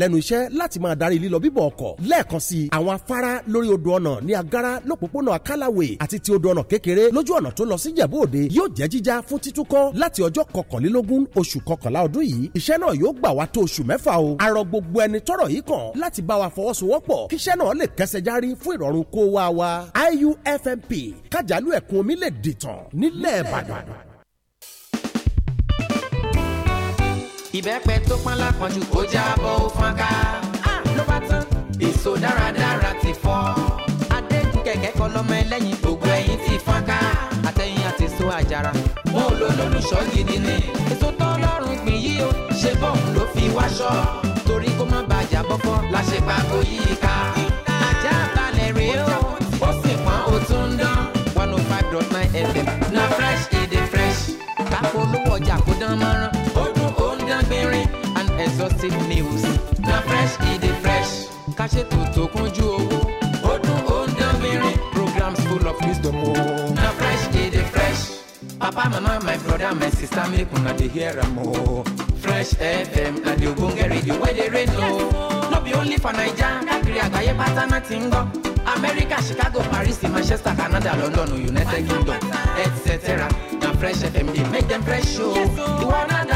lẹ́nu iṣẹ́ láti máa darí lílọ bíbọ̀ ọkọ̀ lẹ́ẹ̀kan sí i àwọn afárá lórí odò ọ̀nà ní agara lópòpónà akálàwé àti ti odò ọ̀nà kékeré lójú ọ̀nà tó lọ sí ìjẹ̀bú òde yóò jẹ́ jíjá fún títúkọ́ láti ọjọ́ kọkànlélógún oṣù kọkànlá ọdún yìí iṣẹ́ náà yóò gbà wá tó oṣù mẹ́fà o arọ gbogbo ẹni tọ́rọ̀ yìí kàn láti bá wa fọwọ́sowọ́pọ̀ kíṣẹ́ náà lè kẹsẹ̀ járí fún ìrọ̀rùn kó wa wa IUFMP kájàlú ẹ̀kún omi lè dìtàn nílẹ̀ Ìbàdàn. ìbẹ́pẹ tó pọ́n lápọ̀jù ó jábọ́ ó fọ́nká ah! ló bá tán èso dáradára ti fọ́ adéjú kẹ̀kẹ́ kọ́ lọ́mọ ẹlẹ́yin gbogbo ẹ̀yìn ti fọ́nká àtẹ̀yìn àti èso àjàrà mo lò lólùṣọ́ gidi ni èso tọ́lọ́run gbìn yìí ó ṣe bọ́ọ̀mù ló fi wáṣọ torí kó má bàjẹ́ bọ́kọ́ la ṣe pàgọ́ yìí ká ká ṣètò tó kúnjú owó. ó dún ó ń dán mìíràn. programs full of wisdom o. na fresh dey dey fresh. papa mama my brother my sister make una dey hear am o. fresh fm na the ogbonge radio wey dey rain o. no be only for naija káàkiri àgbáyé pátá náà ti ń gbọ́. america chicago paris manchester canada london united kingdom etc na fresh fm dey make dem fresh o. ìwọ náà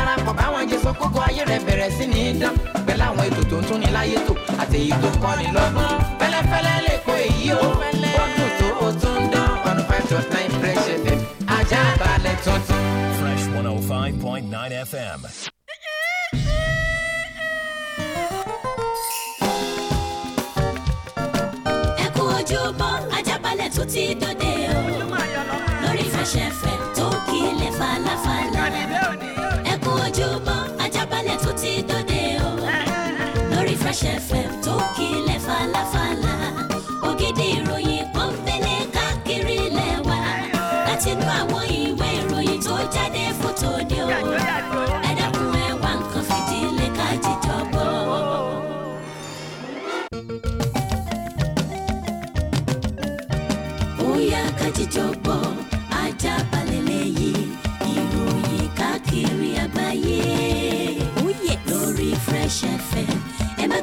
táwọn jésù kókó ayé rẹ̀ bẹ̀rẹ̀ sí ní dán pẹ̀lú àwọn ètò tó ń tún ní láyé tò àti èyí tó ń kọ́ni lọ́gbọ́n fẹ́lẹ́fẹ́lẹ́ lè kó èyí o wọ́n dùn tó o tún ń dán one oh five dot nine fresh fm ajá balẹ̀ tuntun. fresh one oh five point nine fm. ẹ kú ojúbọ ajá balẹ̀ tó ti dòde o lórí fresh fm. Chef, FM tó kílẹ̀ falafala.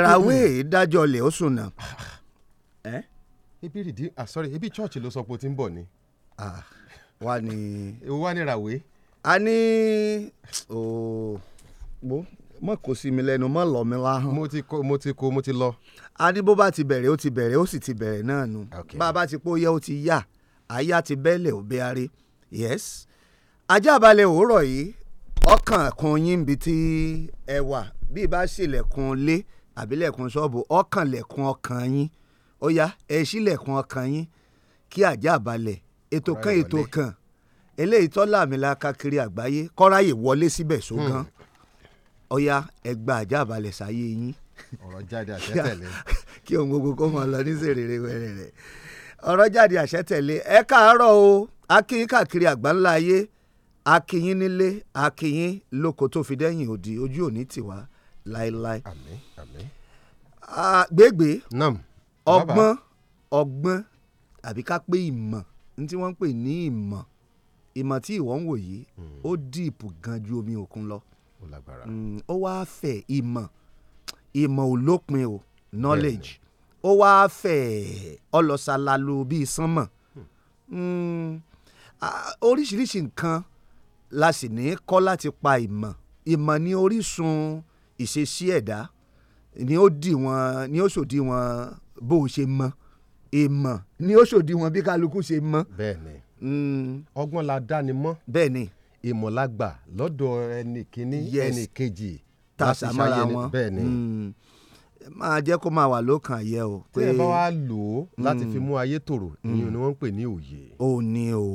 ìràwé ìdájọ́ lè ó sùn náà. ibi rìdí ah, sorry ibi chọ́ọ̀chì ló sọ pé o ti ń bọ̀ ni. Ah, wà ní. ewu wà ní ìràwé. a ní ooo mọ kò sí mi lẹ́nu mọ lọ mi láhàn. mo ti ko mo ti ko mo ti lọ. a ní bó bá ti bẹ̀rẹ̀ ó ti bẹ̀rẹ̀ ó sì ti bẹ̀rẹ̀ náà nu. bá a bá ti pó yẹ ó ti yá àyà ti bẹ́lẹ̀ ò bẹ́ aré yes. ajá balẹ̀ òwúrọ̀ yìí ọkàn kan yín bi tí ẹ wà bí ibà ṣílẹ̀kùn lé àbílẹ̀kùn ṣọ́ọ̀bù ọkànlẹ̀kùn ọkàn yín ó yá ẹ sílẹ̀kùn ọkàn yín kí àjà àbálẹ̀ ètò kan ètò kan eléyìí tọ́lá àmì la káàkiri àgbáyé kọ́ráyè wọlé síbẹ̀ sógan hmm. ó yá ẹ gba àjà àbálẹ̀ sáyé yín. ọ̀rọ̀ jáde àṣẹ tẹ̀lé. kí ohun gbogbo kó máa lọ ní sèrèrè wẹ̀rẹ̀ rẹ̀ ọ̀rọ̀ jáde àṣẹ ẹ káàárọ̀ o akínyín káàkiri àgbáńlá ayé akínyín nílé akínyín lóko tó fi dẹ́yìn òdì ojú òní tiwa láéláé. àmín àmín. gbégbé ọgbọ́n ọgbọ́n àbí ká pé ìmọ̀ ní tí wọ́n ń pè ní ìmọ̀ ìmọ̀ tí ìwọ ń wò yìí hmm. ó dìpù gan ju omi òkun lọ ó hmm, wá fẹ̀ ìmọ̀ ìmọ̀ ò o knowledge ó wá fẹ̀ ọlọ́sàlálò bíi sánmọ̀ hmm. oríṣiríṣi nǹkan la sì ní kọ́ láti pa ìmọ̀ ìmọ̀ ní orísun ìṣesí ẹ̀dá ni ó dì wọ́n ni ó ṣòdì wọ́n bó o ṣe mọ èèmọ̀ ni ó ṣòdì wọ́n bí kálukú ṣe mọ. bẹ́ẹ̀ni hmm. ọgbọ́n la dá ni mọ̀. bẹ́ẹ̀ni ìmọ̀ la gbà lọ́dọ̀ ẹnì kínní ẹnì kejì. tá a sàmọ́ra wọn bẹ́ẹ̀ni. Mm máa jẹ́ kó máa wà lọ́kàn yẹ o. tí ẹ bá wá lò ó láti fi hmm. mú ayé tòrò hmm. ìyẹn ni wọ́n ń pè ní òye. ó ní o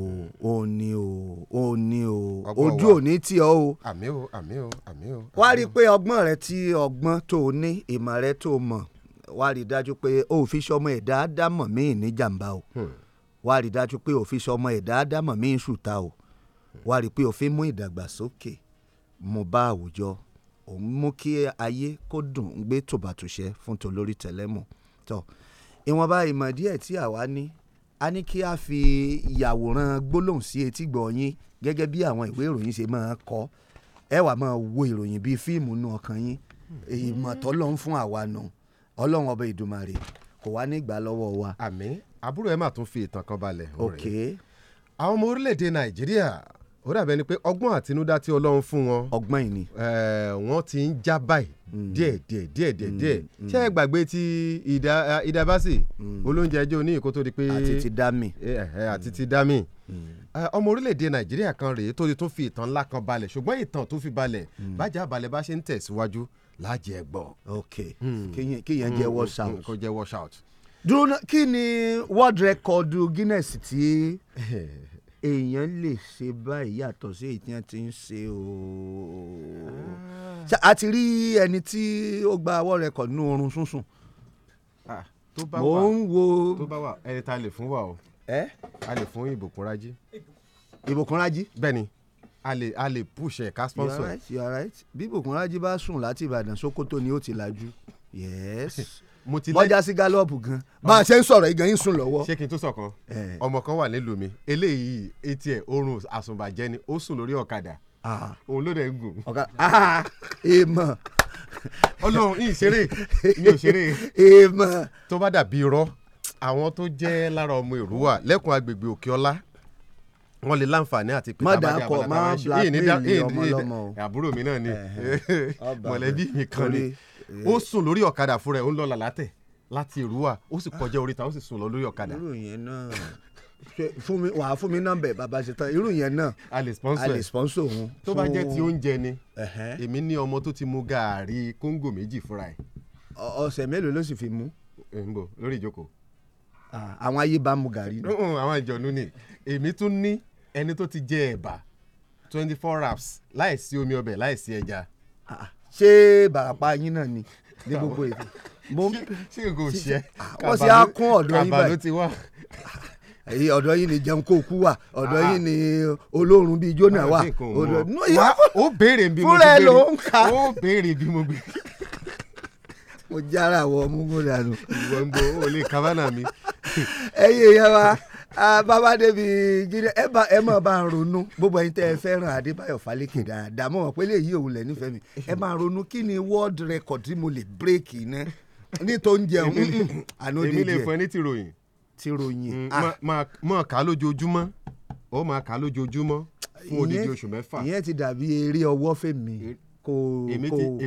ó ní o ó ní o ojú ò ní tì ọ́ o. àmì o àmì o àmì o. wá rí i pé ọgbọ́n rẹ tí ọgbọ́n tó o ní ìmọ̀ rẹ tó o mọ̀ wá rí i dájú pé o fi sọmọ ẹ̀ dáadáa mọ̀ mí ní jàǹbá o hmm. wá rí i dájú pé o fi sọmọ ẹ̀ dáadáa mọ̀ mí ń ṣùtà o wá rí i pé o mú ìdàgbàsókè mo bá àwùjọ òun mú kí ayé kó dùn ún gbé tòbàtòṣe fún tolórí tẹlẹ́mù tó ìwọ̀nba ìmọ̀ díẹ̀ tí àwa ní a ní kí a fi yàwòrán gbólóhùn sí etí gbọ̀nyìn gẹ́gẹ́ bí àwọn ìwé ìròyìn ṣe máa kọ ẹ wàá máa wo ìròyìn bíi fíìmù nù ọkàn yín ìmọ̀ tọ́lọ́run fún àwa nù ọlọ́run ọba ìdùmarè kò wá ní lọ́wọ́ wa. àmín àbúrò ẹ mà tún fi ìtàn kan balẹ̀. ok àwọn ọmọ orílẹ̀-èdè nàìjíríà ó dàbí ẹni pé ọgbọ́n àtinúdá tí Ọlọ́run fún wọn. ọgbọ́n yìí ni. wọ́n ti ń já báyìí mm. díẹ̀ díẹ̀ díẹ̀ díẹ̀ mm. Mm. ṣé ẹ gbàgbé ti ìdábàsì olóúnjẹ ẹjọ́ ní ìkó tó di pé. àti ti dá mi. àti ti dá mi. ọmọ orílẹ̀-èdè Nàìjíríà kan rèé tó ti tún fi ìtàn ńlá kan balẹ̀ ṣùgbọ́n ìtàn tó fi balẹ̀ bájà balẹ̀ bá ṣe ń tẹ̀síwájú lájẹ̀ gbọ́. ok kéèyàn jẹ́ wash out. kó jẹ́ wash out. dúró kí ni world record Guinness ti èèyàn lè ṣe báyìí yàtọ̀ sí èyí tí wọ́n ti ń ṣe ooo. Ah. a ti rí ẹni tí ó gba awọ́ rẹ̀ kọ̀ nínú oorun sísùn. Ah, mo ń wo. tó bá wà ẹni tá a lè fún wa o. ẹ a lè fún ìbùkún rájí. ìbùkún a lè a lè push ẹ ká sponsor. you are you are bí ìbùkún bá sùn láti ìbàdàn sókótó ni ó ti lajú. yes. mo ti lẹ bọjá sí gálọ́ọ̀pù gan bá a ṣe ń sọ̀rọ̀ igan yín sùn lọ́wọ́. ṣé kí n tó sọ̀kan ọmọ kan wà nílùú mi eléyìí etí ẹ̀ oorun àsùnbàjẹ́ ni ó sùn lórí ọ̀kadà òun ló dẹ̀ ń gùn. Ah, èèmọ̀. ọlọ́run yìí ṣeré mi ò ṣeré. èèmọ̀. tó bá dàbí irọ́ àwọn tó jẹ́ lára ọmọ Èrúwà lẹ́kùn agbègbè Òkèọlá wọ́n lè láǹfààní àti pété abájá abala tó ń ṣe yìí ní àbúrò mi náà ni mọ̀lẹ́bí mi kan ni ó eh. sùn lórí ọ̀kadà fúnra ẹ̀ ó ń lọ làlátẹ̀ láti ìrúwà ó sì kọjá oríta ó sì sùn lọ lórí ọ̀kadà. irú yẹn náà fún mi wàá fún mi nọ́mbẹ̀ bàbá ṣe tán irú yẹn náà a lè sponsor a lè sponsor òun. tó bá jẹ́ ti oúnjẹ ni èmi ní ọmọ tó ti mu gàárì kóńgò méjì fúnra ẹ̀. ọ̀sẹ̀ mélòó ló sì fi mú. ń lórí ìjókòó. àwọn ayé bá mu gàárì ni. àwọn ìjọ̀nù ni èmi tún ní ẹni tó ti jẹ ẹ̀bà twenty four wraps láìsí omi ọbẹ̀ láìsí ẹja ṣé bàràpá yín náà ni ní gbogbo èdè. ṣé kò ṣe wọ́n ṣe á kún ọ̀dọ́ yín báyìí kàbà yìí ni jẹun kó wa ọ̀dọ̀ yìí ni olóorun bíi jóná wa ọ̀dọ̀ ó béèrè bí mo gbé ló ń ka ó béèrè bí mo gbé. mo jára àwọn ọmọ mú dànù. ìwọ ń bo olè kábánà mi. ẹyẹ yẹn wa Ah, bàbá débi gidi ẹ bá ẹ máa bá a ronú gbogbo ẹ̀yin tẹ ẹ fẹ́ràn Adébáyọ̀ Fálékè dáadáa mọ̀ pé lè yí òun lẹ̀ nífẹ̀ẹ́ mi ẹ máa ronú kí ni world record tí mo lè break iná ní tó ń jẹun ànódé díẹ̀. èmi lè fún ẹ ní tìròyìn. tìròyìn. Mm, ah. máa kà á lójoojúmọ́ ó máa kà á lójoojúmọ́ fún odidi oṣù mẹ́fà. ìyẹn ti dàbí eré ọwọ́ fèmí e- kò kò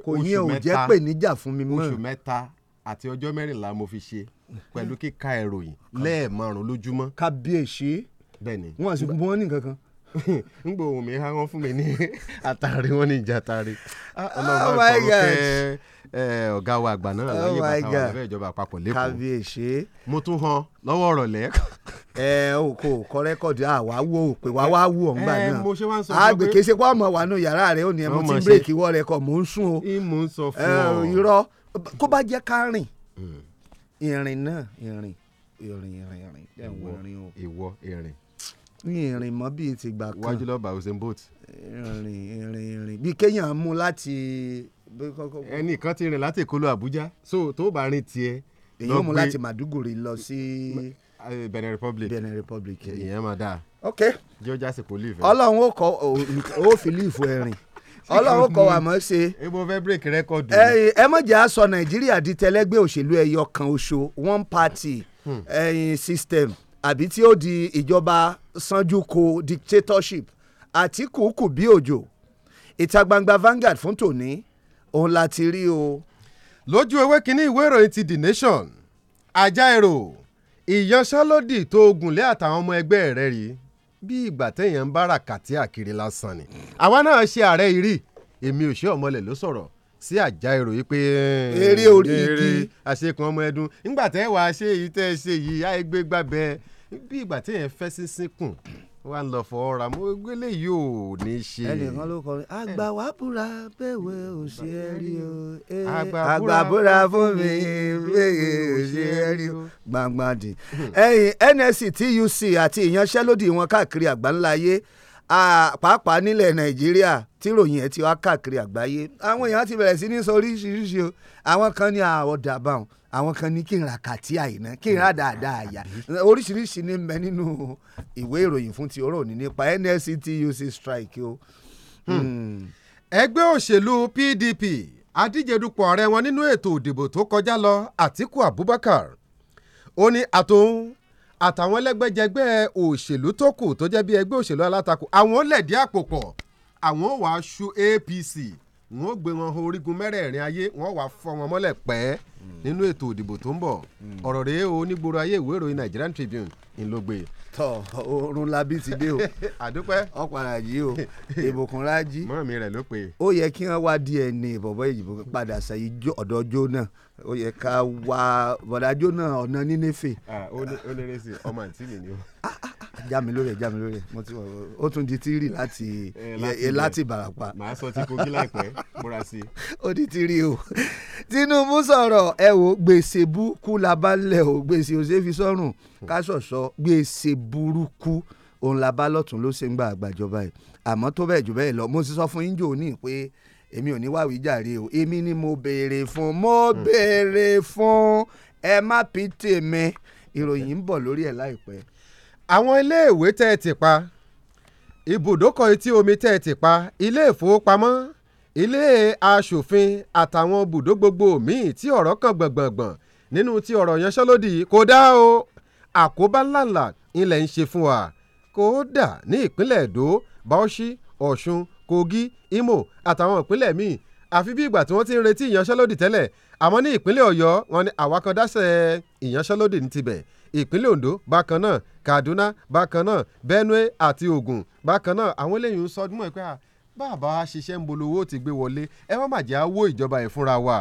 kò yẹn ò jẹ́ pèníjà fún mi mọ́. oṣù mẹ́ta àti ọjọ́ mẹ́rìnlá mo fi ṣe pẹ̀lú kíka ìròyìn lẹ́ẹ̀márùn lójúmọ́. kábíyèsí bẹ́ẹ̀ni wọn àti gbogbo wọn ní nǹkan kan. n gbọ́ ohun mi ha wọn fún mi ní àtàrí wọn ní ìjà àtàrí ah, ah, ọlọ́run bá ń fọ̀rọ̀ kẹ́ ọ̀gá wa àgbà náà oh láyé bàtà wọn abẹ́ ìjọba àpapọ̀ lẹ́kọ̀ọ́ kábíyèsí. mo tún hàn lọ́wọ́ ọ̀rọ̀ lẹ́. ẹ o kò kọ rẹ́kọ̀dì àwa wo ò pé wá wá wù ọ̀ ńgbà náà àgbè kése pé ọmọ wa nù yàrá rẹ ò ní ẹ mo ti bírèkì wọ rẹ kọ mò ń sùn o irọ́ kó bá irin náà irin irin irin irin ẹ wọ irin o. ìwọ irin. ní irin mọ bíi ti gbà kan. wájú lọ́ba usain bolt. irin irin irin bíi kéèyàn mú láti. ẹnì kan ti rìn láti ìkólú àbújá so tó bá rìn tiẹ̀. èyí mú láti Maiduguri lọ sí. Eh, Benin Republic Benin Republic ìyẹn máa dáa. ok. jọjá sì kò lífẹ. Ọlọ́run ó kọ ó fi lífù ẹrin ọlọ́run kọ wà mọ́ ṣe. ebo fẹ́ break record. ẹ mọ̀ jẹ́ aṣọ nàìjíríà di tẹlẹ́gbẹ́ òṣèlú ẹyọ kan oṣù one party hmm. system àbí tí ó di ìjọba sanjuko dictatorship Àtíkù kù bí òjò ìta gbangba Vanguard fún tòní òun la ti rí o. lójú ewé kínní ìwé ìròyìn ti The Nation ajá èrò ìyanṣẹ́lódì tó ogunlé àtàwọn ọmọ ẹgbẹ́ rẹ̀ rí bí ìgbà téèyàn ń bá ràkàtì àkiri lásán ni. àwa náà ṣe ààrẹ ìrì èmi ò ṣe ọmọlẹ̀ ló sọ̀rọ̀ sí àjà èrò yìí pé. eré orí igi àṣekùn ọmọ ẹdun ńgbà tẹ́ wàá ṣe èyí tẹ́ ṣe yìí àìgbégbàbẹ bí ìgbà téèyàn fẹ́ sínsín kùn wà ń lọ fọ ọra mo gbélé yìí ò ní ṣe. ẹnìkan ló kọrin àgbà wà búra bẹ́ẹ̀ ò ṣe é rí o. àgbà búra fún mi bẹ́ẹ̀ ò ṣe é rí o. gbàngbàndì ẹ̀yìn NSC TUC àti ìyanṣẹ́lódì wọn káàkiri àgbáńlá ayé pàápàá nílẹ̀ nàìjíríà tí ròyìn ẹ̀ ti wá káàkiri àgbáyé àwọn èèyàn ti bẹ̀rẹ̀ sí ní sọ oríṣiríṣi o àwọn kan ní àwọ̀dà báwọn àwọn kan ní kí n ra kàtí àìná kí n ra dáadáa àyà oríṣiríṣi ní mbẹ nínú ìwé ìròyìn fún ti ọ̀rọ̀ nípa NLCTUC strike o. Hmm. Hmm. ẹgbẹ́ òṣèlú PDP adíjedupò ọ̀rẹ́ wọn nínú ètò ìdìbò tó kọjá lọ Àtíkù Abubakar ó ní àtòun àtàwọn ẹlẹ́gbẹ́jẹgbẹ́ òṣèlú tó kù tó jẹ́ bí ẹgbẹ́ òṣèlú alátakò àwọn lẹ̀dí àpò pọ̀ àwọn ò ṣu APC wọn ò gbé wọn orígun mẹ́rẹ̀ẹ̀rin ayé wọn wà fọ́ wọn mọ́lẹ̀ pẹ́ nínú ètò òdìbò tó ń bọ̀ hmm. ọ̀rọ̀ rèé o nígboro ayé ìwé ìròyìn Nigerian Tribune ńlọgbẹ̀ẹ́ tọ oorun labi ti dé o àdúpẹ́ ọ̀pára yìí o ìbùkúnra jí mọ́ọ̀mí rẹ̀ ló pè ó yẹ kí wọ́n wá DNA bọ̀bọ̀ ìjìbò padà sẹ́yìn ọ̀dọ̀ Jonah ó yẹ ká wá bọ̀dá Jonah ọ̀nà nínífẹ̀. ó lérè sí ọmọ àǹtí mi ni o. Ah, ah já mi lórí ẹ já mi lórí ẹ mo ti ó tún di tírì láti eh, láti ìbàràpá. màá sọ ti kogi láìpẹ́ múra sí i. ó di tírì o Tinubu sọ̀rọ̀ ẹ wo gbèsè burúkú la bá lẹ̀ o gbèsè òṣè fi sọ́rùn ká ṣọ̀ṣọ́ gbèsè burúkú òun la bá lọ́tún ló ṣe ń gba àgbàjọba yìí àmọ́ tó bẹ́ẹ̀ jù bẹ́ẹ̀ lọ mo ti sọ fún yín jò ní pé èmi ò ní wá wíjàre o èmi ni mo béèrè fún mo hmm. béèrè fún ẹ má pí tèmi ìròyìn ń bọ̀ lórí ẹ̀ láìpẹ́ àwọn iléèwé tẹ́ ẹ ti pa ibùdókọ̀ etí omi tẹ́ ẹ ti pa ilé ìfowópamọ́ ilé aṣòfin àtàwọn bùdó gbogbo míì tí ọ̀rọ̀ kan gbọ̀ngbọ̀ngbọ̀n nínú tí ọ̀rọ̀ yanṣẹ́lódì kò o àkóbá ńláńlá ilẹ̀ ń ṣe fún wa kódà ní ìpínlẹ̀ èdò bauchi ọ̀ṣun kogi imo àtàwọn ìpínlẹ̀ míì àfi bí ìgbà tí wọ́n ti ń retí ìyanṣẹ́lódì tẹ́lẹ̀ àmọ́ ní ìpínlẹ̀ ọ̀yọ́ wọn ni àwakọ̀dáṣẹ́ ìyanṣẹ́lódì ní tibẹ̀ ìpínlẹ̀ Ondo bákan náà Kaduna bákan náà Benue àti Ogun bákan náà àwọn eléyìí ń sọdún mọ́ ẹ pé bàbá wa ṣiṣẹ́ ń bolówó ti gbé wọlé ẹ má màjẹ́ á wó ìjọba ẹ̀ fúnra wa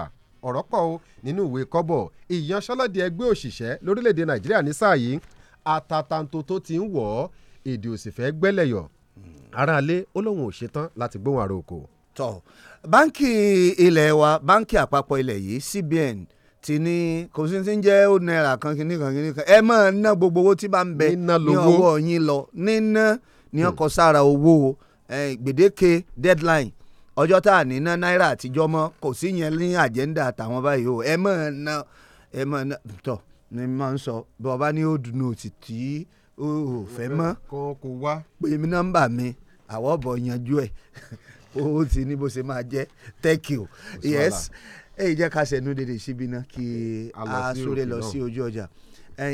ọ̀rọ̀ pọ̀ o nínú ìwé kọ́bọ̀ ìyanṣẹ́lódì ẹgbẹ́ òṣìṣẹ́ lórílẹ̀‐èdè Nàìjíríà ní sáà yìí àtàtàǹtò tó ti ń wọ̀ ọ́ èdè òsìfẹ́ gbẹ́lẹ̀yọ̀ aráalé ó lóun ò ṣetán láti gbóhùn àròkọ. tọ báńkì ilé wa báńkì àpapọ̀ ilẹ̀ yìí CBN tí ní kò sí ti ń jẹ́ ó náírà kan kìíní kan kìíní kan ẹ máa ná gbogbo owó tí bá ń bẹ ní ọwọ́ yín lọ níná ní ọkọ̀ sára owó gbèdéke deadline ọjọ́ tá a níná náírà àtijọ́ mọ́ kò sí yẹn ní àjẹ́ndà àtàwọn báyìí o ẹ máa ná ẹ máa ná tọ̀ ni mo máa ń sọ bọ́ ọba ní old note tí o ò fẹ́ mọ́ pè mí nọ́mbà mi àwọ̀ bọ̀ yanjú ẹ̀ o ti ní bó ṣe máa jẹ́ thank you yes. Wala èyí jẹ́ ká sẹ̀nu dèdè síbi náà kí a sóre lọ sí ojú ọjà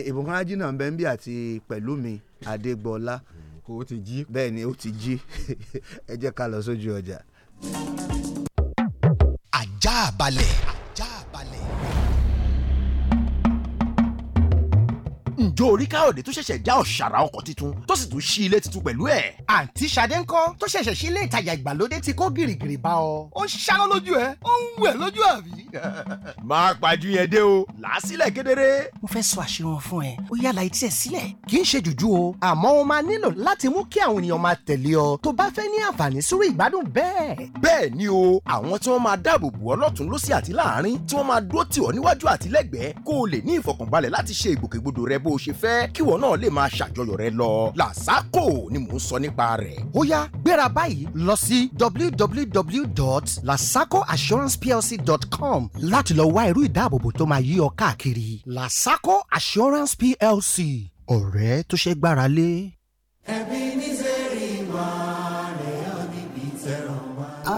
ìbùkún ajínà bẹ́ńbì àti Pẹ̀lúmi Adégbọlá kò ti jí bẹ́ẹ̀ ni ó ti jí ẹ jẹ́ ká lọ sójú ọjà. ajá balẹ̀. ajá balẹ̀. ǹjọ́ mm. orí káyọ̀dé tó ṣẹ̀ṣẹ̀ já ọ̀ṣàrà ọkọ̀ tuntun tó sì tún ṣí ilé tuntun pẹ̀lú ẹ̀. àǹtí ṣadé ńkọ́ tó ṣẹ̀ṣẹ̀ sí ilé ìtajà ìgbàlódé ti kó gìrìgìrì bá ọ. ó ṣáró lójú ẹ ó ń wẹ̀ lójú àbí. máa pàjù yẹn dé o làásílẹ̀ kedere. mo fẹ́ sọ àṣírun fún ẹ ó yàrá etí ẹ sílẹ̀. kì í ṣe jùjú o àmọ́ o máa nílò láti mú kí àwọn ènìyàn máa tẹ̀lé ọ tó bá fẹ́ ní àǹfààní sórí ìgbádùn bẹ́ẹ̀. bẹ́ẹ̀ ni o àwọn tí wọ́n máa dáàbò bò ọ́ lọ́tún lọ́sí àti láàárín tí wọ́n máa dúró tì ọ́ níwájú àti lẹ́gbẹ̀ẹ́ kó o lè ní ìfọkànbalẹ̀ láti ṣe ìgbòkègbodò rẹ bó o ṣe fẹ́ kí wọn náà lè máa ṣàjọyọ̀ rẹ lọ làsákò ni mò ń sọ nípa rẹ̀. ó yá gbéra báyìí lọ sí www.lasacoassuranceplc.com láti lọ wá irú ìdáàbòbò tó máa yí ọ káàkiri lasaco assurance plc ọ̀rẹ́ tó ṣe gbára lé. ẹbí ní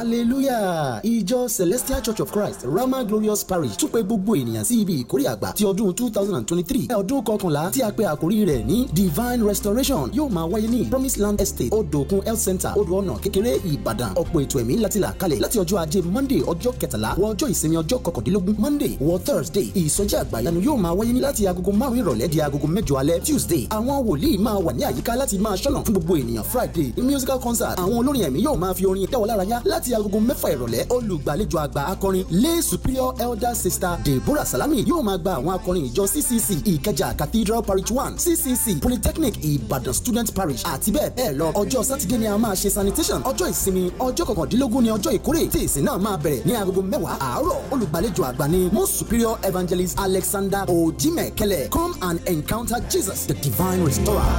hallelujah ìjọ celestial church of christ rama glorious parish tún pè gbogbo ènìyàn sí ibi ìkórè àgbà ti ọdún two thousand and twenty-three ọdún kọkànlá tí a pè àkórí rẹ̀ ní divine restoration yóò máa wáyé ní promise land estate odòkun health center odò ọ̀nà kékeré ìbàdàn ọ̀pọ̀ ètò ẹ̀mí láti là kalẹ̀ láti ọjọ́ ajé monday ọjọ́ kẹtàlá wọ ọjọ́ ìsinmi ọjọ́ kọkàndínlógún monday wọ thursday ìsọjí àgbàyanu yóò máa wáyé ní láti agogo márùn ìrọ̀lẹ́ di agogo mẹ́jọ alẹ́ tuesday àwọn wòlíì máa wà ní àyíká láti máa ṣọ́nà fún gbogbo ènìyàn friday musical concert àwọn olórin ẹ̀mí yóò máa fi orin dáwọ́lárayá láti agogo mẹ́fà ìrọ̀lẹ́ olùgbàlejò àgbà akọrin lay superior elder sister deborah salami yóò máa gba àwọn akọrin ìjọ ccc ìkẹjà cathedral parish one ccc polytechnic ìbàdàn student parish àti bẹ́ẹ̀ bẹ́ẹ̀ lọ ọjọ́ sátidé ni a máa ṣe sanitation ọjọ́ ìsinmi ọjọ́ kọkàndínlógún ni ọjọ́ ìkórè tí ìsìn náà máa bẹ̀rẹ̀ ní agogo mẹ́wàá àárọ̀ olùgbàlejò àgbà ni most superior evangelist alexander ojimekele come and encounter jesus the divine restorer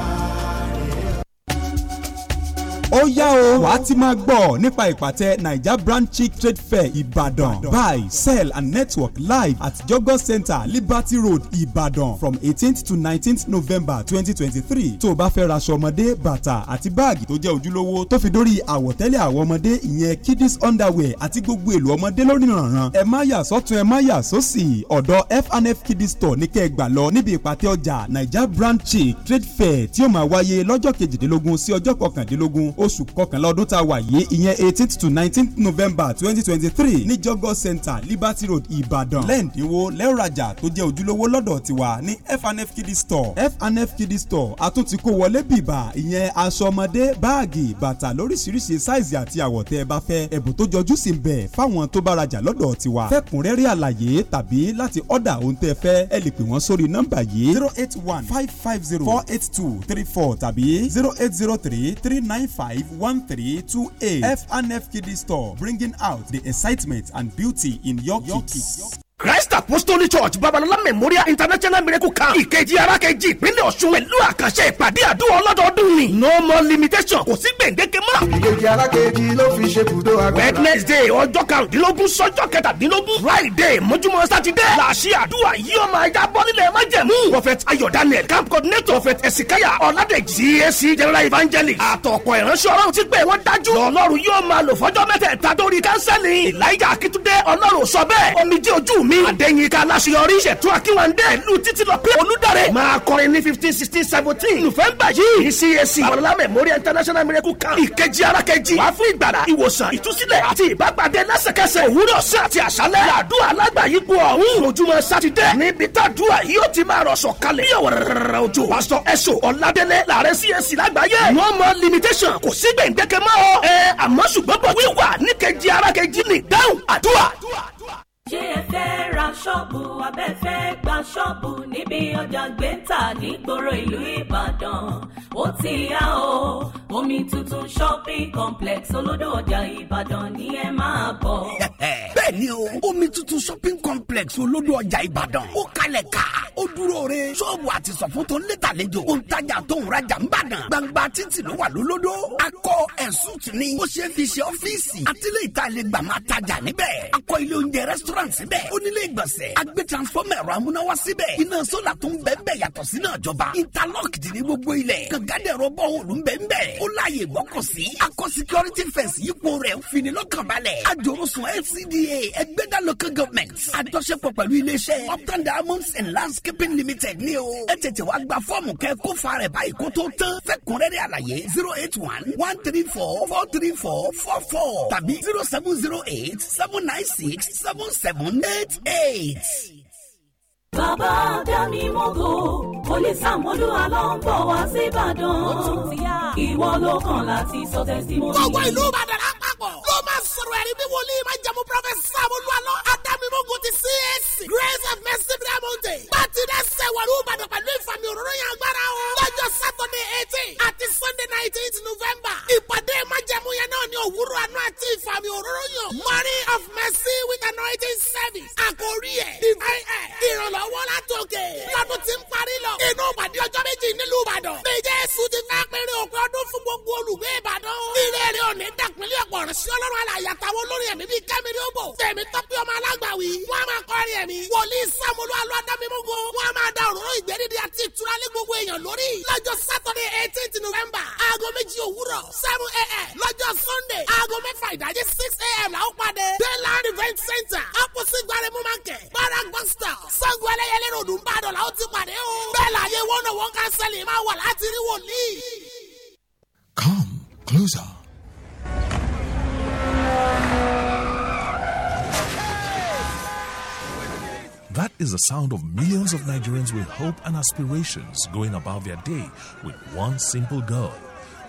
ó yá o wàá ti máa gbọ́ nípa ìpàtẹ naija brand chic trade fair ìbàdàn buy sell and network live at jogos center liberty road ìbàdàn from eighteenth to nineteenth november twenty twenty three tó o bá fẹ́ raṣọ ọmọdé bàtà àti báàgì tó jẹ́ ojúlówó tó fi dórí àwọ̀tẹ́lẹ̀ àwọn ọmọdé ìyẹn kiddies underwear àti gbogbo èlò ọmọdé lórí rànran ẹ má yà sọ́tún ẹ má yà sósì ọ̀dọ̀ fnf kiddies store ní kẹ́ ẹ gbà lọ níbi ìpàtẹ ọjà naija brand chic trade fair tí ó máa wáyé lọ́jọ́ kejìdínlógún sí ọjọ́ kọkàndínlógún oṣù kọkànlá ọdún tá a wà yìí ìyẹn eighteenth to nineteenth november twenty twenty three ní jọgọ center liberty road ìbàdàn lẹ́ǹdínwó lẹ́ọ̀rajà tó jẹ́ ojúlówó lọ́dọ̀ tiwa ní fnf kiddy store fnf kiddy store àtúntí kó wọlé bìbà ìyẹn aṣọ ọmọdé báàgì bàtà lóríṣiríṣi sáìzì àti àwọ̀ tẹ́ ẹ bá fẹ́ ẹ̀bùn tó jọjú sí ń bẹ fáwọn tó bá rajà lọ́dọ̀ tiwa fẹ́kùnrẹ́rẹ́ àlàyé tàbí láti ọ̀dà ohun tẹ́ fẹ́ ẹ lè pè wọ́n sórí nọ́mbà yìí zero eight one five five zero four eight two three four tàbí zero eight zero three three nine five. Five one three two 51328 FNF Kiddie Store, bringing out the excitement and beauty in your, your kids. Christ Apostolic Church Babalọlá Memorial International Miracle Camp ìkejì arákejì ìpínlẹ̀ Ọ̀ṣun pẹ̀lú àkànṣe ìpàdé àdúrà ọlọ́dọọdún ni no more limitation kò sí gbèǹdéke mọ́. ìkejì arákejì ló fi ṣe bùdó agbára. Wednesday ọjọ́ karùndínlógún sọ́jọ́ kẹtàdínlógún Friday mọ́júmọ́ Sátidé làṣẹ àdúrà yìí ọmọ ẹja bọ́ nílẹ̀ májẹ̀mú. Prophet Ayọ̀ Daniel camp coordinator Prophet Esikaya Ọ̀ládẹ́jì CAC General Evangelist àtọ̀pọ̀ ìránṣẹ́ ọlọ́run ti pé wọ́n dájú. ọlọ́run yóò máa lò fọ́jọ́ mẹ́tẹ̀ẹ̀ta lórí kánsẹ́lì. Elijah Akitunde ọlọ́run sọ bẹ́ẹ̀ omijé ojú mi adéyínká aláṣeyọrí ìṣẹ̀tún akínwándé ìlú títí lọ pé olùdarẹ̀ máa kọrin ní fifteen sixteen seventeen nùfẹ̀ǹbà yìí ní cac ọ̀làlá memorial international miracle camp ìkejì arákejì wàá fún ìgbàlà ìwòsàn ìtúsílẹ̀ àti ìbágbàdé lẹ́sẹ̀kẹsẹ̀ òwúrọ̀ sí àti àṣálẹ̀ làdúrà alágbàyípo ọ̀hún lójúmọ́ sátidé níbi tàdúrà yóò ti máa rọ̀ṣọ̀ kalẹ̀ bí ọ̀rẹ̀rẹ̀rẹ̀ òjò pásítọ̀ ẹ̀sọ̀ ọ̀làdélé làárẹ̀ cac lágbàáyé no more limitation kò sí gbẹ̀ǹdẹ̀kẹ̀ mọ́ ọ ẹ àmọ́ ṣùgbọ́n bọ̀ wíwà níkejì arákejì ní dáhùn àdúrà ṣé ẹ fẹ́ ra ṣọ́ọ̀bù abẹ́ fẹ́ gba ṣọ́ọ̀bù níbi ọjà gbẹ́ntà nígboro ìlú Ìbàdàn ó ti yá o omi tuntun shopping complex olódò ọjà Ìbàdàn ni ẹ máa bọ̀ bẹ́ẹ̀ ni o omi tuntun shopping complex olódò ọjà ìbàdàn ó kalẹ̀ ká ó dúró re ṣọ́ọ̀bù àti sọ̀fún tó ń lé tàlejò ó ń tajà tó ń rajà ń bàdàn gbangba títì ló wà lólódó akọ ẹ̀sùn tún ni ó ṣe fi ṣe ọ́fíìsì àtìlẹ́ ìta gbà máa tajà níbẹ̀ akọ ilé oúnjẹ restaurant síbẹ̀ onílé ìgbọ̀nsẹ̀ agbé transformer ẹ̀rọ amúnáwá síbẹ̀ iná sólà tó ń bẹ́ẹ̀ yàtọ̀ sí náà jọba interlock dì ní gbogbo ilẹ̀ gàgádẹ̀rọ bọ́ọ̀lù ń bẹ́ẹ̀ ó láàyè gbọ́kọ̀ sí akọ security fence yípo rẹ̀ ẹgbẹ́dá local government àjọṣepọ̀ pẹ̀lú iléeṣẹ́ upton diamonds and landscaping limited ní o ẹ tètè wá gba fọ́ọ̀mù kẹ́ kó fa rẹ̀ báyìí kó tó tán fẹ́kùnrẹ́rẹ́ àlàyé zero eight one one three four four three four four four tàbí zero seven zero eight seven nine six seven seven eight eight. Bàbá Dami Mogo, Olùsàmúlò Alọ́ńbọ̀ wá sí Ìbàdàn. Ìwọ ló kàn láti sọ tẹ́símọ́nì. Gbogbo ìlú Ìbàdàn á látàrí bí wòlíì máa jẹ̀mú prọfẹ̀sì Sam Olúwalọ Adámimógun ti CAC Grace of Mercy Diamond gbàtí dẹ́sẹ̀ wọ̀lú Ìbàdàn pẹ̀lú ìfàmì òróró yẹn agbára o lọ́jọ́ Saturday eighteen àti Sunday nineteen November ìpàdé máa òwúrọ̀ àná àti ìfàmì òróró yàn. morning of mercy with anointing service. àkórí ẹ̀ divine ẹ̀ ìrànlọ́wọ́ látòkè. lọ́dún tí ń parí lọ. inú ìpàdé ọjọ́ méjì nílùú Ìbàdàn. bí Jésù ti fẹ́ péré òpin ọdún fún gbogbo olùgbé Ìbàdàn. ilé rẹ̀ ò ní dàpínlẹ̀ ọ̀pọ̀ rẹ̀ sí ọlọ́run àlàyé àtàwọn olórí ẹ̀mí bíi kẹ́mírí ó bò. tẹ̀mí tọ́pẹ́ ọmọ alágbàwí. wọ́n á máa kọrin ẹ̀mí. wòlíì sàmúlò alọ́dámímúgo. wọ́n á máa da òróró ìgbẹ́dídì àti ìtura lé gbogbo èèyàn lórí. lọ́jọ́ sátọ̀dẹ̀ eighteen november aago méjì òwúrọ̀ seven a.m. lọ́jọ́ sunday Sunday aago mẹ́fà ìdájí six a.m. la ó pàdé Dayland event center opposite gbaremu market barak Sango Ẹlẹ́yẹlé ròdù ń la ó ti pàdé o. bẹ́ẹ̀ la yẹ wọ́n náà wọ́n kánsẹ́lì máa wà láti rí wòlíì. Come closer. That is the sound of millions of Nigerians with hope and aspirations going about their day with one simple goal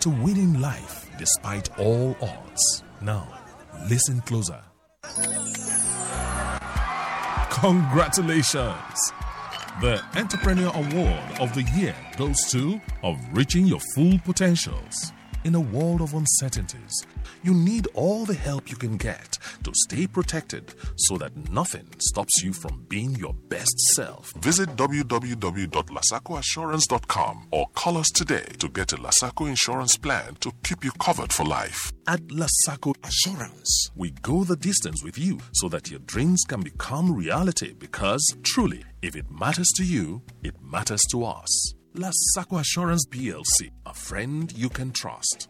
to win in life despite all odds. Now, listen closer. Congratulations! The Entrepreneur Award of the Year goes to Of Reaching Your Full Potentials in a world of uncertainties, you need all the help you can get to stay protected so that nothing stops you from being your best self. Visit www.lasacoinsurance.com or call us today to get a Lasaco insurance plan to keep you covered for life. At Lasaco Assurance, we go the distance with you so that your dreams can become reality because truly, if it matters to you, it matters to us. La Saco Assurance PLC, a friend you can trust.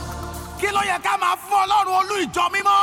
ló yẹ ká máa fún ọlọ́run olú ìjọ mímọ́.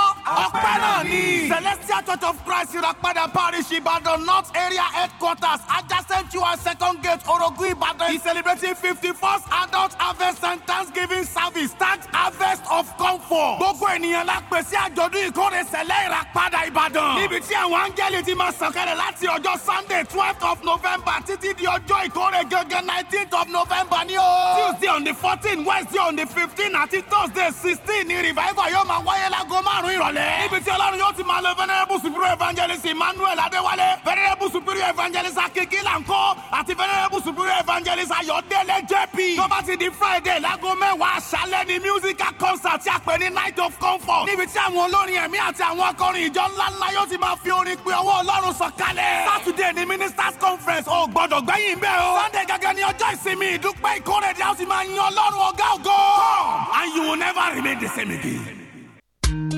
ọpẹ́ náà ni celestial church of christ ìràpadà parish ìbàdàn north area headquarters adjacent to our second gate orogun ìbàdàn he's celebrating fifty first adult harvest and thanksgiving service thanks harvest of comfort. gbogbo ènìyàn la pè sí àjọ̀dún ìkórè sẹ̀lẹ̀ ìràpadà ìbàdàn. níbi tí àwọn áńgẹ́lì ti máa sọ̀kẹ́lẹ̀ láti ọjọ́ sunday twelfth of november títí di ọjọ́ ìkórè gẹ́gẹ́ nineteenth of november ni o. tuesday on the fourteen wednesday on the fifteen àti thursday six sixteen ni revival yóò máa wáyé láago márùn-ún ìrọ̀lẹ́. níbi tí ọlọ́run yóò ti máa lo venerable superior evangelist emmanuel adéwálé venerable superior evangelist akeke lanko àti venerable superior evangelist ayọ̀délé jp. tó bá ti di friday láago mẹ́wàá aṣálẹ́ ni musical concert tí a pè ní night of comfort. níbi tí àwọn olórin ẹ̀mí àti àwọn akọrin ìjọ ńláńlá yóò ti máa fi orin pe ọwọ́ ọlọ́run sọ̀kalẹ̀. saturday ni ministers conference ò gbọ́dọ̀ gbẹ́yìn bẹ́ẹ̀ o. sunday gẹ́gẹ́ ni ọjọ́ ìsinmi ìdúpẹ́ ìkórè made the same again.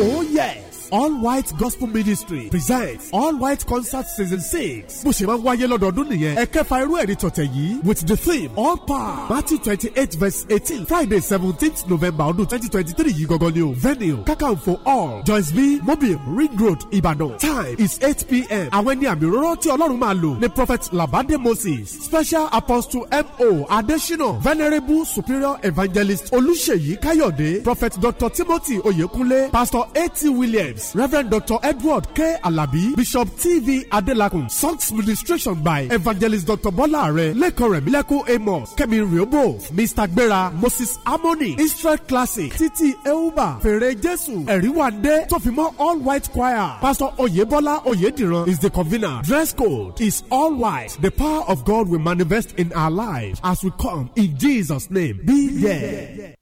Oh, yeah. all white gospel ministry presents all white concert season six bó ṣe máa ń wáyé lọ́dọọdún nìyẹn ẹ̀kẹfà irú ẹ̀rí tọ̀tẹ̀ yìí with the theme all power Matthew twenty eight verse eighteen Friday seventeenth November ọdún twenty twenty three yìí gangan ni o venue Kakanfo hall Joyce B Mobile Ring Road Ìbàdàn time is eight pm àwọn ẹni àmì òróró tí Ọlọ́run máa lò ni prophet Labade Moses special apostle M.O. Adesina venerable superior evangelist Olúṣèyí Káyọ̀dé prophet Dr Timothy Oyèkúnlé pastor A.T. Williams Phillips, Reverend Dr. Edward K. Alabi, Bishop T.V. Adelakun, Songs Ministration by Evangelist Dr. Bola Are, Leko Remileko Amos, Kemi Riobo, Mr. Gbera, Moses Amoni, Israel Classic, Titi Euba, Fere Jesu, Eriwande, Tofimo All White Choir, Pastor Oyebola Oyediran is the convener. Dress code is all white. The power of God will manifest in our lives as we come in Jesus' name. Be there.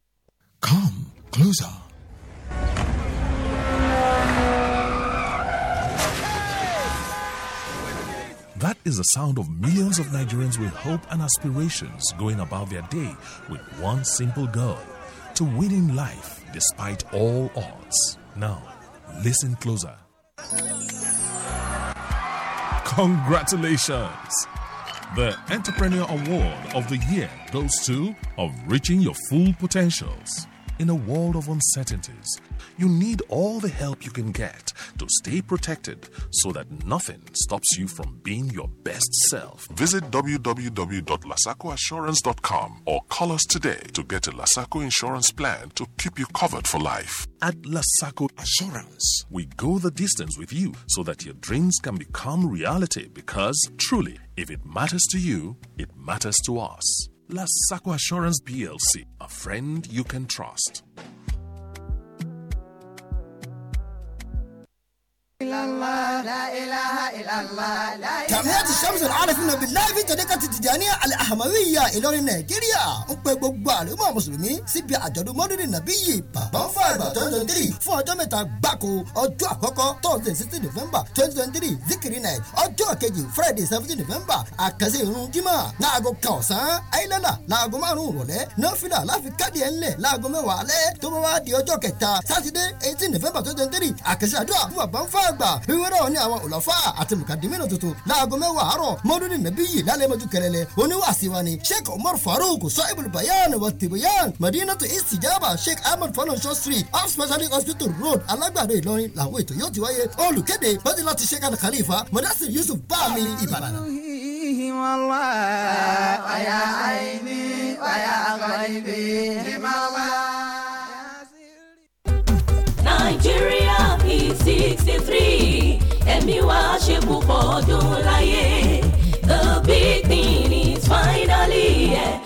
Come closer. That is the sound of millions of Nigerians with hope and aspirations going about their day with one simple goal to winning life despite all odds. Now, listen closer. Congratulations! The Entrepreneur Award of the Year goes to Of Reaching Your Full Potentials in a world of uncertainties, you need all the help you can get to stay protected so that nothing stops you from being your best self. Visit www.lasacoinsurance.com or call us today to get a Lasaco insurance plan to keep you covered for life. At Lasaco Assurance, we go the distance with you so that your dreams can become reality because truly, if it matters to you, it matters to us. Saco Assurance PLC, a friend you can trust. jamiat shamsul arifin bilayi fi tẹ̀lékàtì tìjànìyà al-ahmadiyya ìlọrin nàìjíríà ń pe gbogbo àlùmọ̀ mùsùlùmí síbi àjọ̀dún mọ́dúnrún nàbí yìí bàbá ń àgbà twenty twenty three fún ọjọ́ mẹ́ta gbáko ọjọ́ àkọ́kọ́ thursday sixteen november twenty twenty three zikiri night ọjọ́ kejì friday seventeen november àkàsí irun jimá láago kan ọ̀sán ayélujára láago márùn-ún rọ̀lẹ́ nọ́fìlà láfi káàdì ẹ̀ ńlẹ̀ láago mẹ́wàá alẹ́ tó bá november twenty three àkàsí àdúrà fún bàbá ń àgbà bí náà ní àwọn òlọ́fà àti mùkàdímínà tuntun láago mẹ́wàá àárọ̀ mọ́dúnrún nàbí yìí lálẹ́mọ́jú kẹrẹlẹ oníwàásí ni sheikh umar farouk sọ́ìbùl bayan wa tibayan madinatu istijaba sheikh ahmed falonso street off specialist hospital road alágbàdo ìlọrin làwọn ètò yóò ti wáyé olùkéde bọ́dí láti sheikh al-khalifa madasir yusuf bami ìbàdàn. Nigeria sixty three ẹ̀mí wa ṣe púpọ̀ ọdún láyé the big thing is finally here. Yeah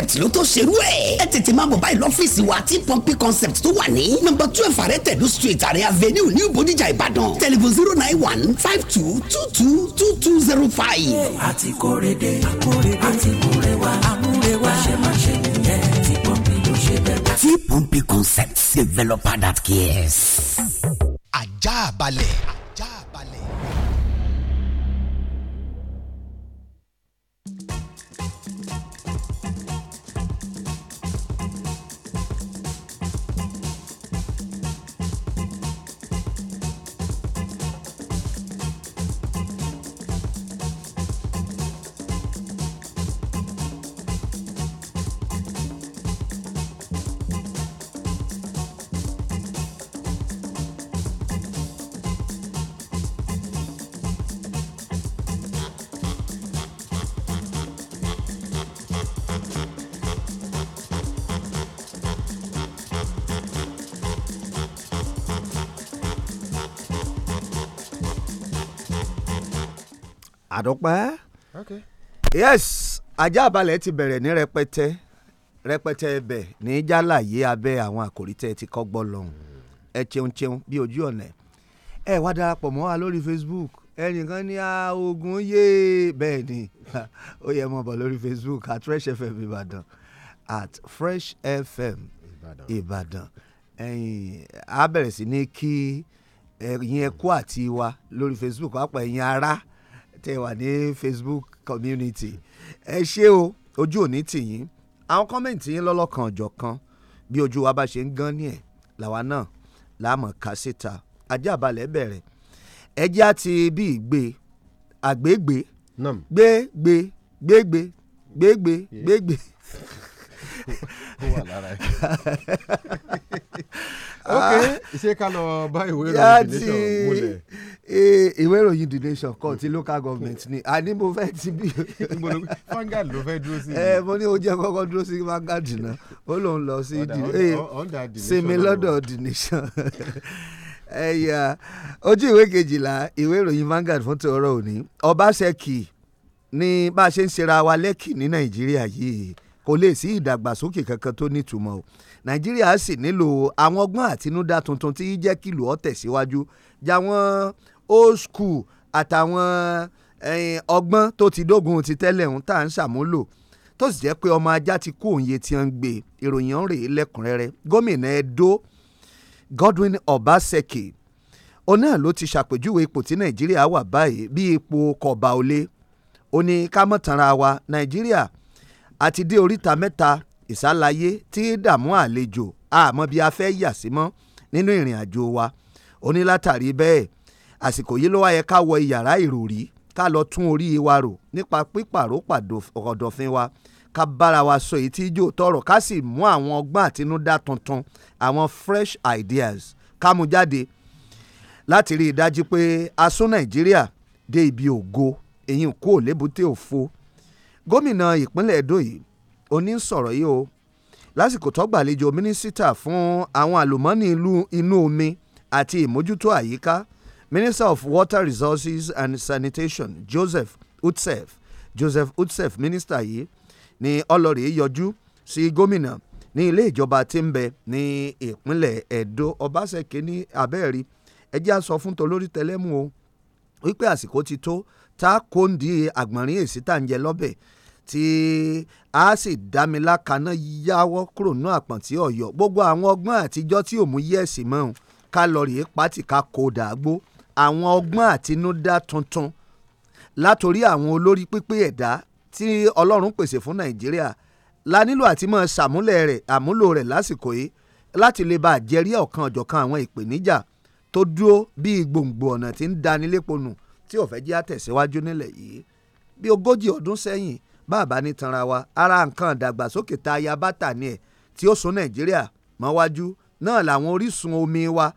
concept ló tó ṣerú ẹ̀. ẹ tètè máa bọ̀ báyìí lọ́fíìsì wa tí pọ́ńpì concept tó wà ní nọ́mbà twelve àrẹ tẹ̀lú street àrẹ avenue new Bodija Ìbàdàn telephone zero nine one five two two two two two zero five. a ti kórè dé a kórè dé a ti múre wá a múre wá ṣe má ṣe nìyẹn tí pọ́ńpì ló ṣe bẹ́ẹ̀. tí pọ́ńpì concept developer that cares. ajá balẹ̀. àdọ́pẹ́. okay. yes ajá balẹ̀ ti bẹ̀rẹ̀ ní rẹpẹtẹ rẹpẹtẹ ẹbẹ̀ ní jálàyé abẹ́ àwọn àkòrí tẹ́ ẹ ti kọ́gbọ́ lọ́hùn ẹ cheun cheun bí ojú ọ̀nà ẹ wá darapọ̀ mọ́ wa lórí Facebook ẹnìkan ní ogun yé bẹ́ẹ̀ ni ó yẹ mọ̀ bọ̀ lórí Facebook at Fresh FM ibadan. at Fresh FM ibadan. ẹ̀yin á bẹ̀rẹ̀ sí ní kí ẹ̀yin ẹ àti wa lórí Facebook pàápàá ẹ̀yin ará tẹ wà ní Facebook community ẹ ṣé o ojú òní tìyín àwọn kọ́mẹ̀ntì yín lọ́lọ́kan ọ̀jọ̀kan bí ojú wa bá ṣe ń gan ní ẹ̀ làwa náà láàmú ká síta ajá balẹ̀ bẹ̀rẹ̀ ẹjẹ́ àti bí ìgbé àgbégbé gbégbé gbégbé gbégbé gbégbé. ok ah. ṣé ká lọ bá ìwé ìròyìn the nation múlẹ̀. E, ìwé ìròyìn the nation kọ́ ti local government ni àní mo fẹ́ ti bí. fangad ló fẹ́ dúró sí. ẹ mo ní o jẹ́ kọ́kọ́ dúró sí fangad náà ó lòun lọ sí sinmi lọ́dọ̀ the nation ẹyà ojú ìwé kejìlá ìwé ìròyìn Vanguard fún tòórọ́ òní Ọbaṣẹ́kì ni bá a ṣe ń ṣera wa lẹ́kì ní Nàìjíríà yìí kò lè sí ìdàgbàsókè kankan tó nítumọ̀ o nàìjíríà sì nílò àwọn ọgbọ́n àtinúdá tuntun tí jẹ́ kìlù ọ́ tẹ̀síwájú jáwọn old school àtàwọn ọgbọ́n tó ti dógun ti tẹ́lẹ̀ ń tà ń ṣàmúlò tó sì jẹ́ pé ọmọ ajá ti kú òǹye tí wọ́n ń gbé ìròyìn ọ̀rẹ́ lẹ́kùnrẹ́rẹ́ gómìnà Edo Godwin Obaseki òun náà ló ti ṣàpèjúwe ipò tí nàìjíríà wà báyìí bí ipò kọba olé ó ní ká mọ̀ tanra wa nàìjíríà àti dé oríta mẹ́ta ìsálayé tí dààmú àlejò àmọ́ bí a fẹ́ yà sí mọ́ nínú ìrìn àjò wa ó ní látàrí bẹ́ẹ̀ àsìkò yìí ló wá yẹ ká wọ iyàrá ìròrí ká lọ tún orí wa rò nípa pípàrọ̀ ọ̀dọ̀fin wa ká bára wa sọ èyí tí ijó tọrọ ká sì mú àwọn ọgbọ́n àtinúdá tuntun àwọn fresh ideas ká mú jáde láti rí i dájú pé a sún nàìjíríà dé ibi ògo èyí kú òlébùté òfo gómìnà ìpínlẹ̀ edo yìí onísọ̀rọ̀ yìí o lásìkò tó gbàlejò mínísítà fún àwọn àlùmọ́ọ́nì ìlú inú omi àti ìmójútó àyíká minister of water resources and sanitation joseph utsef joseph utsef mínísítà yìí ni ọlọ́rìí yọjú sí gómìnà ní ilé ìjọba tí ń bẹ ní ìpínlẹ̀ Ẹdó Ọbaṣẹ́kì ní abẹ́ẹ̀rí ẹjẹ́ àsọ fún tolórí tẹlẹ́mú o wípé àsìkò ti tó tá a kó ń di àgbọ̀nrín èsì tá à ń jẹ lọ́bẹ̀ tí a sì dá mi lákaná yáwọ́ kúrò ní àpọ̀ntí ọ̀yọ́ gbogbo àwọn ọgbọ́n àtijọ́ tí ò mú yẹ̀sì mọ́ kálọ̀rì pátì ká kó dàgbó àwọn ọgbọ́n àtinúdá tuntun látòrí àwọn olórí pípé ẹ̀dá tí ọlọ́run pèsè fún nàìjíríà la nílò àti máa ṣàmúlẹ̀ rẹ̀ àmúlò rẹ̀ lásìkò yìí láti lè bá àjẹrí ọ̀kan ọ̀jọ̀kan àwọn ìpèníjà tó dúró bíi gbòǹgbò ọ̀nà tí ń daniléponù tí ò jẹ́ àtẹ̀síwájú nílẹ̀ yìí bí ogójì ọdún sẹ́yìn bàbá ní tanra wa ara nǹkan ìdàgbàsókè tá ya bàtà ni ẹ̀ tí ó sún nàìjíríà mọ́wájú náà làwọn orísun omi wa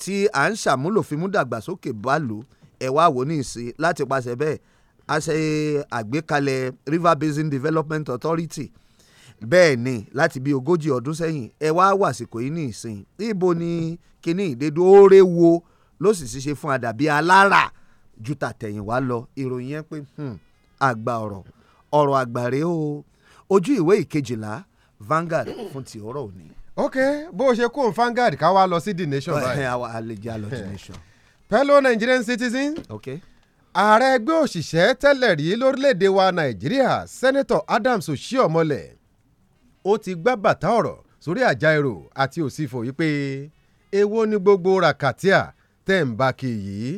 tí à ń ṣàmúlò fi mú dàgbàsókè bá lò ẹ̀ wá wò ní ìsìn láti paṣẹ bẹ́ẹ̀ a ṣe àgbékalẹ̀ River Basin Development Authority bẹ́ẹ̀ ni láti bí ogójì ọdún sẹ́yìn ẹ wá wàsíkò yìí ní ìsìn ibo ni kíní ìdédú oore wo ló sì si ṣiṣẹ́ fún àdàbí alára ju tàtẹ̀yìnwá lọ ìròyìn yẹn pé àgbà hmm, ọ̀rọ̀ ọ̀rọ̀ àgbàre o ojú ìwé ìkejìlá Vanguard fún ti ọ̀rọ̀ òní. ok bó o ṣe kó o Vanguard ká wá lọ sí the nation báyìí. àwọn àlejò àlọ the nation. Fellow Nigerian citizen. ok. ààrẹ ẹgbẹ́ òṣìṣẹ́ tẹ́lẹ̀ rí lórílẹ̀‐èdè wa Nàìjíríà Senator Adams Oshiomhole ó ti gbá bàtà ọ̀rọ̀ sórí Ajaero àti Osifo yìí pé èwo ni gbogbo rakatia tẹ̀ ń bá kì í yìí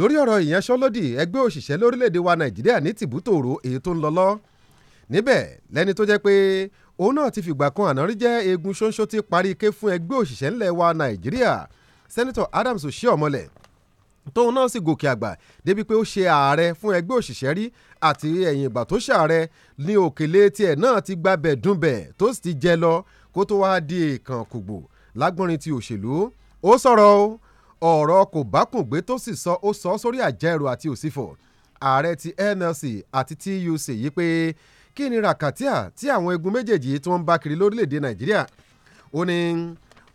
lórí ọ̀rọ̀ ìyanṣẹ́lódì ẹgbẹ́ òṣìṣẹ́ lórílẹ̀‐èdè wa nàìjíríà ní tìbútòrò èyí tó ń lọ lọ níbẹ̀ lẹ́ni tó jẹ́ pé òun náà ti fìgbà kan ànárí jẹ́ eegun ṣóńṣó ti parí ike fún ẹgbẹ́ òṣìṣẹ́ ńlẹ̀ wa nàìjíríà sẹ́nitọ̀ Adams Oshiomhole tóun náà sì gòkè àgbà débi pé ó ṣe ààrẹ fún ẹgbẹ́ òṣìṣẹ́ rí àti ẹ̀yìn ìgbà tó ṣààrẹ ní òkèlè tiẹ̀ náà ti gbabẹ̀ dùnbẹ̀ tó sì ti jẹ lọ kó tó wáá di èèkàn kùgbò lágbọ́nrin ti òṣèlú ó sọ̀rọ̀ o ọ̀rọ̀ kò bá kùn gbé tó sì sọ ó sọ sórí àjẹrò àti òsìfò ààrẹ ti NLC àti TUC yìí pé kí ni ràkàtíà tí àwọn egun méjèèjì tí wọ́n ń bá kiri lórílẹ̀‐èdè Nàìjíríà ó ní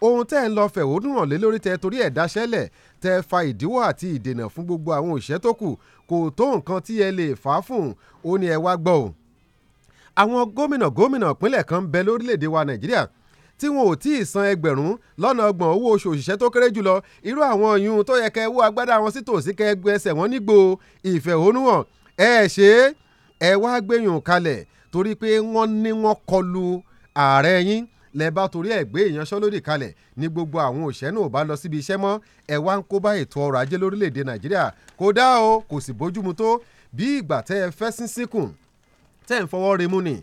ohun tẹ́ ń lọ fẹ̀hónú hàn lé lórí tẹ torí ẹ̀ dáṣẹ́lẹ̀ tẹ fa ìdíwọ́ àti ìdènà fún gbogbo àwọn òṣìṣẹ́ tó kù kò tó nǹkan tí ẹ lè fà á fún ó ní ẹ wá gbọ́ ò àwọn gómìnà gómìnà ìpínlẹ̀ kan ń bẹ lórílẹ̀‐èdè wa Nàìjíríà tí wọn ò tí ì san ẹgbẹ̀rún lọ́nà ọgbọ̀n owó oṣù òṣìṣẹ́ tó kéré jùlọ irú àwọn ọ̀yun tó yẹ kẹ́ wó agbádá wọn sí tòsí kẹ́ ẹsẹ̀ wọn nígbò ìfẹ̀hónúhàn ẹ ṣe ẹ wá gbẹ̀yìn kalẹ̀ torí pé wọ́n ní wọ́n kọlu ààrẹ yín lẹ bá torí ẹ gbé ìyanṣẹ́lódì kalẹ̀ ní gbogbo àwọn òṣìṣẹ́ náà ò bá lọ síbi iṣẹ́ mọ́ ẹ wá ń kó bá ètò ọrọ̀ ajé lórílẹ̀ nàìjíríà kò dá o kò sì bójúmu tó bí ìgbà tẹ́ ẹ fẹ́ sínsínkùn tẹ́ ń fọwọ́ remú ni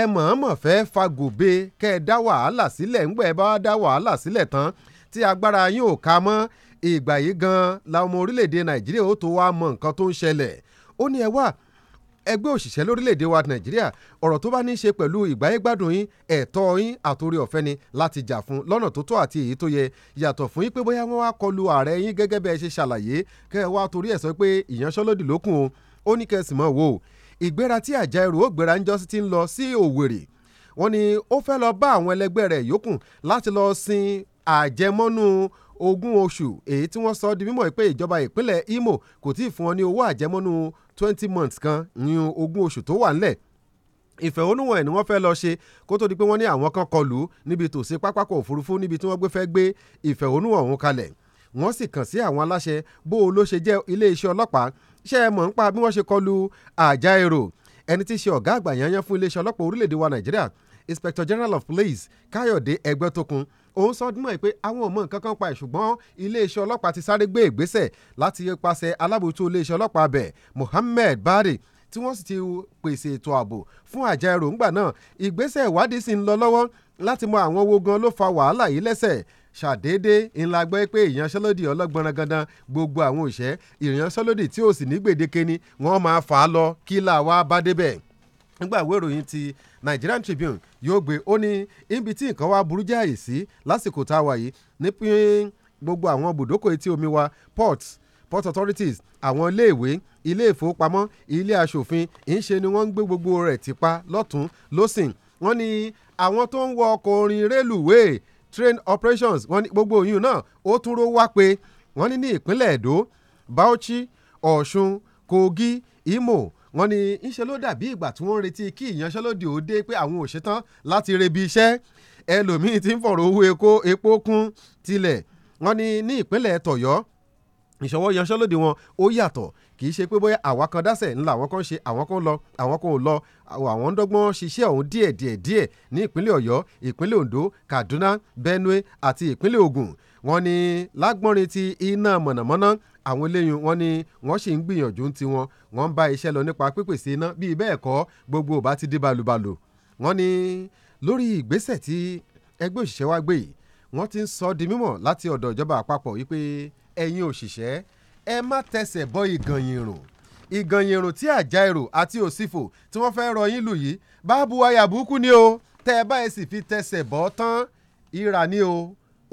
ẹ mọ̀ọ́mọ̀ fẹ́ fagòbe kẹ́ ẹ dá wàhálà sílẹ̀ ńgbẹ́ ẹ bá dá wàhálà sílẹ̀ tán tí agbára yín ò ká mọ́ ìgbà yìí gan-an ọmọ orílẹ̀-èdè nàìjíríà ó tó wá mọ nǹkan tó ń ṣẹlẹ̀ ó ní ẹ wá ẹgbẹ́ òṣìṣẹ́ lórílẹ̀‐èdè wa nàìjíríà ọ̀rọ̀ tó bá ní í ṣe pẹ̀lú ìgbáyégbádùn yín ẹ̀tọ́ yín àtòrí ọ̀fẹ́ ni láti jà fún lọ́nà tó tọ́ àti èyí tó yẹ yàtọ̀ fún yín pé bóyá wọ́n wá kọlu ààrẹ yín gẹ́gẹ́ bẹ́ẹ̀ ṣe ṣàlàyé kẹ́ ẹ wá torí ẹ̀ sọ pé ìyanṣẹ́lódì lókun o ó ní kẹ́ ẹ sì mọ̀ wò ó ìgbéra tí Àjàẹrù ó gbéra ń jọ́sí ti ń lọ sí Òwèrè wọ́n ní ó fẹ́ lọ bá àwọn ẹlẹgbẹ́ rẹ̀ yòókù láti lọ sin àjẹmọ́nú ogún oṣù èyí tí wọ́n sọ di mímọ̀ pé ìjọba ìpínlẹ̀ Imo kò tí ì fún wọn ní owó àjẹmọ́nú twenty months kan ní ogún oṣù tó wà ńlẹ̀ ìfẹ̀hónúhàn ẹ̀ ni wọ́n fẹ́ lọ ṣe kó tó di pé wọ́n ní àwọn kan kọlù níbi tòsí pápákọ̀ òfurufú níbi tí wọ́n gbé fẹ́ gbé ìfẹ̀hónúhàn ọ̀hún kalẹ̀ wọ́n sì kàn sí àwọn aláṣẹ bó o ló ṣe jẹ́ iléeṣẹ́ ọlọ́pàá ṣé ẹ mọ̀ ń pa bí wọ́n ṣe kọlu àjà èrò ẹni tí í ṣe ọ̀gá àgbà yanyan fún iléeṣẹ́ ọlọ́pàá orílẹ̀-èdè wa nàìjíríà inspector general of police káyọ̀dé ẹgbẹ́tókun òun sọ ọdún mọ́ pé àwọn ọmọ nǹkan kan pa ìṣùgbọ́n iléeṣẹ́ ọlọ́pàá ti sáré gbé ìgbésẹ̀ láti ipasẹ̀ alábòójútó iléeṣẹ́ ọlọ́pàá bẹ̀ Mohammed Bari tí wọ́n sì ti pèsè ètò ààbò fún àjà èròǹgbà náà ìgbésẹ̀ ìwádìí sì ń lọ lọ́wọ́ láti mọ àwọn wo gan ló fa wàhálà yìí lẹ́sẹ̀ ṣàdédé ńlá gbọ́ pé ìyanṣẹ́lódì ọlọ́gbọ̀nrán gandan gbogbo àwọn òṣẹ́ ìyanṣẹ́lódì tí ò sì ní gbèdéke ni wọ́n máa fà á lọ kí làwa bá débẹ̀ nígbà ìwé ìròyìn ti Nigerian Tribune yóò gbé ó ní ibi tí nǹkan wá burú jáì sí lásìkò tá a wà yìí nípìn gbogbo àwọn ibùdókọ̀ etí omi wa ports port authorities àwọn iléèwé ilé ìfowópamọ́ ilé asòfin ìṣe ni wọ́n ń gbé gbogbo rẹ̀ tìpa lọ́tún lọ́sìn wọ́n ní àwọn tó ń wọ ọkọ̀ orin rélùwéè train operations wọ́n ní gbogbo òyìn náà ó tún ró wá pé wọ́n ní ní ìpínlẹ̀ Èdó Bauchi Ọ̀ṣun Kogi Imo wọ́n ní ńṣe ló dàbí ìgbà tí wọ́n ń retí kí ìyanṣẹ́lódì ó dé pé àwọn ò ṣetán láti rebi iṣẹ́ ẹlòmíín ti ń fọ̀rọ̀ owó epo epo kún tilẹ̀ wọ́n ní ní ìpínlẹ̀ tọ̀yọ́ ìṣọwọ́ yanṣẹ́lódì wọn ó yàtọ̀ kì í ṣe pé bóyá àwa kan dásẹ̀ ńlá àwọn kan ṣe àwọn kan lọ àwọn kan ò lọ àwọn ń dọ́gbọ́n ṣiṣẹ́ ọ̀hún díẹ̀ díẹ̀ ní ìpínlẹ̀ Ọ̀yọ́ ìpínlẹ̀ Ondo Kaduna Benue àti ìpínlẹ̀ ogun wọ́n ní lágbọ́nrin ti iná mọ̀nàmọ́ná àwọn eléyìí wọ́n ní wọ́n sì ń gbìyànjú ti wọn wọ́n ń bá iṣẹ́ lọ nípa pípèsè iná bíi bẹ́ẹ̀ kọ́ gbogbo ò ti di balùbalù wọ́n ní lórí ìgbésẹ̀ tí ẹgbẹ́ òṣìṣẹ́ wa gbé yìí wọ́n ti ń sọ di mímọ̀ láti ọ̀dọ̀ ìjọba àpapọ̀ wípé ẹ̀yin òṣìṣẹ́ ẹ má tẹsẹ̀ bọ́ ìgànyìnrún ìgànyìnrún tí àjàìrò àti òsìfò tí wọ́n fẹ́ rọ yín lù yìí báàbù wáyà burúkú ni o tẹ́ ẹ báyìí sì fi tẹsẹ̀ bọ́ tán ìrà ni o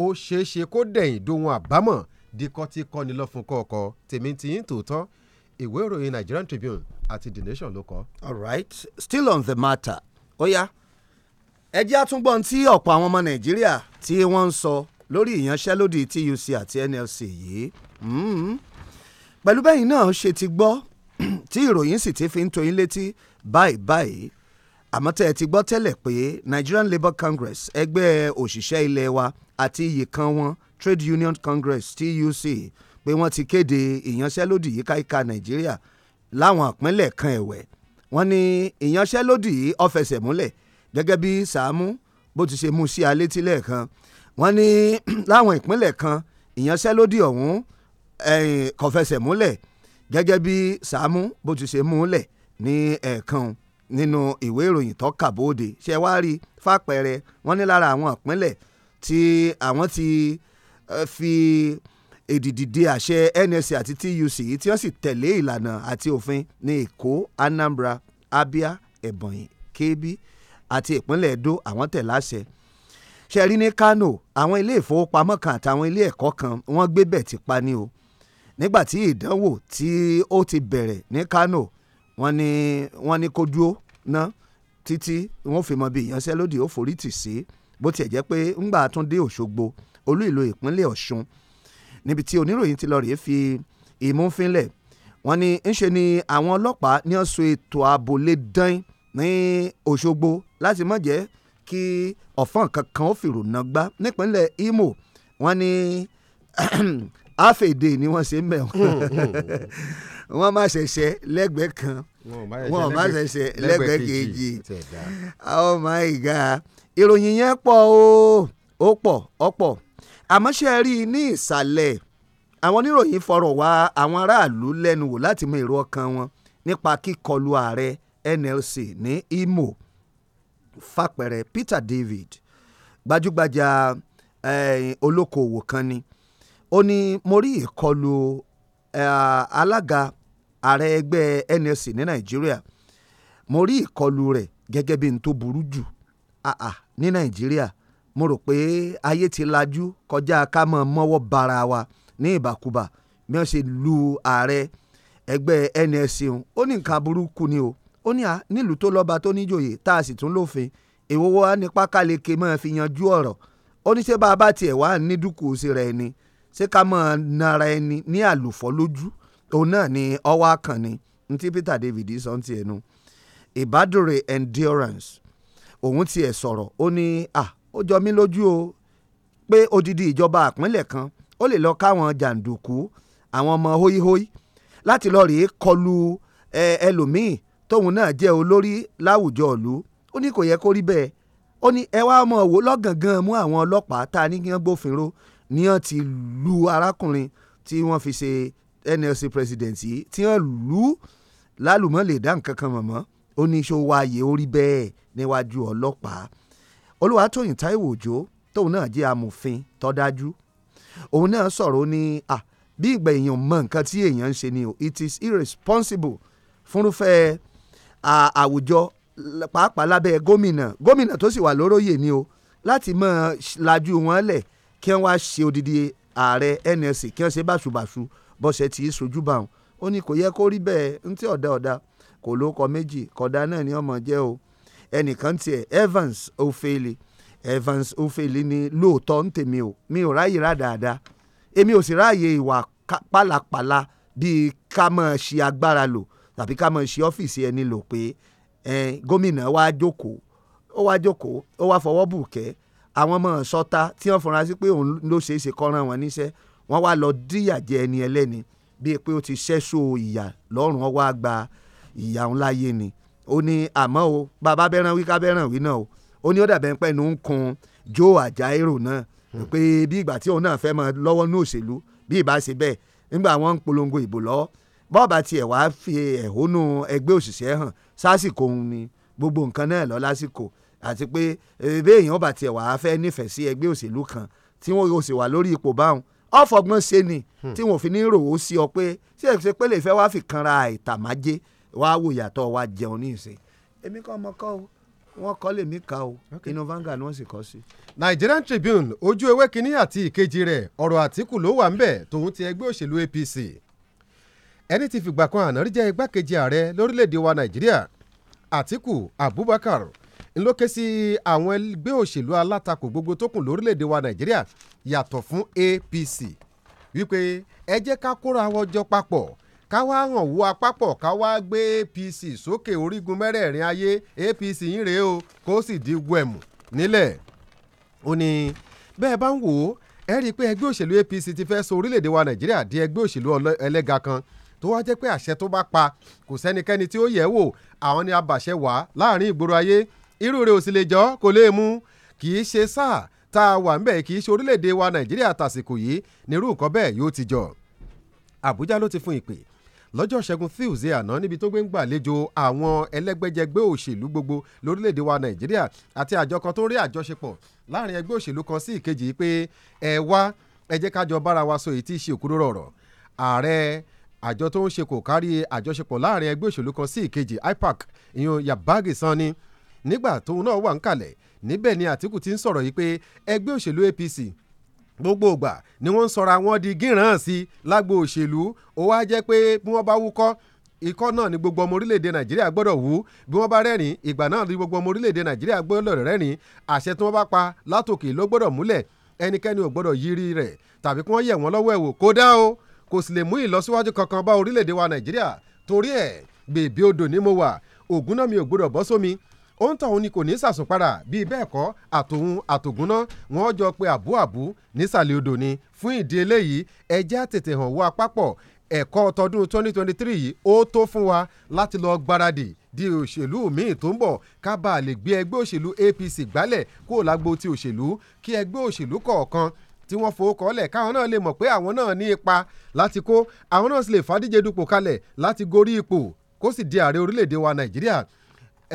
ó ṣeé ṣe kó dẹ̀yìn dohun àbámọ̀ dikọ́ tí kọ́ni lọ́fun kọ̀ọ̀kọ́ tèmi ti ń tòótọ́ ìwé ìròyìn Nigerian Tribune àti The Nation ló kọ. all right still on the matter Oya. yá ẹ jẹ́ àtúngbọ̀n tí ọ̀pọ̀ àwọn ọmọ nàìjíríà tí wọ́n ń sọ lórí ìyanṣẹ́lódì TUC àti NLC yìí. Mm-hmm pẹ̀lú bẹ́yìn náà ṣe ti gbọ́ tí ìròyìn sì ti fi ń toyin létí báyìí báyìí àmọ́ tẹ́ ẹ ti gbọ́ tẹ́lẹ̀ pé Nigerian Labour Congress ẹgbẹ́ òṣìṣẹ́ ilé wa àti iyì kan wọn Trade Union Congress TUC pé wọ́n ti kéde ìyanṣẹ́lódì yìí káyíká Nàìjíríà láwọn ìpínlẹ̀ kan ẹ̀wẹ̀ wọ́n ní ìyanṣẹ́lódì yìí ó fẹsẹ̀ múlẹ̀ gẹ́gẹ́ bí Sàámú bó ti ṣe mú sí alétí lẹ́ẹ̀kan wọ́n ní láwọn ìpínlẹ̀ kan ìyanṣẹ́lódì ọ̀hún kò fẹsẹ̀ múlẹ̀ gẹ́gẹ́ bí Sàámú bó ti ṣe múlẹ̀ ní ẹ̀ẹ̀kan nínú ìwé ìròyìn tó kà bóde ṣe wá rí fàpẹẹrẹ wọn ní lára àwọn ìpínlẹ̀ tí àwọn ti fi èdìdìde àṣẹ NSC àti TUC tí wọ́n sì tẹ̀lé ìlànà àti òfin ní Èkó Anambra Abia Ebonyi Kebbi àti ìpínlẹ̀ Edo àwọn tẹ̀ láṣẹ ṣẹ̀rí ní Kano àwọn ilé ìfowópamọ́ kan àtàwọn ilé ẹ̀kọ́ kan wọ́n gbé bẹ̀ ti pa ni o nígbà tí ìdánwò tí ó ti bẹ̀rẹ̀ ní Kano wọ́n ní wọ́n ní kó dúró ná títí wọ́n fi mọ bí ìyanṣẹ́lódì ó forí tì sí bó tiẹ̀ jẹ́ pé ńgbà tún dé Òṣogbo olú ìlú ìpínlẹ̀ Ọ̀ṣun níbi tí oníròyìn ti lọ rèé fi ìmúfínlẹ̀ wọ́n ní ńṣe ni àwọn ọlọ́pàá ní wọ́n so ètò ààbò lè dán ní Òṣogbo láti má jẹ́ kí ọ̀fọ́n kankan ó fìrò náà nípínlẹ̀ Imo wọ́n ní àfèdè ni wọ́n ṣe ń bẹ̀ wọ́n hmm, hmm, hmm. wọ́n má ṣẹ̀ṣẹ̀ lẹ́gbẹ̀ẹ́ kan wọ́n má ṣẹ̀ṣẹ̀ lẹ́gbẹ̀ẹ́ kejì oh my god ìròyìn yẹn pọ̀ o ó pọ̀ ọ̀pọ̀ àmọ́ ṣe é rí i ní ìsàlẹ̀ àwọn oníròyìn fọ̀rọ̀ wá àwọn aráàlú lẹ́nu wò láti mọ èrò ọkàn wọn nípa kíkọlù ààrẹ NLC ní Imo fàpẹ̀rẹ̀ Peter David gbajúgbajà eh, olókoòwò kan ni ó ní mo rí ìkọlù alága ààrẹ ẹgbẹ́ NLC ní nàìjíríà mo rí ìkọlù rẹ̀ gẹ́gẹ́ bí n tó burú jù ní nàìjíríà mo rò pé ayé ti lajú kọjá ká mọ̀ mọ́wọ́ bara wa ní ìbàkúbà bí wọ́n ṣe lu ààrẹ ẹgbẹ́ NLC ó ní nǹkan burúkú ni o ó ní à nílùú tó lọ́ba tó níjòyè tá a sì tún lófin èwo wa nípa káleke máa fi yanjú ọ̀rọ̀ ó ní ṣé bá a bá tiẹ̀ wá ní dúkùú sí rẹ̀ ni ṣé ká mọ̀ nara ẹni ní àlùfọ́ lójú òun náà ni ọwọ́ akànnì ntí Peter David sọ ti ẹnu ìbádùrè endurance òun tiẹ̀ sọ̀rọ̀ ó ní à ó jọ mí lójú o pé odidi ìjọba àpínlẹ̀ kan ó lè lọ káwọn jàǹdùkú àwọn ọmọ hóíhóí láti lọ rèé kọlu ẹlòmíì tóun náà jẹ́ olórí láwùjọ ìlú ó ní kò yẹ kó rí bẹ́ẹ̀ ó ní ẹ wá mọ̀ wò lọ́gàngàn mú àwọn ọlọ́pàá tá ní gbófinró ni wọ́n ti lu arákùnrin tí wọ́n fi ṣe NLC president yìí tí wọ́n lù ú lálùmọ́ lè dá nǹkan kan mọ̀mọ́ ó ní ṣó wáyé orí bẹ́ẹ̀ níwájú ọlọ́pàá olùwàtòyìn Táíwò Òjó tóun náà jẹ́ amòfin tọ́dájú òun náà sọ̀rọ̀ ní ah bí ìgbà èèyàn mọ nǹkan tí èèyàn ń ṣe ni o it is irresponsible fúnrúfẹ́ àwùjọ pàápàá lábẹ́ gómìnà gómìnà tó sì wà lóróyè ni o láti máa lajú wọn lẹ̀ kí wọ́n wá ṣe odidi ààrẹ NLC kí wọ́n ṣe báṣubàṣu bọ́sẹ̀ tí í sojú bá wọn ó ní kò yẹ kó rí bẹ́ẹ̀ ń tí ọ̀dà ọ̀dà kò ló kọ méjì kọ̀dà náà ni ọmọ jẹ́ o ẹnìkan tiẹ̀ Evans Ofele Evans Ofele ni lóòótọ́ ń tèmi o mi ò ráyè rà dáadáa èmi ò sì ráàyè ìwà pálapàla bíi ká máa ṣe agbára lò tàbí ká máa ṣe ọ́fíìsì ẹni lò pé gómìnà wa jókòó ó wá jókòó ó wá fọwọ́ bù kẹ́ àwọn ọmọ sọta tí wọ́n fura sí pé òun ló ṣeé ṣe kọ́ ran wọn níṣẹ́ wọ́n wá lọ díyà jẹ ẹni ẹlẹ́ni bíi pé ó ti ṣẹ́ṣọ ìyà lọ́rùn ọwọ́ àgbà ìyà ńlá yé ni ó ní àmọ́ o bàbá bẹ́ràn wí ká bẹ́ràn wí náà o ó ní ó dàbẹ̀ pẹ́ nu ń kun Joe Ajaero náà hmm. pé bí ìgbà tí òun náà fẹ́ mọ lọ́wọ́ ní òṣèlú bí ìbá ṣe bẹ́ẹ̀ nígbà wọn ń polongo ìbò lọ́wọ́ bọ́ọ̀bà tiẹ̀ wá fi ẹ̀hónú ẹgbẹ́ òṣìṣẹ́ hàn sásìkò òun ni gbogbo nǹkan náà lọ lásìkò àti pé ebe èèyàn bá tiẹ̀ wàá fẹ́ nífẹ̀ẹ́ sí ẹgbẹ́ òṣèlú kan tí wọ́n yóò sì wà lórí ipò báwọn ọ̀fọ̀gbọ́n ṣe ni hmm. tí wọ́n fi ní rò ó sí ọ pé ṣé ẹ ṣe pé lè fẹ́ wá fi kanra àìtàmájé wàá wò yàtọ̀ wàá jẹun ní ìsìn èmi kọ́ ọmọ kọ́ o wọ́n kọ́ lèmi ka o inú vanga ni wọ́n sì kọ́ sí. Nigerian Tribune ojú ewé kínní àti ìkejì rẹ̀ ọ̀rọ̀ Àtíkù ló wà ńbẹ̀ tòun ti ẹgbẹ́ òṣèlú APC ẹni tí fìgbà kan àná rí jẹ́ igbákejì ààrẹ lórílẹ̀‐èdè wa Nàìjíríà Àtíkù Abubakar ńlọ́kẹ́ sí àwọn ẹgbẹ́ òṣèlú alátakò gbogbo tó kùn lórílẹ̀‐èdè wa nàìjíríà yàtọ̀ fún APC wípé ẹ jẹ́ ká kóra wọ́n jọ papọ̀ ká wá hàn wó apapọ̀ ká wá gbé APC sókè orígun mẹ́rẹ̀ẹ̀rin ayé APC yín rèé o kó sì di wẹ̀mù nílẹ̀ ó ní bẹ́ẹ̀ bá ń wò ó ẹ rí i pé ẹgbẹ́ òṣèlú APC ti fẹ́ sọ orílẹ̀‐èdè wa nàìjíríà di ẹgbẹ́ òṣèlú ẹlẹ́ga kan tó wá jẹ́ pé àṣẹ tó bá pa kò sẹ́nikẹ́ni tí ó yẹ̀ wò àwọn ni abàṣẹ wà láàrin ìgboro ayé irú rẹ̀ ò sì lè jọ́ kò lè mú kì í ṣe sáà tá a wà ńbẹ̀ kì í ṣe orílẹ̀-èdè wa nàìjíríà tàsìkò yìí nírú nǹkan bẹ́ẹ̀ yóò ti jọ. àbújá ló ti fún ìpè lọ́jọ́ ṣẹ́gun Tuesday àná níbi tó gbé ń gbàlejò àwọn ẹlẹ́gbẹ́jẹgbẹ́ òṣèlú gbogbo lórílẹ̀‐èdè wa nàìjíríà àti àjọ kan tó ń rí àjọṣepọ̀ láàrin ẹgbẹ́ òṣèlú kan sí ìkejì pé ẹ wá ẹ kájọ bára wa sọ èyí ṣe òkúrò rọ̀rọ̀ ààrẹ àjọ tó ń ṣe kò kárí àjọṣepọ̀ láàrin ẹgbẹ́ òṣèlú kan sí ìkejì IPAC ìyún Yabagi Sani ni nígbà tóun náà wà ń kalẹ̀ níbẹ̀ ni Àtíkù ti ń sọ̀rọ̀ yìí pé ẹgbẹ́ òṣèlú APC gbogbo ìgbà ni wọ́n ń sọra wọn di gíràn sí lágbo òṣèlú ó wá jẹ́ pé bí wọ́n bá wúkọ́ ikọ́ náà ni gbogbo ọmọ orílẹ̀-èdè nàìjíríà gbọ́dọ̀ wú bí wọ́n bá rẹ́rìn ìgbà náà ni gbogbo ọmọ orílẹ̀-èdè nàìjíríà gbọ́dọ̀ rẹ́rìn àṣẹ tí wọ́n bá pa látòkè ló gbọ́dọ̀ múlẹ̀ ẹnikẹ́ni ò gbọ́dọ̀ yiri rẹ̀ tàbí kí wọ́n yẹ̀ wọ́n lọ́wọ́ ẹ̀ wò kódà o kò sì lè mú ìlọsíwájú kankan bá orílẹ̀-èdè wa nàìjíríà torí ẹ̀ bèbè odò ni mo wà ògùn náà mi ò gbọ́dọ̀ bọ́ sómi ó ń tàn òun ni kò ní sàsùnpara bíi bẹ́ẹ̀ kọ́ àtòun àtògúnná wọ́n jọ pé àbúàbú nísàlẹ̀ odò ni fún ìdí eléyìí ẹjẹ́ tètè hàn wá papọ̀ ẹ̀kọ́ tọdún 2023 yìí ó tó fún wa láti lọ gbáradì di òṣèlú míì tó ń bọ̀ ká bàa lè gbé ẹgbẹ́ òṣèlú APC gbálẹ̀ kó lágbo ti òṣèlú kí ẹgbẹ́ òṣèlú kọ̀ọ̀kan tí wọ́n fowókọ́ lẹ̀ káwọn náà lè mọ̀ pé àwọn náà ní ipa láti kó àwọn náà sì lè fàdíje dupò kalẹ̀ láti gorí ipò kó sì di ààrẹ orílẹ̀-èdè wa Nàìjíríà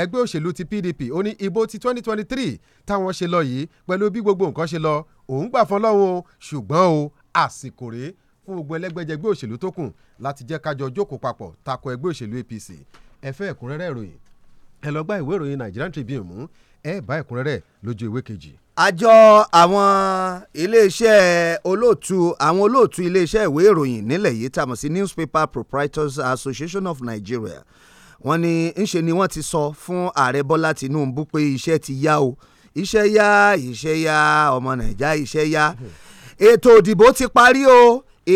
ẹgbẹ́ òṣèlú ti PDP ó ní ìbò ti 2023 táwọn ṣe lọ yìí pẹ̀lú bí gbogbo nǹkan ṣe lọ òun gbà fún ọlọ́run o ṣùgbọ́n o àsìkò rèé fún gbogbo ẹlẹ́gbẹ́jẹgbẹ́ òṣèlú tó kù láti jẹ́ kájọ jókòó papọ̀ tako ẹgbẹ́ òṣèlú APC ẹ fẹ́ ẹ̀kúnrẹ́rẹ́ ìròyìn ẹ lọ gbá ìwé ìròyìn Nigerian Tribune mú ẹ bá ẹ̀kúnrẹ́rẹ́ lójú ìwé kejì. àjọ àwọn iléeṣẹ́ olóòtú àwọn olóòtú iléeṣẹ́ ìwé ìròyìn nílẹ̀ yìí tá sí Newspaper Proprietors Association of Nigeria wọ́n ní ńṣe ni wọ́n ti sọ fún ààrẹ bọ́lá tìǹbù pé iṣẹ́ ti yá o iṣẹ́ yá iṣẹ́ yá ọmọ nàìjà iṣẹ́ yá ètò òdìbò ti parí o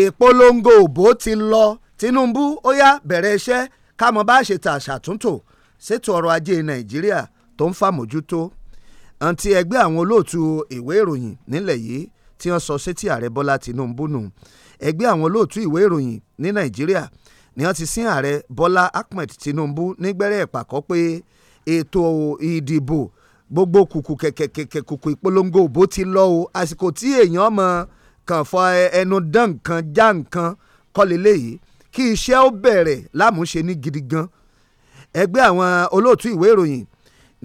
ìpolongo òbò ti lọ tìǹbù ó yá bẹ̀rẹ̀ iṣẹ́ kámọ́ bá ṣe tà ṣàtúntò ṣètò ọrọ̀ ajé nàìjíríà tó ń fàmójútó àǹtí ẹgbẹ́ àwọn olóòtú ìwé ìròyìn nílẹ̀ yìí tí wọ́n sọ sétí ààrẹ bọ́lá tìǹbù nù ẹgbẹ́ àwọn olóòtú ìwé ìròyìn ní nàìjíríà ni wọ́n ti sin ààrẹ Bọ́lá Ahmed Tinubu nígbẹ́rẹ́ ìpàkọ́ pé ètò ìdìbò gbogbo kùkù kẹ̀kẹ̀kẹ̀ kùkù ìpolongo òbó ti lọ o àsìkò tí èèyàn mọ kàn fọ ẹnu dán nǹkan já nǹkan kọ́lélẹ́ yìí kí iṣẹ́ ó bẹ̀rẹ̀ lámúṣe ní gidi gan ẹgbẹ́ àwọn olóòtú ìwé ìròyìn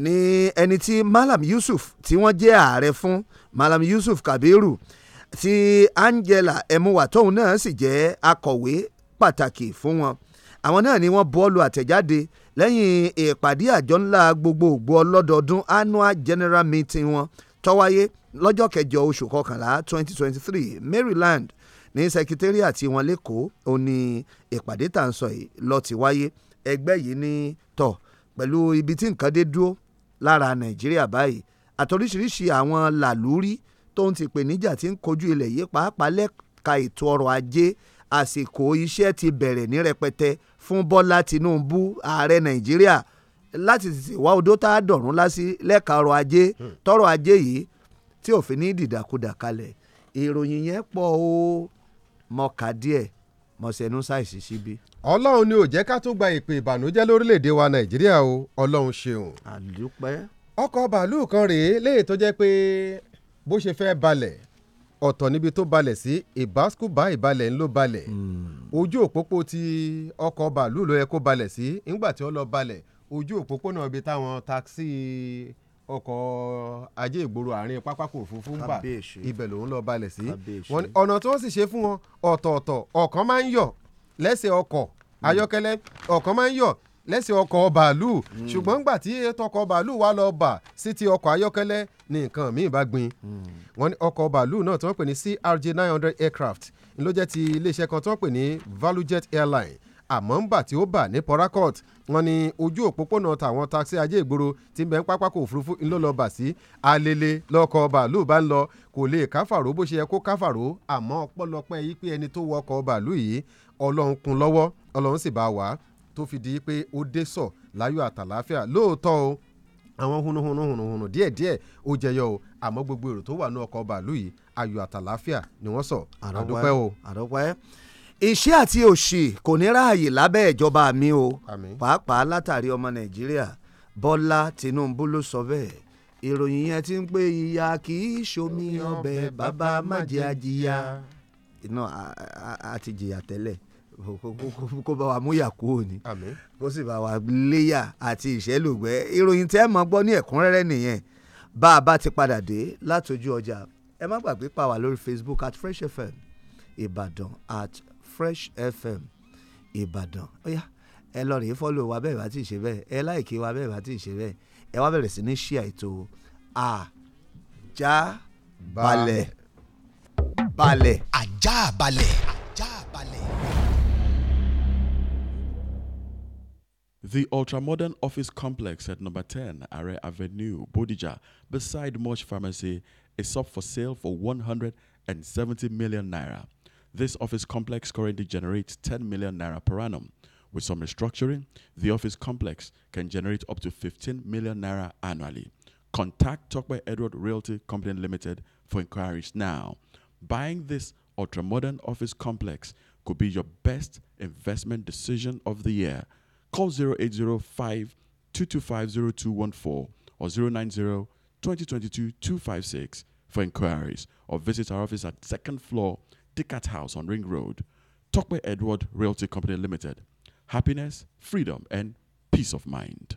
ní ẹni tí Malam Yusuf tí wọ́n jẹ́ ààrẹ fún Malam Yusuf Kabiru tí Angela Emuwa tóun náà sì jẹ́ akọ̀wé pàtàkì fún wọn àwọn náà ni wọ́n bọ́ọ̀lù àtẹ̀jáde lẹ́yìn ìpàdé àjọ ńlá gbogbogbò ọlọ́dọọdún annual general meeting wọn tó wáyé lọ́jọ́ kẹjọ oṣù kọkànlá 2023 Maryland ní secretariat wọn lẹ́kọ̀ọ́ ó ní ìpàdé tá à ń sọ yìí ló ti wáyé ẹgbẹ́ yìí ní tọ̀ pẹ̀lú ibi tí nǹkan dé dúró lára Nàìjíríà báyìí àtòríṣiríṣi àwọn làlúrí tó ń ti pèníjà tí ń kojú ilẹ̀ yìí pàápàá lẹ́ka ètò ọrọ̀ ajé àsìkò iṣẹ́ ti bẹ̀rẹ̀ ní rẹpẹtẹ fún Bọ́lá Tinubu ààrẹ Nàìjíríà láti tètè wá odó tá a dọ̀rùn lásì lẹ́ka ọrọ̀ ajé hmm. tọrọ̀ ajé yìí tí òfin ní dìdàkudà kalẹ̀ ìròyìn yẹn pọ̀ o mọ̀ọ́kà díẹ̀ mọ̀ọ́sẹ̀nú ṣàìsí síbí. ọlọ́run ni ò jẹ́ ká tún gba ìpè ìbànújẹ́ lórílẹ̀‐èdè wa nàìjíríà o ọlọ́run ṣeun. àdúpẹ́. ọkọ̀ bàálù kan rèé léè tó jẹ́ pé bó ṣe fẹ́ balẹ̀ ọ̀tọ̀ níbi tó balẹ̀ sí ìbáskúbá ìbalẹ̀ ńlọ balẹ̀ hmm. ojú òpópó ti ọkọ̀ bàálù ló yẹ kó balẹ̀ sí nígbà tí ó lọ balẹ̀ ojú òpópónà ibi táwọn takisí ọkọ̀ ajé ìgboro àárín pápákọ̀ òfurufú ń bà ibẹ̀ lòun lọ balẹ̀ sí ọ̀nà tí wọ́n sì ṣe fún wọn ọ̀tọ̀ọ̀tọ̀ ọ̀kan máa ń yọ̀ lẹ́sẹ̀ ọkọ̀ hmm. ayọ́kẹ́lẹ́ ọ̀kan máa ń yọ̀ lẹ́sẹ̀ ọkọ̀ bàálù ṣùgbọ́n nígbà tí ètò ọkọ̀ bàálù wà lọ bà sí ti ọkọ̀ ayọ́kẹ́lẹ́ ní nǹkan míì bá gbin hmm. wọn ní ọkọ̀ bàálù náà tí wọ́n pè ní CRJ nine hundred aircraft ló jẹ́ ti iléeṣẹ́ kan tí wọ́n pè ní Valujet airline àmọ́ ńgbà tí ó bà ní Port Harcourt wọn ní ojú òpópónà tàwọn taxi ajé ìgboro tí ń bẹ ń pápákọ̀ òfurufú ńlọ lọ bà sí alele lọkọ̀ bàálù bá ń lọ kò lè káfàró bó ṣe yẹ kó káfàró àmọ́ ọpọlọpẹ yìí pé ẹni tó wọ ọkọ̀ bàálù yìí ọlọ́run kún lọ́wọ́ ọlọ́run sì bá wà á tó fi di pé ó dé sọ láyọ̀ àtàláfíà lóòótọ́ o àwọn hunuhunu díẹ̀díẹ̀ ó jẹyọ o àmọ́ gbogbo èrò tó wà ní ọkọ̀ bàálù yìí àtàláfíà ni wọ́n sọ àdúpẹ́ o. àdúpẹ́ iṣẹ́ àti òṣì kò ní ráàyè lábẹ́ ìjọba mi o pàápàá látàrí ọmọ nàìjíríà bọ́lá tinubu ló sọ bẹ́ẹ̀ ìròyìn yẹn ti ń pé ìyá kì í ṣomi ọbẹ̀ bàbá má jẹ́ àjìyà tẹ́lẹ̀ kó bá wa múyà kúrò kó sì bá wa léyà àti ìṣẹ́lùgbẹ́ ìròyìn tẹ́ mọ́ gbọ́ ní ẹ̀kúnrẹ́rẹ́ nìyẹn bá a bá ti padà dé látọjú ọjà ẹ má gbàgbé pa wá lórí Facebook at Fresh FM Ìbàdàn at Fresh FM Ìbàdàn ó ẹ lọ rèé fọ́lọ̀ wa bẹ́ẹ̀ bá ti ṣe bẹ́ẹ̀ ẹ láìkí wa bẹ́ẹ̀ bá ti ṣe bẹ́ẹ̀ ẹ wá bẹ̀rẹ̀ sí ní ṣí àìtó Àjààbálẹ̀ balẹ̀. ajá balẹ̀. The ultra-modern office complex at number 10 Are Avenue, Bodija, beside Mosh Pharmacy, is up for sale for 170 million naira. This office complex currently generates 10 million naira per annum. With some restructuring, the office complex can generate up to 15 million naira annually. Contact by Edward Realty Company Limited for inquiries now. Buying this ultra-modern office complex could be your best investment decision of the year. Call 0805 225 0214 or 090 2022 256 for inquiries or visit our office at second floor Dickert House on Ring Road, Talk by Edward Realty Company Limited. Happiness, freedom, and peace of mind.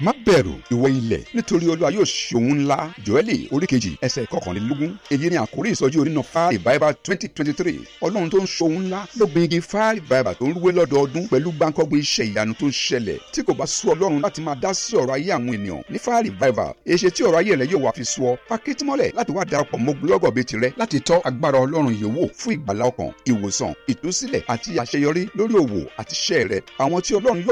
má bẹ̀rù ìwọ ilẹ̀ nítorí olúwa yóò ṣe ohun ńlá jọ́ẹ́lì oríkejì ẹsẹ̀ kọkànlélógún èyí ni àkórí ìsọjí orí náà fáàlì báíbà twenty twenty three ọlọ́run tó ń ṣe ohun ńlá ló gbin igi fáàlì báíbà tó ń rúwé lọ́dọọdún pẹ̀lú gbáǹkọ́gbìn iṣẹ́ ìyanu tó ń ṣẹlẹ̀ tí kò bá sú ọlọ́run láti máa dá sí ọ̀rọ̀ ayé àwọn ènìyàn ní fáàlì báíbà èṣe tí ọ̀rọ̀ ayé rẹ yóò wá fi sú ọ pàkẹ́tì mọ́lẹ̀ láti wá darapọ̀ mọ́ gbọ́lọ́gọ̀ bíi tirẹ̀ láti tọ́ agbára ọlọ́run yìí wò fún ìgbàlá ọkàn ìwòsàn ìtúsílẹ̀ àti àṣeyọrí lórí òwò àti iṣẹ́ rẹ àwọn tí ọlọ́run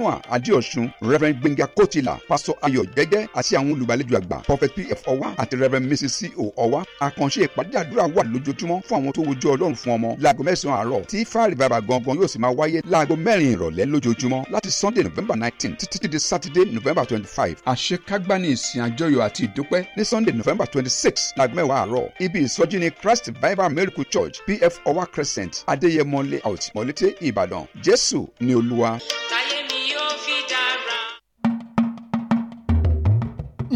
yóò fìdí ọ̀ṣun reverend gbẹ̀ngà kòtìlà pásọ ayọ̀ jẹ́jẹ́ àti àwọn olùgbàlejò àgbà prophet pf ọwá àti reverend mrs c o ọwá àkànṣe ìpàdé àdúrà wà lójoojúmọ́ fún àwọn tó wojú ọlọ́run fún ọmọ láago mẹ́sàn-án àárọ̀ tí fáàrí bàbà gangan yóò sì máa wáyé láago mẹ́rin ìrọ̀lẹ́ lójoojúmọ́ láti sunday november nineteen títí di saturday november twenty-five àṣekágbá ní ìsìn àjọyọ̀ àti ìdúpẹ́ ní sunday november twenty-six láago mẹ́wàá àárọ̀ ibi ìsọjí ní christ bible miracle church pf ọwá crescent adéyẹmọlé àwòtí mọ̀lété ìbàdàn jésù ni olúwa. táyé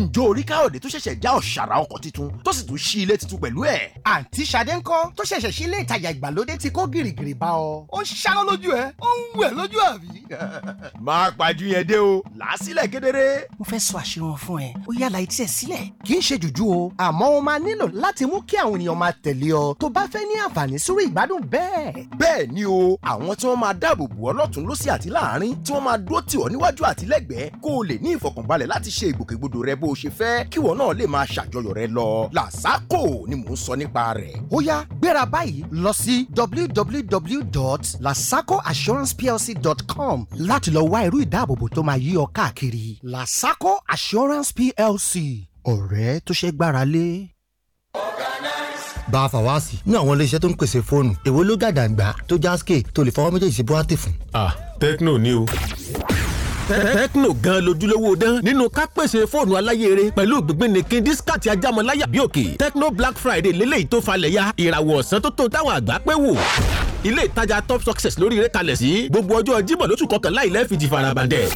ǹjọ́ orí káyọ̀dé tó ṣẹ̀ṣẹ̀ já ọ̀ṣàrà ọkọ̀ tuntun tó sì tún ṣí ilé tuntun pẹ̀lú ẹ̀. àǹtí ṣadé ńkọ́ tó ṣẹ̀ṣẹ̀ sí ilé ìtajà ìgbàlódé ti kó gìrìgìrì bá ọ. ó ń ṣáná lójú ẹ ó ń wẹ̀ lójú àbí. máa pàjù yẹn dé o làásílẹ̀ kedere. mo fẹ́ sọ àṣírun fún ẹ ó yá la etí ẹ sílẹ̀. kì í ṣe jùjú o àmọ́ o máa nílò láti mú kí àwọn ènìyàn máa tẹ̀lé ọ tó bá fẹ́ ní àǹfààní sórí ìgbádùn bẹ́ẹ̀. bẹ́ẹ̀ ni o àwọn tí wọ́n máa dáàbò bò ọ́ lọ́tún lọ́sí àti láàárín tí wọ́n máa dúró tì ọ́ níwájú àti lẹ́gbẹ̀ẹ́ kó o lè ní ìfọkànbalẹ̀ láti ṣe ìgbòkègbodò rẹ bó bó ṣe fẹ́ kíwọ náà lè máa ṣàjọyọ̀ rẹ lọ làsákò ni mò ń sọ nípa rẹ̀. ó yá gbéra báyìí lọ sí www.lasacoassuranceplc.com láti lọ wá irú ìdáàbòbò tó máa yí ọ káàkiri lasaco assurance plc ọ̀rẹ́ tó ṣe gbára lé bá a fà wá sí. ní àwọn iléeṣẹ́ tó ń pèsè fóònù èwo ló gàdàgbà tó jásíkè tó lè fọwọ́ méjèèjì sí búrátì fún. ah Tecno ni o tẹ́kínò gan lójúlówó dán nínú ká pèsè fóònù aláyèrè pẹ̀lú gbígbínnikin dískàtì ajámọ̀láyà bí òkè tẹ́kínò black friday lélẹ́yìí tó falẹ̀ ya ìràwọ̀ ọ̀sán tó tó táwọn àgbà pé wò ilé ìtajà top success lórí rẹ̀ kalẹ̀ sí gbogbo ọjọ́ jímọ̀ lóṣù kọkànlá ilẹ̀ fìdí farabandẹ̀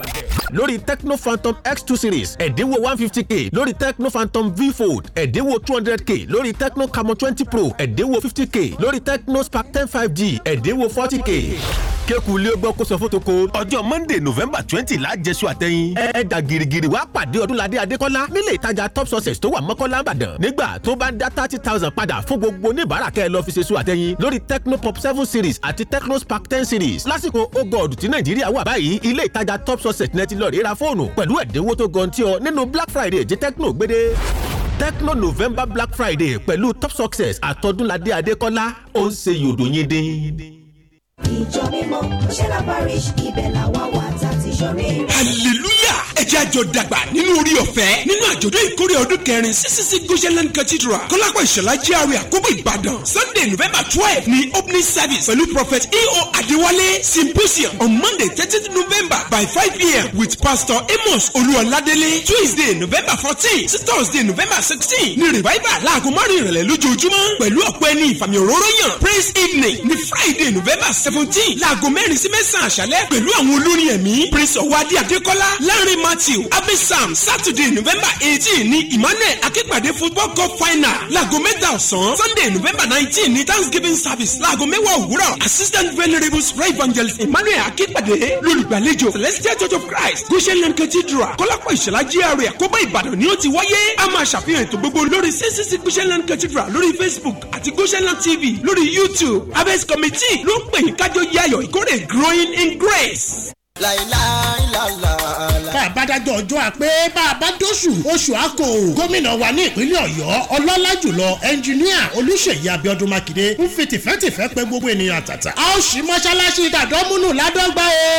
lórí tecno phantom x2 series ẹ̀dínwó 150k lórí tecno phantom v fold ẹ̀dínwó 200k lórí tecno Camo 20 pro ẹ̀dínwó 50k lórí tecno spark 10 5g ẹ̀dínwó 40k kéku ilé ọgbọ́n kó sọ fótoko ọjọ́ monday november twenty lájẹsùn àtẹ̀yìn ẹ̀ẹ́dà girigiri wàá pàdé ọdúnladé adékọ́lá nílé ìtajà top success tó wà mọ́kọ́lá ìbàdàn nígbà tó bá ń dá thirty thousand padà fún gbogbo oníbàárà kẹ́ ẹ lọ́ọ́ fi ṣe sùn àtẹ̀yìn lórí tecno pop seven series àti tecno Park ten series lásìkò ogod tí nàìjíríà wà báyìí ilé ìtajà top success net lọ rí ra fóònù pẹ̀lú ẹ̀dínwó tó gan tí ọ nínú black friday jẹ́ tecno gbédè tecno november black friday pẹ̀lú top success àtọ́dúnladé adékọ́lá ó ń ṣe yòdò yín dín ìjọ mímọ́ ṣẹlá parish ibẹ̀ làwa wà tá a ti hallelujah ẹ àjọ dàgbà nínú orí ọ̀fẹ́ nínú àjọ̀dún ìkórè ọdún kẹrin ccc goshenland cathedral kọ́lápọ̀ ìṣọ̀lá jíáwé àkókò ìbàdàn sunday november twelve ni opening service pẹ̀lú prophet eo adewale symposium on monday thirteenth november by five pm with pastor amos olúọládélé tuesday november fourteen sí thursday november sixteen ni revival láago márùn ìrọ̀lẹ́ lójoojúmọ́ pẹ̀lú ọ̀pẹ ní ìfàmì òróró yàn praise evening ni friday november seventeen láago mẹ́rin sí mẹ́sàn-án àṣálẹ́ pẹ̀lú àwọn olórin ẹ̀mí prince ọwádìí adékọ́lá láàrin matthew abisam saturday november eighteen ní emmanuel akípàdé football cup final láago mẹ́ta ọ̀sán sunday november nineteen ní thanksgiving service láago mẹ́wàá òwúrọ̀ assistant venerable Rev. evangelist emmanuel akípàdé lólùgbàlejò celestial church of christ goshen land cathedral kọ́lápọ̀ ìṣẹ̀lá gra àkóbá ìbàdàn ni ó ti wáyé a máa ṣàfihàn ètò gbogbo lórí ccc goshen land cathedral lórí facebook àti goshen land tv lórí youtube harvest committee ló ń pè yín kájọ yẹ ayọ̀ ìkórè growing in grace. láìláìláìláì ká àbádájọ́ ọjọ́ àpé bá a bá dóṣù oṣù àkó gómìnà wa ní ìpínlẹ̀ ọ̀yọ́ ọlọ́lá jùlọ ẹnjìníà olúṣèyí abíọ́dún mákindé ń fi tìfẹ́tìfẹ́ pé gbogbo ènìyàn àtàtà. a ó ṣí mọ́ṣáláṣí dàdọ́múnú ládọ́gba o.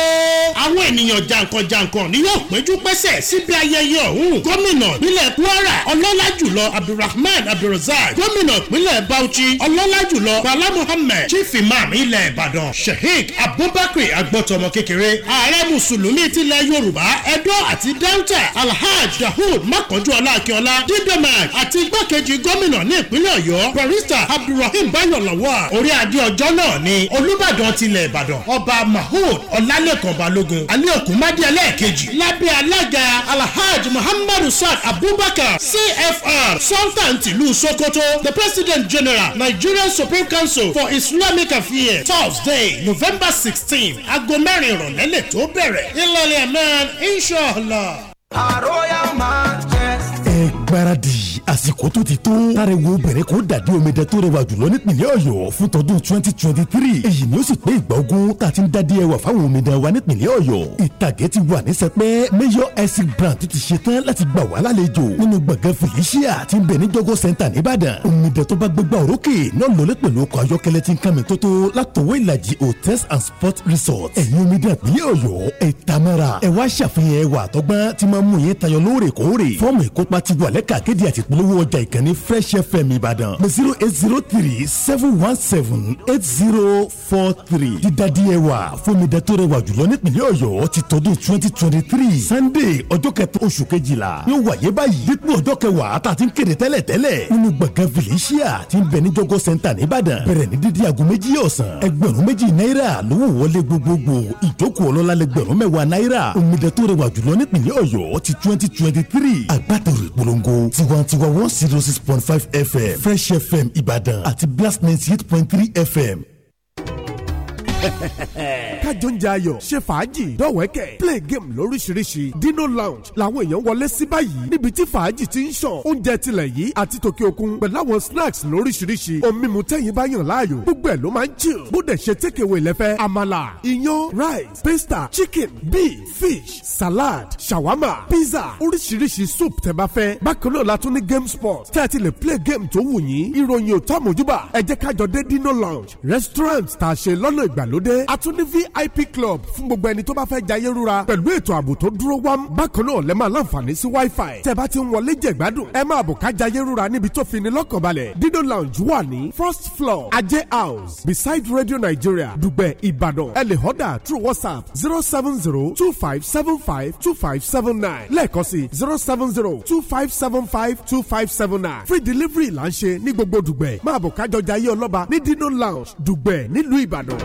àwọn ènìyàn jàǹkànjàǹkàn ni yóò péjú pésẹ̀ síbi ayẹyẹ ọ̀hún gómìnà nílẹ̀ kwara ọlọ́lá jùlọ abdulrahman abdulrasaq gómìnà ìpínlẹ̀ bauchi ọlọ́lá jùlọ bala muhammed chief imam ilẹ̀ ìbàdàn sheikh abubakar agbọ́tọmọ kékeré ààrẹ mùsùlùmí tilẹ̀ yorùbá ẹd adó àti delta alhaj dahud makanju ọlákíọlá didomac àti igbákejì gómìnà ní ìpínlẹ̀ ọ̀yọ́ barista abdulrahim bayọ̀lọ́wà orí adé ọjọ́ náà ni olùbàdàn tilẹ̀ ìbàdàn ọba mahood ọlálẹ́kan balógun alẹ́kùn mádé ẹlẹ́ẹ̀kejì lábẹ́ alága alhaj muhammadu saad abubakar cfr sultan tìlú sokoto the president general nigerian supreme council for islamic affairs thursday november sixteen aago mẹ́rin ìrọ̀lẹ́ lè tó bẹ̀rẹ̀ ìlọlẹ̀ man insha inshallah. Our royal majesty. Ìgbáradì. Eh, àsìkò tó ti tó tariwo bẹ̀rẹ̀ kó dàdí omidan tó rẹwà jùlọ nípìnlẹ̀ ọ̀yọ́ fún tọdún twenty twenty three èyí ni ó sì pé ìgbà ogún tá a ti ń dá díẹ̀ wà fáwọn omidan wa nípìnlẹ̀ ọ̀yọ́ ìtàgé ti wà ní sẹpẹ́ mayor essex brand tó ti ṣe tán láti gbà wá lálejò nínú gbọ̀ngàn felicia ti ń bẹ ní jọgọ center nìbàdàn omidan tó bá gbégbá òrókè náà lọlé pẹ̀lú ọkọ̀ ayọ́kẹ́lẹ́ ti ń kàmì tótó and sports resort ẹ̀yin omidan ìpínlẹ̀ ọ̀yọ́ ẹ̀ tamara ẹ̀ wá ṣàfihàn ẹwà àtọ́gbọ́n ti máa mú yín tayọ lóòrèkóòrè polówó ọjà ìkànnì fresh fm ìbàdàn ní zero eight zero three seven one seven eight zero four three dídádì ẹwà fúnmidẹ tó rẹwà jùlọ nípìnlẹ̀ ọ̀yọ́ ti tọdún twenty twenty three sunday ọjọ́ kẹta oṣù kejìlá yóò wáyé báyìí dípò ọjọ́ kẹwàá tá a ti ń kéde tẹ́lẹ̀ tẹ́lẹ̀ nínú gbọ̀ngàn felicia ti ń bẹ ní jọgọ center nìbàdàn bẹ̀rẹ̀ ní dídí aago méjì ọ̀sán ẹgbẹ̀rún méjì náírà lówó wọlé gbogbogbò ìjókòó ọlọ́lá lẹgbẹ̀rún mẹ́wàá náírà omidan tó rẹwà jùlọ nípìnlẹ̀ ọ̀yọ́ ti twenty twenty three agbátẹrù ìpolongo tiwantiwa wa one zero six point five fm fresh fm Ibadan àti blast ninety eight point three fm. kájọ́njẹ ayọ̀ ṣe fàájì dọ́wẹ́kẹ̀ play game lóríṣiríṣi dino lounge làwọn èèyàn wọlé sí báyìí níbi tí fàájì ti ń sàn oúnjẹ tilẹ̀ yìí àti tòkè òkun pẹ̀lú àwọn snacks lóríṣiríṣi omi mu tẹ́yìn bá yàn láàyò gbogbo ẹ̀ ló máa ń chill bóde ṣe takeaway lẹ́fẹ́ àmàlà iyán rice pasta chicken beef fish salad shawarma pizza oríṣiríṣi soup tẹ́ bá fẹ́ bákan náà la tún ní game sport tẹ́ ẹ ti lè play game tó wù yín ìròyìn ò tó àmójúbà ẹ jẹ́ kájọ dé dino lounge restaurant tá a ṣe lọ́nà ìgbàlódé a tún ní vip ip club fún gbogbo ẹni tó bá fẹ́ jayé rúra pẹ̀lú ètò ààbò tó dúró wám bákan náà lẹ máa láǹfààní sí wifi tẹ́ bá ti ń wọlé jẹ̀gbádùn ẹ máa bò ká jayé rúra níbi tó fi ni lọ́kànbalẹ̀ dido lounge wà ní first floor ajé house beside radio nigeria dùgbẹ̀ ìbàdàn ẹ lè họ́dà through whatsapp zero seven zero two five seven five two five seven nine lẹ́ẹ̀kan sí zero seven zero two five seven five two five seven nine free delivery là ń ṣe ní gbogbo dùgbẹ̀ máa bò kájọ jayé ọlọ́ba ní dido lounge dùgbẹ̀ nílùú ìbàdàn.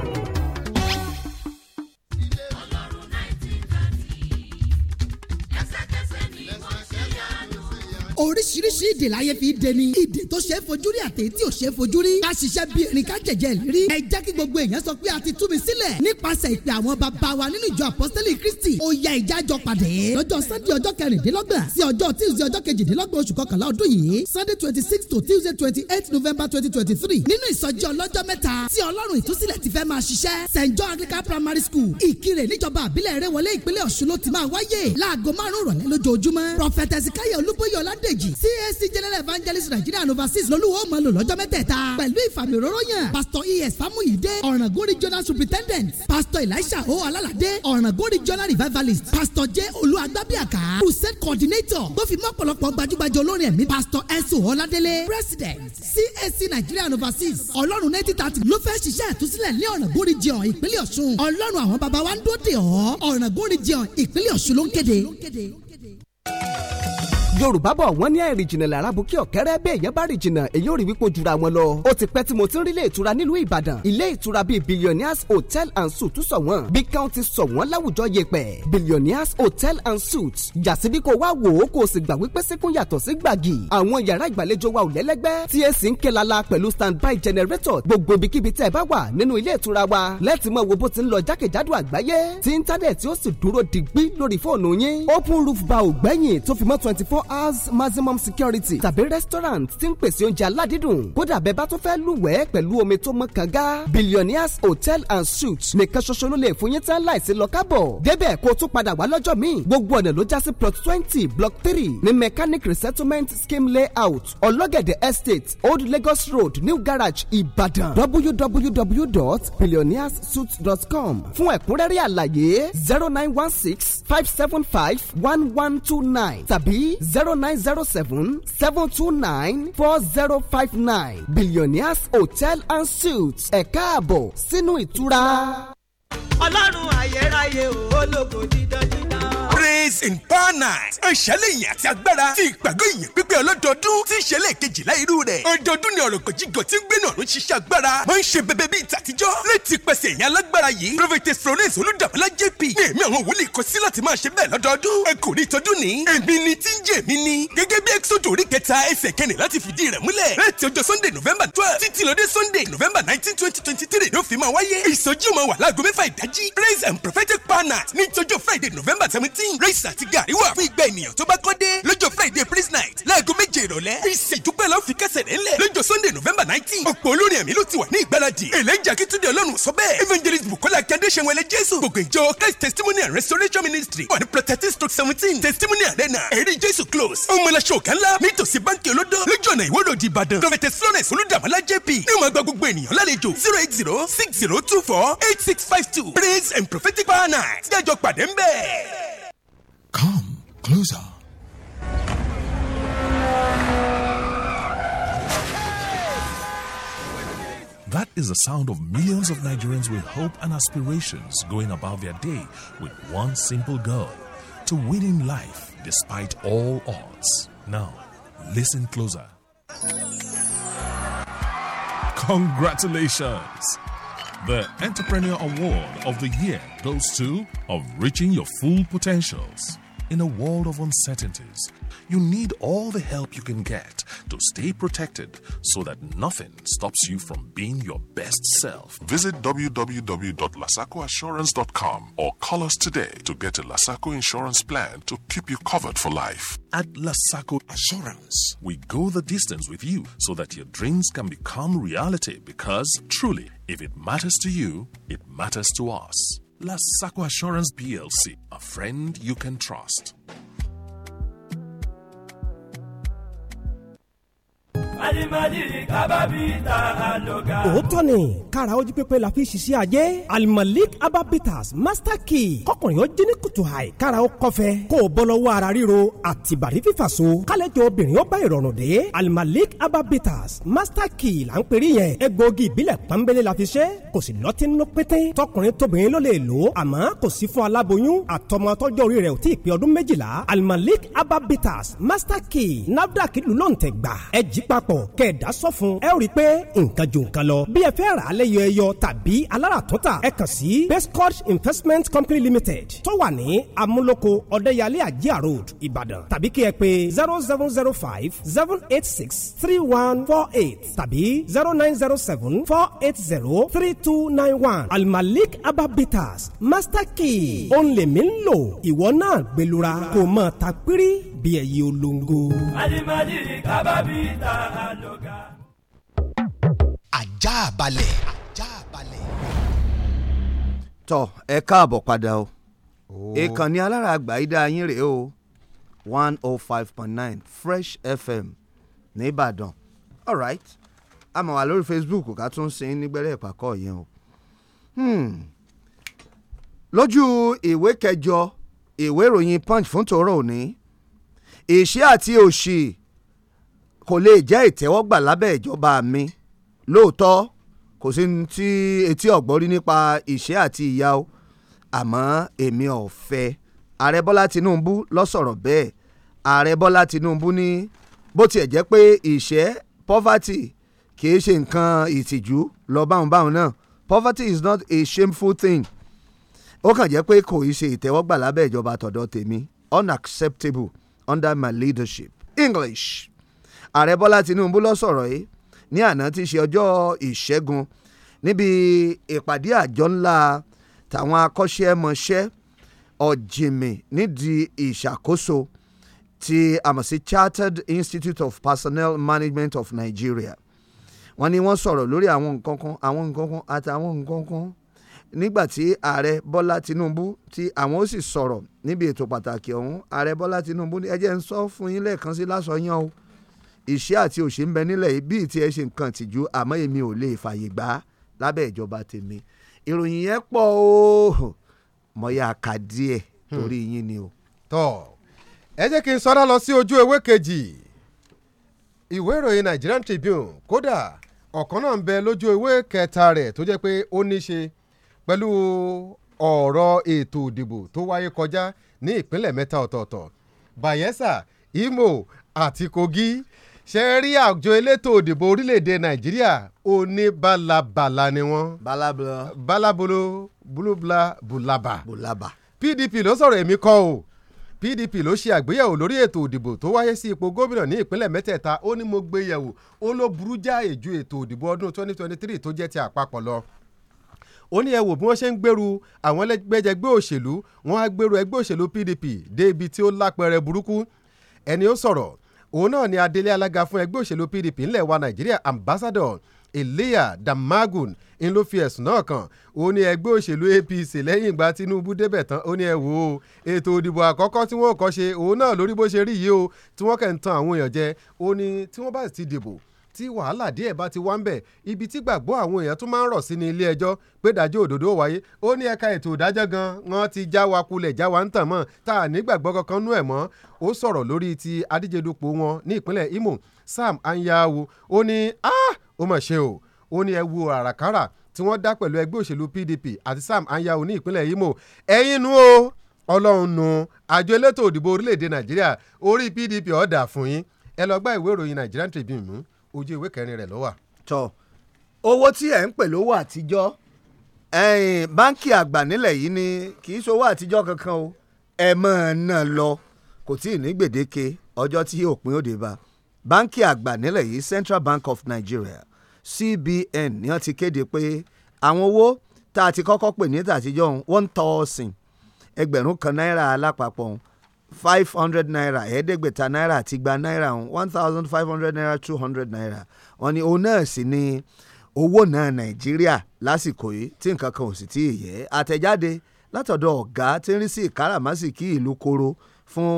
oríṣiríṣi ìdè láyé fi dẹni ìdè tó ṣe é fojú rí àti tí ò ṣe é fojú rí ká ṣiṣẹ́ bí erin ká jẹ̀jẹ̀ lérí ẹ jẹ́ kí gbogbo èèyàn sọ pé a ti tú mi sílẹ̀ nípasẹ̀ ìpè àwọn bàbá wa nínú ìjọ apọ́sítẹ́lì kristi ó ya ìjájọ pàdé lọ́jọ́ sunday ọjọ́ kẹrìndínlọ́gbọ̀n sí ọjọ́ tuesday ọjọ́ kejìdínlọ́gbọ̀n oṣù kọkànlá ọdún yìí sunday twenty six to tuesday twenty eight november twenty twenty three nínú ìsọjí ọlọ́jọ́ mẹ́ta tí ọlọ́run ìtúsílẹ̀ ti fẹ́ máa ṣiṣẹ́ st john anglican primary school ìkirè níjọba àbílẹ̀ rẹ̀ wọlé ìpínlẹ̀ ọ̀ṣun ló ti máa wáyé láago márùn-ún rọ̀lẹ́ lójoojúmọ́ prọfẹtẹsì káyọ̀ olúbóyè méjì CAC general evangelist nigeria and overseas lolúwo máa lò lọ́jọ́ mẹ́tẹ̀ẹ̀ta pẹ̀lú ìfàmìròròyàn pastor es famuyide ọ̀ràngún regional superintendent pastor elisha o alalade ọ̀ràngún regional revivalist pastor j olúagbábíàká crusade coordinator tó fi mọ́ ọ̀pọ̀lọpọ̀ gbajúgbajà olórin ẹ̀mí pastor esu ọládélé president CSC nigeria and overseas ọlọ́run ninety thirty ló fẹ́ ṣiṣẹ́ àtúnṣílẹ̀ ní ọ̀ràngún region ìpínlẹ̀ ọ̀ṣun ọlọ́run àwọn baba wa ń dóde ọ̀ ọ̀ràngún region ìpínlẹ̀ ọ̀ṣun ló ń kéde yorùbá bọ̀ wọ́n ní àìrìnjìnà lára bukí ọ̀kẹ́rẹ́ bẹ́ẹ̀ yẹn bá rìnjìnà èyí ò rí wípé jura wọn lọ. ó ti pẹ́ tí mo ti ń rí ilé ìtura nílùú ìbàdàn ilé ìtura bíi billionaires hotel and suites sọ wọ́n bí county sọ wọ́n láwùjọ yẹpẹ̀ billionaires hotel and suites yàtí bí kò wá wò ó kò sì gbà wípé síkún yàtọ̀ sí gbàgì àwọn yàrá ìgbàlejò wa ò lẹ́lẹ́gbẹ́ tí èsì ń ké lala pẹ̀lú standby generator gbogbo ibikíbi tẹ́ ẹ bá wà nínú ilé ìtura wa lẹ́tì mọ wo bó ti ń lọ open roof bar ò gbẹ́yìn twenty four As maximum security tàbí restaurant tí ń pèsè oúnjẹ aládídùn kódà bẹ́ẹ̀ bá tún fẹ́ lúwẹ̀ẹ́ pẹ̀lú omi tó mọ́ kànga billionaires hotel and suites nìkan ṣoṣo ló lè fún yín tán láìsí lọ kábọ̀ débẹ̀ kó o tún padà wá lọ́jọ́ míì gbogbo ọ̀nà ló já sí plot twenty block three ní mechanic resettlement scheme layout ọlọ́gẹ̀dẹ̀ estate old lagos road new garage ìbàdàn www.billionairessuites.com fún ẹ̀kúnrẹ́rẹ́ àlàyé zero nine one six five seven five one one two nine tàbí zero zero nine zero seven seven two nine four zero five nine billionaires hotel and suites ẹ káàbọ̀ sínú ìtura. ọlọ́run ayérayé ò ó lóko dídọ́jú praise in power night. ìṣẹ̀lẹ̀ ìyìn àti agbára ti ìpàgọ́ ìyìn pípẹ́ ọlọ́dọọdún tí ìṣẹ̀lẹ̀ kejìlá irú rẹ̀. ọdọọdún ni ọ̀rọ̀ gọ̀jígọ̀ tí ń gbé náà ló ń ṣiṣẹ́ agbára. máa ń ṣe bẹbẹ bíi tàtijọ́. létí pẹsẹ̀ ìyẹn alágbára yìí. prophetess florence olùdàmọ́lá jp ní èmi àwọn wòlíì kọ sí láti máa ṣe bẹ́ẹ̀ lọ́dọọdún. ẹ kò rí ìtọ́jú ni. èmi ni tí ń jẹ́ èmi ni. gẹ́gẹ́ bí exodo orí kẹta ẹsẹ̀ kẹrin láti sunday november twelve títí lọ dé sunday november nineteen twenty twenty three ló fi máa wáyé. ìsọjí ó máa wà láago praise and prophetic power night ní tọjọ́ friday november seventeen yín rice àti gàrí wà fún igba ènìyàn tó bá kọ́ dé lọ́jọ́ friday praise night láago méje ìrọ̀lẹ́ kristi ìdúpẹ́ ló fi kẹsẹ̀ nílẹ̀ lọ́jọ́ sunday november nineteen ọ̀pọ̀ olórin ẹ̀mí ló ti wà ní ìgbáradì èlẹ́jà kìtúndé ọlọ́run sọ bẹ́ẹ̀ evangelist bukola akande ṣẹ̀wẹ̀lẹ̀ jésù gbogbo ìjọ christ testimony and restoration ministry wà ní protective stroke seventeen testimony arena ẹ̀rí jésù close ọmọlẹ́sọ̀ kánlá nítòsí báńkì olódó lójúọ̀nà ìwọ́dọ̀dì ìbàdàn prophetess florence olùdàmọ́lá jp ní ìmọ̀ gba gbogbo ènìyàn lálejò zero eight zero six zero two four eight six five two praise and prophetic power night jẹ́jọ́ pàdé ń bẹ́ẹ̀. Closer. That is the sound of millions of Nigerians with hope and aspirations going about their day with one simple goal to win in life despite all odds. Now, listen closer. Congratulations! The Entrepreneur Award of the Year goes to Of Reaching Your Full Potentials in a world of uncertainties, you need all the help you can get to stay protected so that nothing stops you from being your best self. Visit www.lasacoinsurance.com or call us today to get a Lasaco insurance plan to keep you covered for life. At Lasaco Assurance, we go the distance with you so that your dreams can become reality because truly, if it matters to you, it matters to us. La Saco Assurance PLC, a friend you can trust. alimadiri kababita aloga. òótọ́ ni kára ojú pépé la fi ṣiṣẹ́ ajé alimalik ababitas master key kọkùnrin ó jẹ́ ní kùtù àì kára ó kọfẹ́ kó o bọ́ lọ́wọ́ ara ríro àti bàrí fífà so kálẹ̀jọ obìnrin ó bá ìrọ̀rùn dé alimalik ababitas master key là ń pèrè yẹn egbòogi ìbílẹ̀ pọ́nbélé la fi ṣe kò sì lọ́tí nínú pété tọkùnrin tóbìnrin ló lè lò àmọ́ kò sí fún aláboyún àtọmọ tọjọ́ orí rẹ̀ ò tí ì pé ọdún méjìlá alimalik ababitas master key nafdac lulọ̀ǹtẹ̀ gbà papọ̀ kẹ̀ẹ́dá sọ fún ẹ ó rí i pé nǹkan jò nǹkan lọ bí ẹ fẹ́ rà á lẹ́yọ ẹyọ tàbí aláràtúntà ẹ kàn sí bestcourt investment company limited tó wà ní amúlòkó ọ̀dẹ́yàlẹ́ àjíà road ìbàdàn tàbí kí ẹ pé zero seven zero five seven eight six three one four eight tàbí zero nine zero seven four eight zero three two nine one almalik ababitas master key ònlẹ̀mí ń lò ìwọ náà gbẹlura kò mọ̀ ta pírí bí ẹ̀yìn olóńgó. alimadi kábàbí ta ajá balẹ̀. tọ ẹ káàbọ̀ padà o ìkànnì alára àgbàyídá yín rèé o one oh five point nine fresh fm nìbàdàn alright a mọ̀ wá lórí facebook ká tún sin nígbẹ́rẹ́ ìpàkọ́ yẹn o hmm. lójú ìwé kẹjọ ìwé ìròyìn punch fún tòórọ́ òní ìṣẹ́ àti òṣì kò lè jẹ́ ìtẹ́wọ́gbà lábẹ́ ìjọba mi lóòótọ́ kò sí ti etí ọ̀gbọ́rí nípa ìṣẹ́ àti ìyà o àmọ́ èmi ò fẹ́ ààrẹ bọ́lá tinubu ló sọ̀rọ̀ bẹ́ẹ̀ ààrẹ bọ́lá tinubu ní bó tiẹ̀ jẹ́ pé ìṣẹ́ poverty kìí ṣe nǹkan ìtìjú lọ báwọn báwọn náà poverty is not a shameful thing ó kàn jẹ́ pé kò í ṣe ìtẹ́wọ́gbà lábẹ́ ìjọba tọ̀dọ̀ tèmi unacceptable under my leadership english ààrẹ bọ́lá tinubu ló sọ̀rọ̀ yìí ní àná tí í ṣe ọjọ́ ìṣẹ́gun níbi ìpàdé àjọ ńlá tàwọn akọ́ṣẹ́mọṣẹ́ ọ̀jìnmí nídìí ìṣàkóso ti a sí Chartered Institute of Personnel Management of Nigeria wọ́n ní wọ́n sọ̀rọ̀ lórí àwọn nǹkan kan àwọn nǹkan kan àtàwọn nǹkan kan nígbà tí ààrẹ bọ́lá tinubu tí àwọn ó sì sọ̀rọ̀ níbi ètò pàtàkì ọ̀hún ààrẹ bọ́lá tinubu ní ń sọ fún yín lẹ́ẹ̀kan sí lásọyán o ìṣẹ́ àti òṣì ń bẹ nílẹ̀ yìí bíi tiẹ̀ ṣe nǹkan tìjú àmọ́ èmi ò lè fààyè gbà á lábẹ́ ìjọba tèmi ìròyìn yẹn pọ̀ o mọ̀ yá ka díẹ̀ torí hmm. yín ni o. tọ́ ẹ jẹ́ kí n sọ́dá lọ sí ojú ewé kejì ìwé ìròyìn Nigerian Tribune kódà ọ̀kan náà ń bẹ lójú ewé kẹta rẹ̀ tó jẹ́ pé ó ní ṣe pẹ̀lú ọ̀rọ̀ ètò ìdìbò tó wáyé kọjá ní ìpínlẹ̀ mẹ́ta ọ̀tọ̀ọ̀tọ̀ Bayelsa Imo àti Kogi ṣe rí àjọ elétò òdìbò orílẹ̀-èdè nàìjíríà oníbalabala ni wọ́n. balabolo. balabolo bulubla bulaba. bulaba. pdp ló sọ̀rọ̀ èmi kọ́ o pdp ló ṣe àgbéyẹ̀wò lórí ètò òdìbò tó wáyé sí ipò gómìnà ní ìpínlẹ̀ mẹ́tẹ̀ẹ̀ta ó ní mo gbé e yẹ̀wò ó ló burú jáì ju ètò òdìbò ọdún 2023 tó jẹ́ ti àpapọ̀ lọ ó ní ẹ wò bí wọ́n ṣe ń gbèrú àwọn ẹlẹ́gbẹ́jẹgbẹ́ òṣèlú wọ́n á gbèrú ẹgbẹ́ òṣèlú pdp dé ibi tí ó lápẹẹrẹ burúkú ẹni ó sọ̀rọ̀ òun náà ni adelé alága fún ẹgbẹ́ òṣèlú pdp ńlẹ̀ wa nàìjíríà ambassador eliya damagun ń ló fi ẹ̀sùn náà kàn ó ní ẹgbẹ́ òṣèlú apc lẹ́yìn ìgbà tinubu débẹ̀ tán ó ní ẹ wò ó ètò ìdìbò àkọ́kọ́ tí wọ́n kọ́ ṣe òun náà lórí bó ṣe rí yìí o tí wọ́n kẹ́ ń tan àwọn èèyàn jẹ ó ní tí wọ́n bá ti dìbò tí wàhálà díẹ̀ bá ti wá ń bẹ̀ ibi tí gbàgbọ́ àwọn èèyàn tó máa ń rọ̀ sí ní ilé ẹjọ́ pé dájọ́ òdodo wáyé ó ní ẹ̀ka ètò ìdájọ́ gan wọn ti já wa kulẹ̀ já wa ń tàn mọ́ tá a nígbàgbọ́ kankan nú ẹ̀ mọ́ ó sọ̀rọ̀ lórí ti adíjedupò wọn ní ìpínlẹ̀ Imo Sam Anyanwu ó ní ah ó mà ṣe o ó ní ẹ wo àràkárà tí wọ́n dá pẹ̀lú ẹgbẹ́ òṣèlú PDP àti Sam Anyanwu ní ìpínlẹ̀ Imo ẹ̀yin nu o ọlọ́run nu àjọ elétò òdìbò orílẹ̀-èdè Nàìjíríà orí PDP ọ̀dà fún yín ẹ lọ gbá ìwé ìròyìn Nigerian Tribune mú ojú ìwé kẹrin rẹ̀ ló wà. tọ owó tí ẹ ń pè lówó àtijọ́ báńkì àgbà nílẹ̀ yìí ni kì í ṣowó àtijọ́ kankan o ẹ máa ná lọ kò tí ì ní gbèdéke ọjọ́ tí òpin òde bá báńkì àgbà nílẹ̀ yìí Central Bank of Nigeria CBN ni wọ́n ti kéde pé àwọn owó tá a ti kọ́kọ́ pè ní tàtijọ́ one thousand ẹgbẹ̀rún kan náírà lápapọ̀ five hundred naira ẹ̀ẹ́dẹ́gbẹ̀ta náírà àti igba naira, one thousand five hundred naira two hundred naira wọ́n ní òun náà sì ni owó náà nàìjíríà lásìkò yìí tí nǹkan kan ò sì tí ì yẹ àtẹ̀jáde látọ̀dọ̀ ọ̀gá tí ń rí sí ìkáràmásìkí ìlú koro fún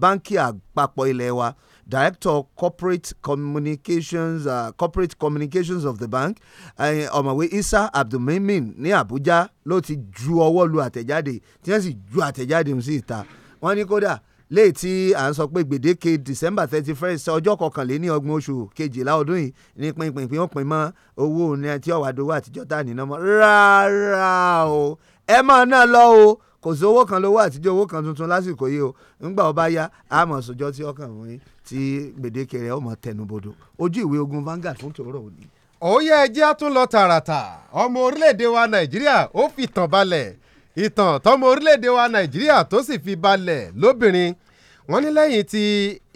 báńkì àpapọ̀ ilé wa director corporate communications uh, corporate communications of the bank eh, ọ̀mọ̀wé uh, isa abdulmimin ní abuja ló ti ju ọwọ́ lu àtẹ̀jáde tí wọ́n sì ju àtẹ̀jáde sí ìta wọ́n ní kódà léyìí tí à ń sọ pé gbèdéke december thirty first ọjọ́ kọkànléní ọgbọ̀n oṣù kejìlá ọdún yìí ní pínpínpín ó pin mọ́ owó ní ẹtí ọ̀wádowó àtijọ́ tá nínú mọ́ rárá o ẹ máa ná lọ o kò sí owó kan lówó àtijọ́ owó kan tuntun lásìkò yìí o ńgbà ó bá yá àmọ̀ sọjọ́ tí ọkàn wọn tí gbèdéke rẹ̀ ọmọ tẹnubodò ojú ìwé ogun Vanguard fún tòórọ̀ òní. ó yẹ ẹjẹ́ á tún lọ tààràtà ọmọ orílẹ̀-èdè wa Nàìjíríà ó fi tàn balẹ̀ ìtàn tọmọ orílẹ̀-èdè wa nàìjíríà tó sì fi balẹ̀ lóbìnrin wọ́n ní lẹ́yìn ti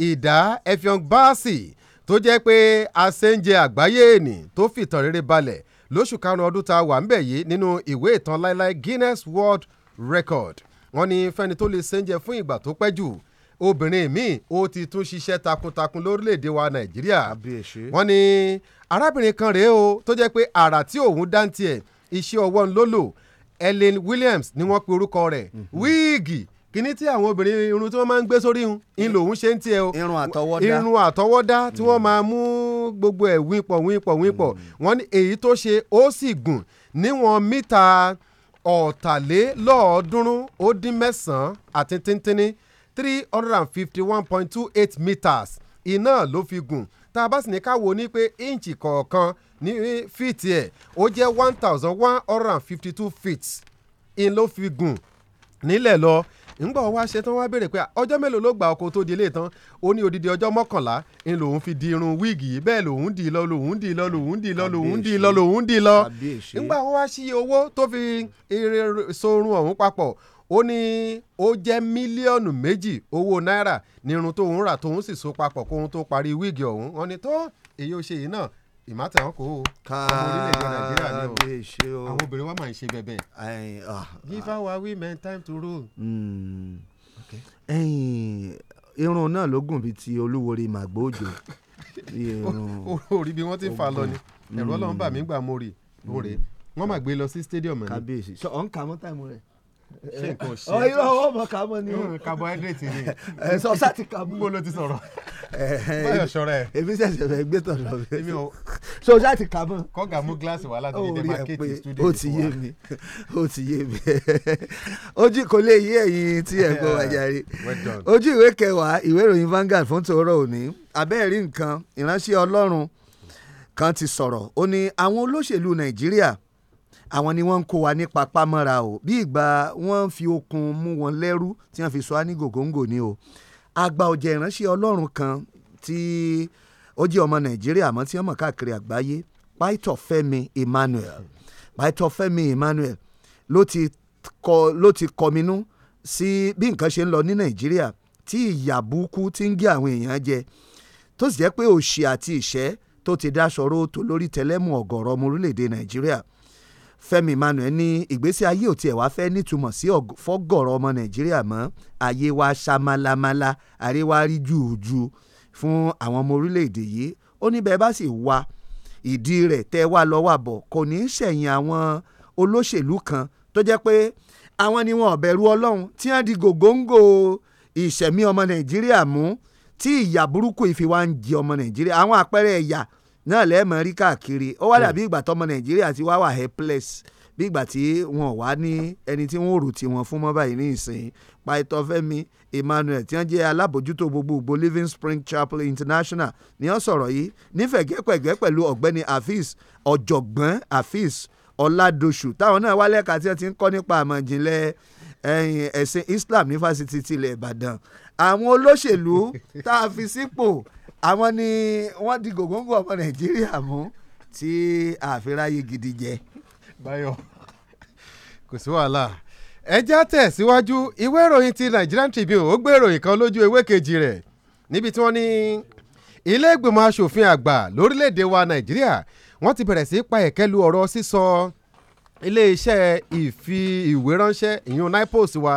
ìdá efiong baasi tó jẹ́ pé aṣẹ́ńjẹ àgbáyé ènì tó fìtàn rere balẹ̀ lóṣù karùn-ún ọdún tá a wà ń bẹ̀ yìí nínú ìwé ìtàn láíláí Guinness World Record wọ́n ní fẹ́ni tó lè ṣẹ́ńjẹ fún ìgbà tó pẹ́ jù obìnrin míì ó ti tún ṣiṣẹ́ takuntakun lórílẹ̀‐èdè wa nàìjíríà wọ́n ní arábìnrin kan rèé o tó jẹ́ pé àrà tí òun dá ń tiẹ̀ iṣẹ́ ọwọ́ ń Ellen Williams ni wọ́n pe orúkọ rẹ̀ mhm. wíìgì kíní tí àwọn obìnrin irun tí wọ́n máa ń gbé sórí ń lòun ṣe ń tiẹ̀ o irun àtọwọ́dá irun àtọwọ́dá tí wọ́n mhm. máa mú gbogbo ẹ̀ wípọ̀ wípọ̀ wípọ̀ mhm. wọ́n ní èyí tó ṣe ó sì gùn níwọ̀n mítà ọ̀tàlélọ́ọ̀ọ́dúnrún ó dín mẹ́sàn-án àti tíntínní three hundred and fifty one point two eight meters iná ló fi gùn tá a bá sì ní ká wo ni pé íǹchì kọ̀ọ̀kan ní fíìtì ẹ̀ ó jẹ́ one thousand one hundred and fifty two feet in ló fi gùn nílẹ̀ lọ ńgbà wá ṣe tán wá béèrè pé ọjọ́ mélòó ló gba ọkọ̀ tó di ilé tán ó ní odidi ọjọ́ mọ́kànlá ń lòun fi di irun wíìgì bẹ́ẹ̀ lòun dì í lọ lòun dì í lọ lòun dì í lọ lòun dì í lọ lòun dì í lọ fi eré sorun ọ̀hún papọ̀ ó ní ó jẹ́ mílíọ̀nù méjì owó náírà nírun tóun rà tóun sì so papọ̀ kóun tó parí wíìgì ọ̀hún wọn ni tó èyí ó ṣe yìí náà ìmọ̀tẹ̀ wọn kò káàbíyèsí o àwọn obìnrin wa máa ń ṣe bẹ̀bẹ̀. give our women time to rule. Hmm. irun náà ló gùn bíi ti olúworí màgbó òjò. orí bí wọ́n ti ń lọ ni hmm. ẹ̀rọ ọlọ́run bà mí gbà mo hmm. wọ́n máa gbé lọ sí stadium kábíyèsí ṣọ ọ̀nkà mọ́tàmú rẹ̀ ṣé nǹkan ò ṣe. ọ irọ́ ọmọ kà ni. carbohydrate ni. ẹ sọ sá ti kà ló ti sọ̀rọ̀. báyọ̀ ṣọ́ra ẹ̀. èmi ṣẹ̀ṣẹ̀ fẹ́ gbé tọ̀dọ̀ mi. sọ sá ti kà mú gíláàsì wàhálà tó ní demarcate student. ó ti yé mi ó ti yé mi. ojú kò lè yé ẹ̀yin tí ẹ̀ gbọ́ wájà ojú ìwé kẹwàá ìwé ìròyìn Vanguard fún tòórọ́ òní abẹ́ẹ̀rí nǹkan ìránṣẹ́ Ọlọ́run kan ti sọ̀rọ̀ ó ní àwọn olóṣèlú Nàìjíríà àwọn ni wọ́n ń kó wa ní papá mọ́ra o bí ìgbà wọ́n fi okùn mú wọn lẹ́rú tí wọ́n fi sọ á ní gògóńgò ni o àgbà ọ̀jẹ̀ ìránṣẹ́ ọlọ́run kan tí ó jẹ́ ọmọ nàìjíríà àmọ́ tí wọ́n mọ̀ káàkiri àgbáyé pító fẹ́mi emmanuel pító fẹ́mi emmanuel ló ti kọ ti kọminú sí bí nǹkan ṣe ń lọ ní nàìjíríà tí ìyà burúkú ti ń gé àwọn èèyàn jẹ tó sì jẹ́ pé òṣì àti ìṣẹ́ tó ti dá tó lórí tẹlẹ́mù ọ̀gọ̀rọ̀ ọmọ orílẹ̀-èdè nàìjíríà Fẹ́mi Emmanuel ní ìgbésí ayé ò tiẹ̀ wá fẹ́ nítumọ̀ sí fọ́gọ̀rọ̀ ọmọ Nàìjíríà mọ́ ayé wa ṣá málámálá ayé wa rí jùùjù fún àwọn ọmọ orílẹ̀-èdè yìí ó ní bẹ́ẹ̀ bá sì wá ìdí rẹ̀ tẹ́ wá lọ wà bọ̀ kò ní í ṣẹ̀yìn àwọn olóṣèlú kan tó jẹ́ pé àwọn ni wọn ò bẹ̀rù Ọlọ́run tí wọ́n di gògóńgò ìṣẹ̀mí ọmọ Nàìjíríà mú tí ìyà burúkú ìfi ń jẹ ọmọ Nàìjíríà àwọn àpẹẹrẹ ẹ̀yà náà lẹ́ẹ̀mọ́ rí káàkiri ó wá hmm. dàbí ìgbà tọmọ nàìjíríà ti wá wà helpless bí ìgbà tí wọn wá ní ẹni tí wọn rò tí wọn fún mọ́ báyìí ní ìsìn Paito Emmanuel tí wọn jẹ́ alábòjútó gbogbogbò Living Spring Chapel International ni wọn sọ̀rọ̀ yìí nífẹ̀ẹ́gẹ́pẹ̀gẹ́ pẹ̀lú ọ̀gbẹ́ni Afeez ọ̀jọ̀gbọ́n Afeez Ọládòṣù táwọn náà wálé ẹ̀ka tí wọn ti ń kọ́ nípa àmọ̀jìnlẹ̀ ẹ̀sìn Islam ní fásitì tilẹ̀ Ìbàdàn àwọn olóṣèlú tá a fi sípò àwọn ni wọ́n di gògóńgò ọmọ nàìjíríà mú tí àfiráyé gidi jẹ. báyọ̀ kò sí wàhálà ẹ já tẹ̀síwájú ìwé ìròyìn ti Nigerian Tribune ó gbé ìròyìn kan lójú ewé kejì rẹ̀ níbi tí wọ́n ní ilé ìgbìmọ̀ asòfin àgbà lórílẹ̀‐èdè wa nàìjíríà wọ́n ti bẹ̀rẹ̀ sí pa ẹ̀kẹ́ lu ọ̀rọ̀ sísọ iléeṣẹ́ ìfi ìwé ránṣẹ́ ìyún NIPOS wa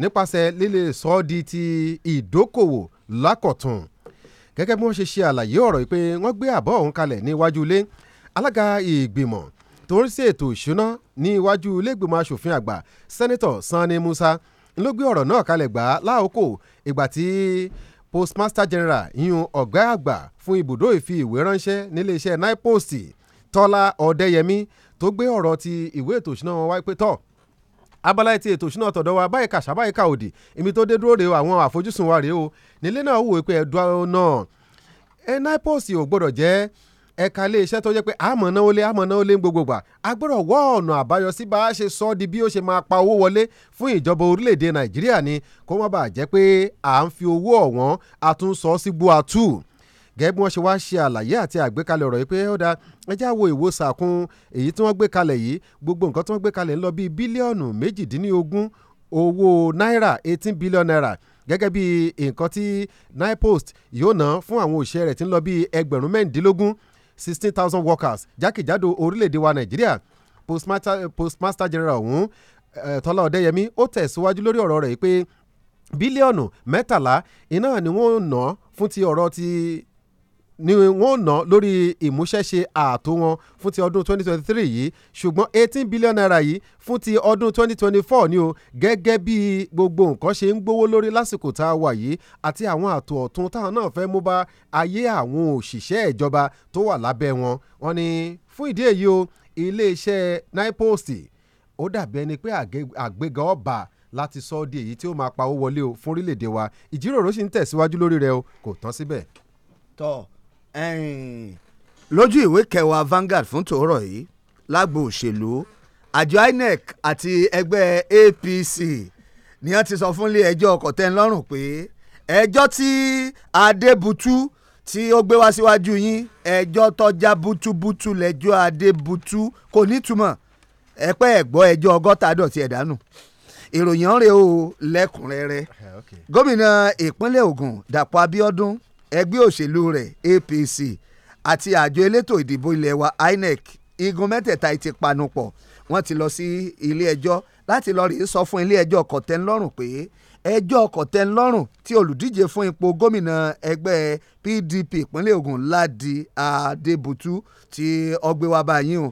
nípasẹ̀ líle sọ di ti ìdókòwò lákọ̀tún gẹ́gẹ́ bí wọ́n ṣe ṣe àlàyé ọ̀rọ̀ yìí pé wọ́n gbé àbọ̀ ọ̀hún kalẹ̀ níwájú ilé alága ìgbìmọ̀ tó ń sí ètò ìṣúná ní ilé ìgbìmọ̀ asòfin àgbà sẹ́nitọ̀ Sani Musa ló gbé ọ̀rọ̀ náà kalẹ̀ gbà láòkò ìgbà tí postmaster general ìyún ọ̀gá àgbà fún ibùdó ìfi ìwé ránṣẹ́ níléeṣẹ́ NIPOST Tọ́lá Ọ̀dẹ́yẹmí tó gbé ọ̀rọ̀ ti ìwé ètò ìṣúná wọn wáyé pé tọ́ abala ti ètò ìṣúná ọ̀tọ̀dọ̀ wa báyìí kàṣà báyìí kà òdì èmi tó dé dúró rèé àwọn àfojúsùn wa rèé o nílé náà wò pé ẹ̀dùn náà ẹ̀ NIPOS ò gbọ́dọ̀ jẹ́ ẹ̀ka iléeṣẹ́ tó jẹ́ pé àmọ́ náà ó lé àmọ́ náà ó lé gbogbo gbà a gbọ́dọ̀ wọ́ ọ̀nà àbáyọ sí bá a ṣe sọ di bí ó ṣe máa pa owó wọlé fún ìjọba orílẹ̀-èdè Nàìjíríà ni kó má bàa jẹ́ pé à ń fi owó ọ̀wọ́n àtúnṣọ́ sí bua gẹ́gẹ́ bí wọ́n ṣe wá ṣe àlàyé àti àgbékalẹ̀ ọ̀rọ̀ yìí pé ó dáa ẹjẹ́ àwo ìwo sàkún èyí tí wọ́n gbé kalẹ̀ yìí gbogbo nǹkan tí wọ́n gbé kalẹ̀ ń lọ bíi bílíọ̀nù méjìdínlógún owó náírà eighteen billion naira gẹ́gẹ́ bí nǹkan tí NIPOST yóò ná fún àwọn òṣìṣẹ́ rẹ̀ tí ń lọ bíi ẹgbẹ̀rún mẹ́rìndínlógún sixteen thousand workers jákèjádò orílẹ̀-èdè wa nàìjíríà postmaster, postmaster general ọ̀hún tọ́lá ọ̀dẹ́yẹmí ó tẹ̀síwájú lórí ọ̀rọ̀ rẹ̀ pé bílíọ̀nù mẹ́tàlá iná ni wọ́n ná fún ti ọ̀rọ̀ ti ni wọ́n ná lórí ìmúṣẹ́ṣe ààtò wọn fún ti ọdún 2023 yìí ṣùgbọ́n 18 billion naira yìí fún ti ọdún 2024 ni o gẹ́gẹ́ bí gbogbo nǹkan ṣe ń gbówó lórí lásìkò tá a wà yìí àti àwọn ààtò ọ̀tun táwọn náà fẹ́ mú bá ayé àwọn òṣìṣẹ́ ìjọba tó wà lábẹ́ wọn wọ́n ní fún ìdí èyí o iléeṣẹ́ NIPOST ó dàbí ẹni pé àgbéga ọba láti sọ ọ́ di èyí tí ó máa pawó wọlé o fún orílẹ̀ wa ìjíròrò sì ń tẹ̀síwájú lórí rẹ̀ o kò tán síbẹ̀ lójú ìwé kẹwàá Vanguard fún tòórọ̀ yìí lágbo òṣèlú àjọ INEC àti ẹgbẹ́ APC ni wọ́n ti sọ fún ilé ẹjọ́ kọ̀tẹ́nlọ́rùn pé ẹjọ́ tí Adébútú tí ó gbé wá síwájú yín ẹjọ́ tọ́já bútúbútú lẹ́jọ́ Adébútú kò nítumọ̀ ẹ̀pẹ́ ẹ̀gbọ́ ẹjọ́ ọgọ́ta dọ̀tí ẹ̀dánù ìròyìn ọ̀rẹ́ o lẹ́kùnrẹ́rẹ́ gómìnà ìpínlẹ̀ ogun Dàpọ̀ Abíọ́dún ẹgbẹ́ òṣèlú rẹ̀ APC àti àjọ elétò ìdìbò ilẹ̀ wa INEC igun mẹ́tẹ̀ẹ̀ta ti panupọ̀ wọ́n ti lọ sí ilé ẹjọ́ láti lọ rèé sọ fún ilé ẹjọ́ kọ̀tẹ́nlọ́rùn pé ẹjọ́ kọ̀tẹ́nlọ́rùn tí olùdíje fún ipò gómìnà ẹgbẹ́ PDP ìpínlẹ̀ ogun Ládi Adébùtú ti ọgbẹ́wà báyìí o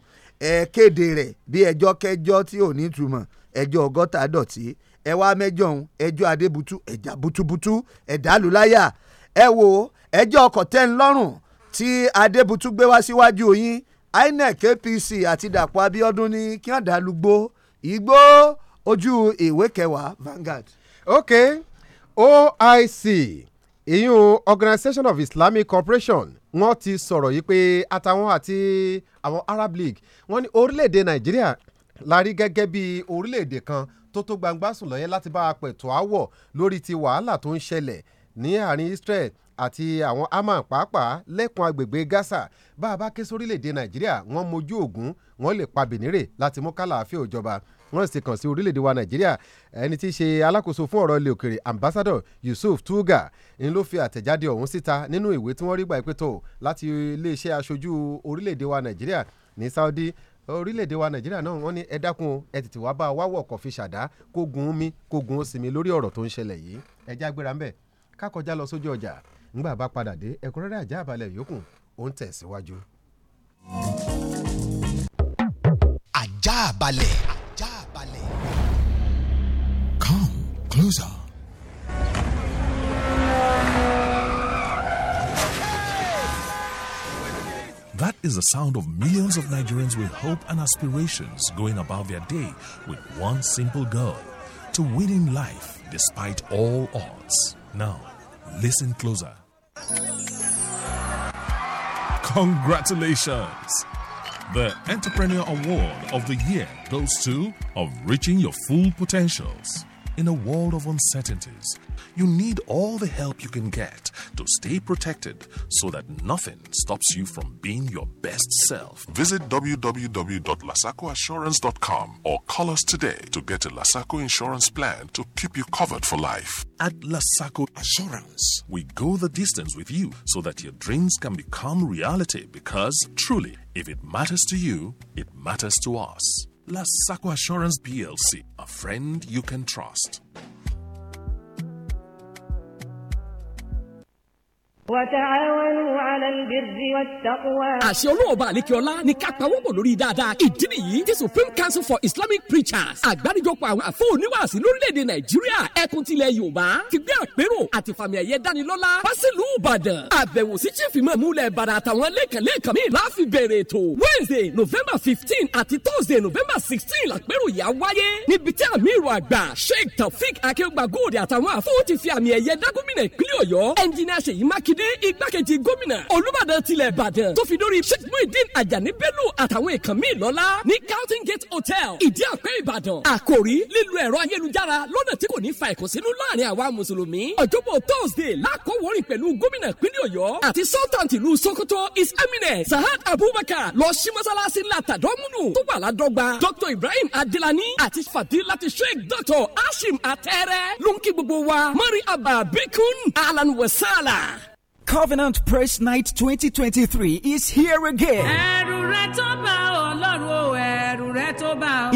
ẹ kéde rẹ̀ bí ẹjọ́ kẹjọ́ tí ò ní túmọ̀ ẹjọ́ ọgọ́ta dọ̀tí ẹ wá mẹ́jọ ẹjọ́ Adébùtú ẹ̀já butubutu ẹ̀dálùláyà ẹ wo ẹjọ́ ọkọ̀ tẹ́ ń lọ́rùn tí adébútú gbé wá síwájú yín inec apc àti dàpọ̀ abíọ́dún ní kí wọ́n dá lùgbò igbó ojú ìwé kẹwàá Vanguard. ok oic ìyún Organisation of Islamic Cooperation wọ́n ti sọ̀rọ̀ yìí pé àtàwọn àti àwọn Arab League wọ́n ní orílẹ̀-èdè Nàìjíríà la rí gẹ́gẹ́ bí orílẹ̀-èdè kan tó tó gbangba lọ́yẹ́ láti bá a pẹ̀tọ́ àwọ̀ lórí ti wàhálà tó ń ṣẹlẹ̀ ní àárín Israel àti àwọn Haman pàápàá lẹ́kùn agbègbè Gaza bá a bá ké sórílẹ̀‐èdè Nàìjíríà wọ́n mojú ògún wọ́n lè pa bìnírè láti mú kálàáfíà òjọba wọ́n sì kàn sí orílẹ̀-èdè wa nàìjíríà ẹni tí í ṣe alákòóso fún ọ̀rọ̀ ilé òkèrè ambassador yusuf tuga ń ló fi àtẹ̀jáde ọ̀hún síta nínú ìwé tí wọ́n rí gbà pé tó láti iléeṣẹ́ aṣojú orílẹ̀-èdè wa nàìjíríà ní saudi orílẹ̀-èdè wa nàìjíríà náà wọ́n ní ẹ dákun ẹ tètè wá bá a wá wọ̀ kọ́ fi ṣàdá kó gun omi kó gun ó sinmi lórí ọ̀rọ̀ tó ń ṣẹlẹ̀ yìí ẹ já gbéra ńbẹ̀ ká lọ sójú ọjà ńgbà bá padà dé ẹ̀kúnrẹ́rẹ́ àjá àbálẹ̀ yòókù ó ń tẹ̀síwájú. àjá àbálẹ̀. àjá àbálẹ̀. come closer. That is the sound of millions of Nigerians with hope and aspirations going about their day with one simple goal to win in life despite all odds. Now, Listen closer. Congratulations! The Entrepreneur Award of the Year goes to Of Reaching Your Full Potentials in a world of uncertainties, you need all the help you can get to stay protected so that nothing stops you from being your best self. Visit www.lasacoinsurance.com or call us today to get a Lasaco insurance plan to keep you covered for life. At Lasaco Assurance, we go the distance with you so that your dreams can become reality because truly, if it matters to you, it matters to us. La Saco Assurance PLC, a friend you can trust. àṣẹ olóòbá àlékè ọlá ni ká pawọ́pọ̀ lórí dáadáa ìdí nìyí tí supreme council for islamic preachers àgbáríjọpọ̀ àwọn àfọ oníwàásí lórílẹ̀‐èdè nàìjíríà ẹkùn tilẹ̀ yorùbá ti gbé àpérò àtìfàmì ẹ̀yẹ dánilọ́lá pásílù ìbàdàn àbẹ̀wò sí chief imam ulẹ̀ ìbàdàn àtàwọn lẹ́kànlẹ́kàn mi láàfin bẹ̀rẹ̀ ètò wednesday november fifteen àti thursday november sixteen làpérò yà wáyé níbi tí amiru àgbà sheikh taofik akéwàgbà gold ti fi àmì ẹ̀yẹ dá gómìnà ìpínlẹ̀ ọ̀yọ́ ẹnjìnìà ní igbákejì gómìnà olùbàdàn tilẹ̀ ìbàdàn tó fi dórí sheikh muhyiddin ajani bello àtàwọn èèkàn míì lọ́lá ní carlton gate hotel ìdí àpẹ́ ìbàdàn àkòrí lílo ẹ̀rọ ayélujára lọ́nà tí kò ní fa ìkùnsínú láàrin àwa mùsùlùmí ọjọ́bọ̀ thursday lákòwòrìn pẹ̀lú gómìnà ìpínlẹ̀ ọ̀yọ́ àti sultan tìlú sokoto his eminence sahad abubakar lọ sí mọ́sálásí látàdọ́múnú tó wà ládọ́gba dr ibrahim adilani àti fadilati sheikh dr hashim atẹ́rẹ́ ló ń kí gbogbo wa mari ababikun alan wasala. Covenant Press Night 2023 is here again.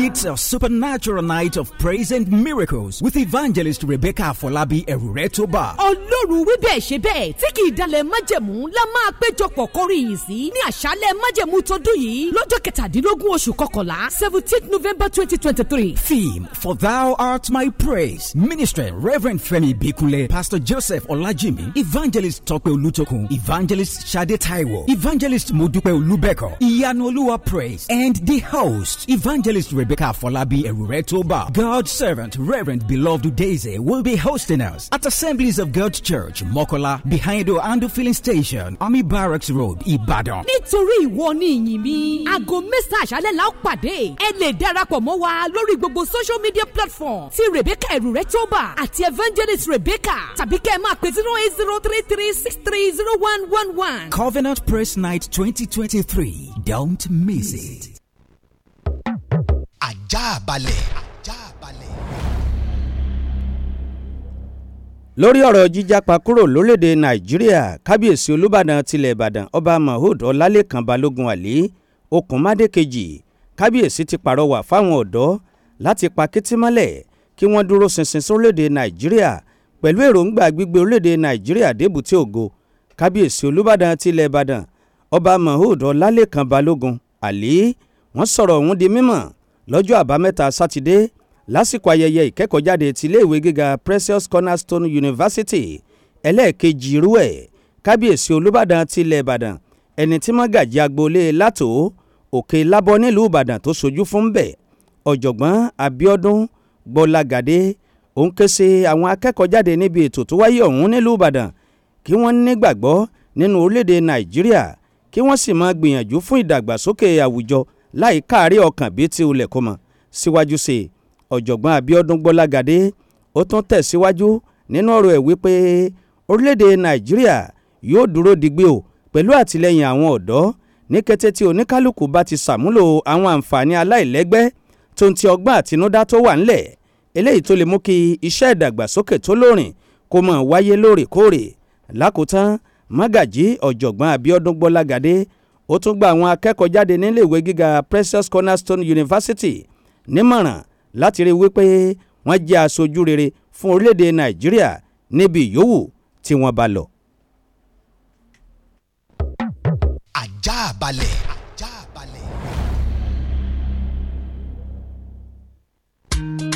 It's a supernatural night of praise and miracles with evangelist Rebecca Folabi Eruretoba. Ọlọ́run wí bẹ́ẹ̀ ṣe bẹ́ẹ̀ tí kì í dalẹ̀ májẹ̀mú la máa péjọpọ̀ kọrin yìí sí ní àṣálẹ̀ májẹ̀mú tọdún yìí lọ́jọ́ kẹtàdínlógún oṣù kọkànlá seventeenth November twenty twenty three. Theme for thou art my praise Ministry: Reverend Femi Bikunle Pastor Joseph Olajimi evangelist Tọ́pẹ́ Olútokun evangelist Ṣadé Taiwo evangelist Modupe Olúbẹ̀kọ Iyanoluwa praise and the host evangelist Rebecca. Emeka Folabi Eruretoba. God's servant, Reverend Beloved Daisy, will be hosting us at Assemblies of God Church, Mokola, behind Oando Filling Station, Army Barracks Road, Ibadan. Nítorí ìwọ ni ìyìn mi, aago mẹ́sàn-án àṣálẹ̀ la ó pàdé. Ẹ lè darapọ̀ mọ́ wa lórí gbogbo social media platform ti Rebecca Eruretoba àti Evangelist Rebecca tàbí kẹ́ ẹ máa pè zero eight zero three three six three zero one one one. Covenant Praise Night twenty twenty three. Don't miss it ajá balẹ̀. lórí ọ̀rọ̀ jíjápa kúrò lórílẹ̀‐èdè nàìjíríà kábíyèsí olúbàdàn tilẹ̀ ìbàdàn ọba mahood ọlálẹ́kan balógun àlí okùnmádé kejì kábíyèsí ti pàrọwà fáwọn ọ̀dọ́ láti pa kétímọ́lẹ̀ kí wọ́n dúró ṣinṣin sórílẹ̀‐èdè nàìjíríà pẹ̀lú èròǹgbà gbígbé orílẹ̀‐èdè nàìjíríà débùté ògo kábíyèsí olúbàdàn tilẹ̀ ìbàdàn ọba mahood ọlálẹ́kan balógun àlí wọ́n sọ̀rọ̀ ọ̀hún di mímọ̀ lọ́jọ́ àbámẹ́ta sátidé lásìkò ayẹyẹ ìkẹ́kọ̀ọ́jáde tiléèwé gíga Precious Cornerstone University ẹlẹ́ẹ̀kejì irú ẹ̀ kábíyèsí olùbàdàn tilẹ̀ ìbàdàn ẹni tí mọ́gàjì agboolé látò òkè lábọ́ nílùú ìbàdàn tó sojú fún bẹ̀ ọ̀jọ̀gbọ́n abíọ́dún gbọ́lagàdé òun ké sí àwọn akẹ́kọ̀ọ́jáde níbi ètò tó wáyé ọ̀hún nílùú ìbàdàn kí wọ́n nígbàgbọ́ nínú orílẹ̀-èdè nàìjíríà kí wọ́n sì máa gbìyànjú fún ìdàgbàsókè àwùjọ láì káàárẹ̀ ọkàn bíi ti ulẹ̀ kó mọ̀ síwájú sí i ọ̀jọ̀gbọ́n Abíọ́dún Gbọ́lágadé ó tún tẹ̀síwájú nínú ọ̀rọ̀ ẹ̀ wípé orílẹ̀-èdè Nàìjíríà yóò dúró digbí o pẹ̀lú àtìlẹ́yìn àwọn ọ̀dọ́ ní kété tí oníkálukú bá ti ṣàmúlò àwọn àǹfààní aláìlẹ́gbẹ́ tó ń ti ọgbọ́n àtinúdá tó wà ńlẹ̀ eléyìí tó lè mú kí iṣẹ́ ìdàgbàsókè tó lóòrìn kó mọ̀ wáyé lóòrèkóòrè lákòótán Mágàjí ọ̀jọ̀gbọ́n Abíọ́dún Gbọ́lágadé ó tún gba àwọn akẹ́kọ̀ọ́ jáde níléèwé gíga Precious Cornerstone University nímọ̀ràn láti rí wípé wọ́n jẹ́ aṣojú rere fún orílẹ̀-èdè Nàìjíríà níbi ìyówù tí wọ́n bá lọ. thank you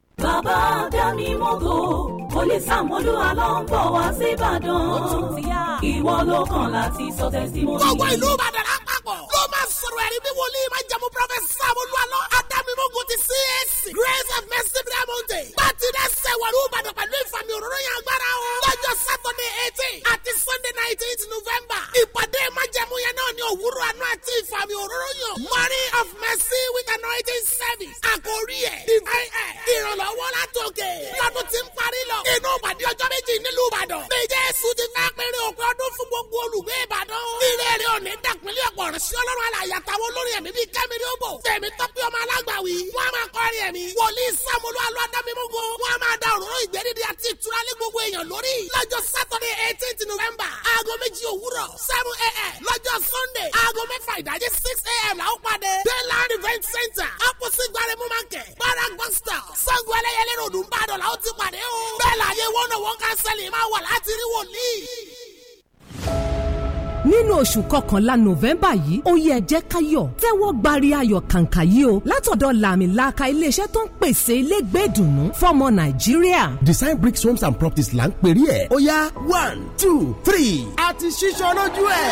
bàbá dami mogo olùsàmúlò alọ́ńbọ̀ wá síbàdàn ìwọ ló kàn láti sọ tẹsítímọ́nì. gbogbo ìlú ìbàdàn lápapọ̀ ló máa sọ̀rọ̀ ẹ̀rí bí wòlíì máa jẹ́mu pírọ́fẹ́sì Sàmúlò alọ́ Aminago ti CAC Grace of Mercy Diamond. Bàtí náà sẹ̀wọ̀n Ìbàdàn pẹ̀lú ìfàmì òróró yẹn agbára o. Lọ́jọ́ Saturday eighteen àti Sunday nineteenth November. Ìpàdé ìmájẹ̀mú yẹn náà ni òwúrọ̀ àná àti ìfàmì òróró yàn. Money of Mercy with anointing service. Àkòrí ẹ̀ divine ẹ̀ ìrànlọ́wọ́ látòkè. Lọ́dún ti ń parí lọ. Inú ìpàdé ọjọ́ méjì nílùú Ìbàdàn. Bèjẹ́ Èṣù ti fẹ́ péré òpin ọdún fún gbogbo olùgbé Ìbàdàn. Ilé rẹ̀ ò ní dàpínlẹ̀ ọ̀pọ̀ ọ̀rẹ́ sí ọlọ́run àlàyé àtàwọn olórin ẹ̀mí bíi Kẹ́mi Ríogbò. Tẹ̀mí tọ́pẹ́ ọmọ alágbà báwí. wọ́n á máa kọrin ẹ̀mí. wòlíì sàmúlò alọ́dámímúgun. wọ́n á máa da òróró ìgbẹ́dídì àti ìtura lé gbogbo èèyàn lórí. lọ́jọ́ sátọ́dẹ̀ eighteenth november aago méjì òwúrọ̀ seven a.m. lọ́jọ́ sunday aago mẹ́fà ìdájí six a.m. làwọn pàdé. dayland event center opposite gbaremu market para gbọ́sítà sango ẹlẹ́yẹlẹ́ ròdù ń bàdàn làwọn ti pàdé o. bẹ́ẹ̀ láyé wọ́n náà wọ́n kánsẹ́lì máa wà láti rí wòlíì nínú oṣù kọkànlá november yìí ó yẹ jẹ́ káyọ̀ tẹ́wọ́ gbari ayọ̀ kàǹkà yìí o látọ̀dọ̀ làmìlaka iléeṣẹ́ tó ń pèsè ilé gbé dùnú nàìjíríà. design bricks homes and properties là ń pèrè ẹ̀ ó yá one two three àti ṣíṣọ́ lójú ẹ̀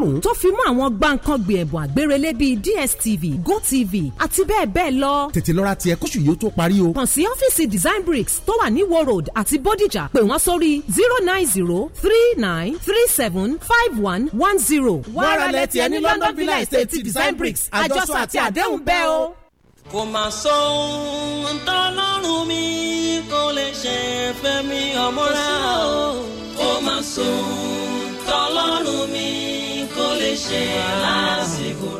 márùn-ún tó fi mọ́ àwọn gbàǹkangbè ẹ̀bùn àgbérelé bíi DSTV GoTV àti bẹ́ẹ̀ bẹ́ẹ̀ lọ. tètè lọ́ra tiẹ̀ kóṣù yìí ó tó parí o. kàn sí ọ́fíìsì Design Bricks tó wà ní Iwo Road àti Bódìjà pè wọ́n sórí zero nine zero three nine three seven five one one zero. wàrálẹ̀ tiẹ̀ ní London Villa Estate ti Design Bricks àjọṣọ àti àdéhùn bẹ́ẹ̀ o. kò mà sọ ohun tọ́lọ́run mi kò lè ṣe fẹ́ mi ọmọ rẹ̀ o. kò mà sọ ohun tọ́lọ́run mi. i lásìkò ah,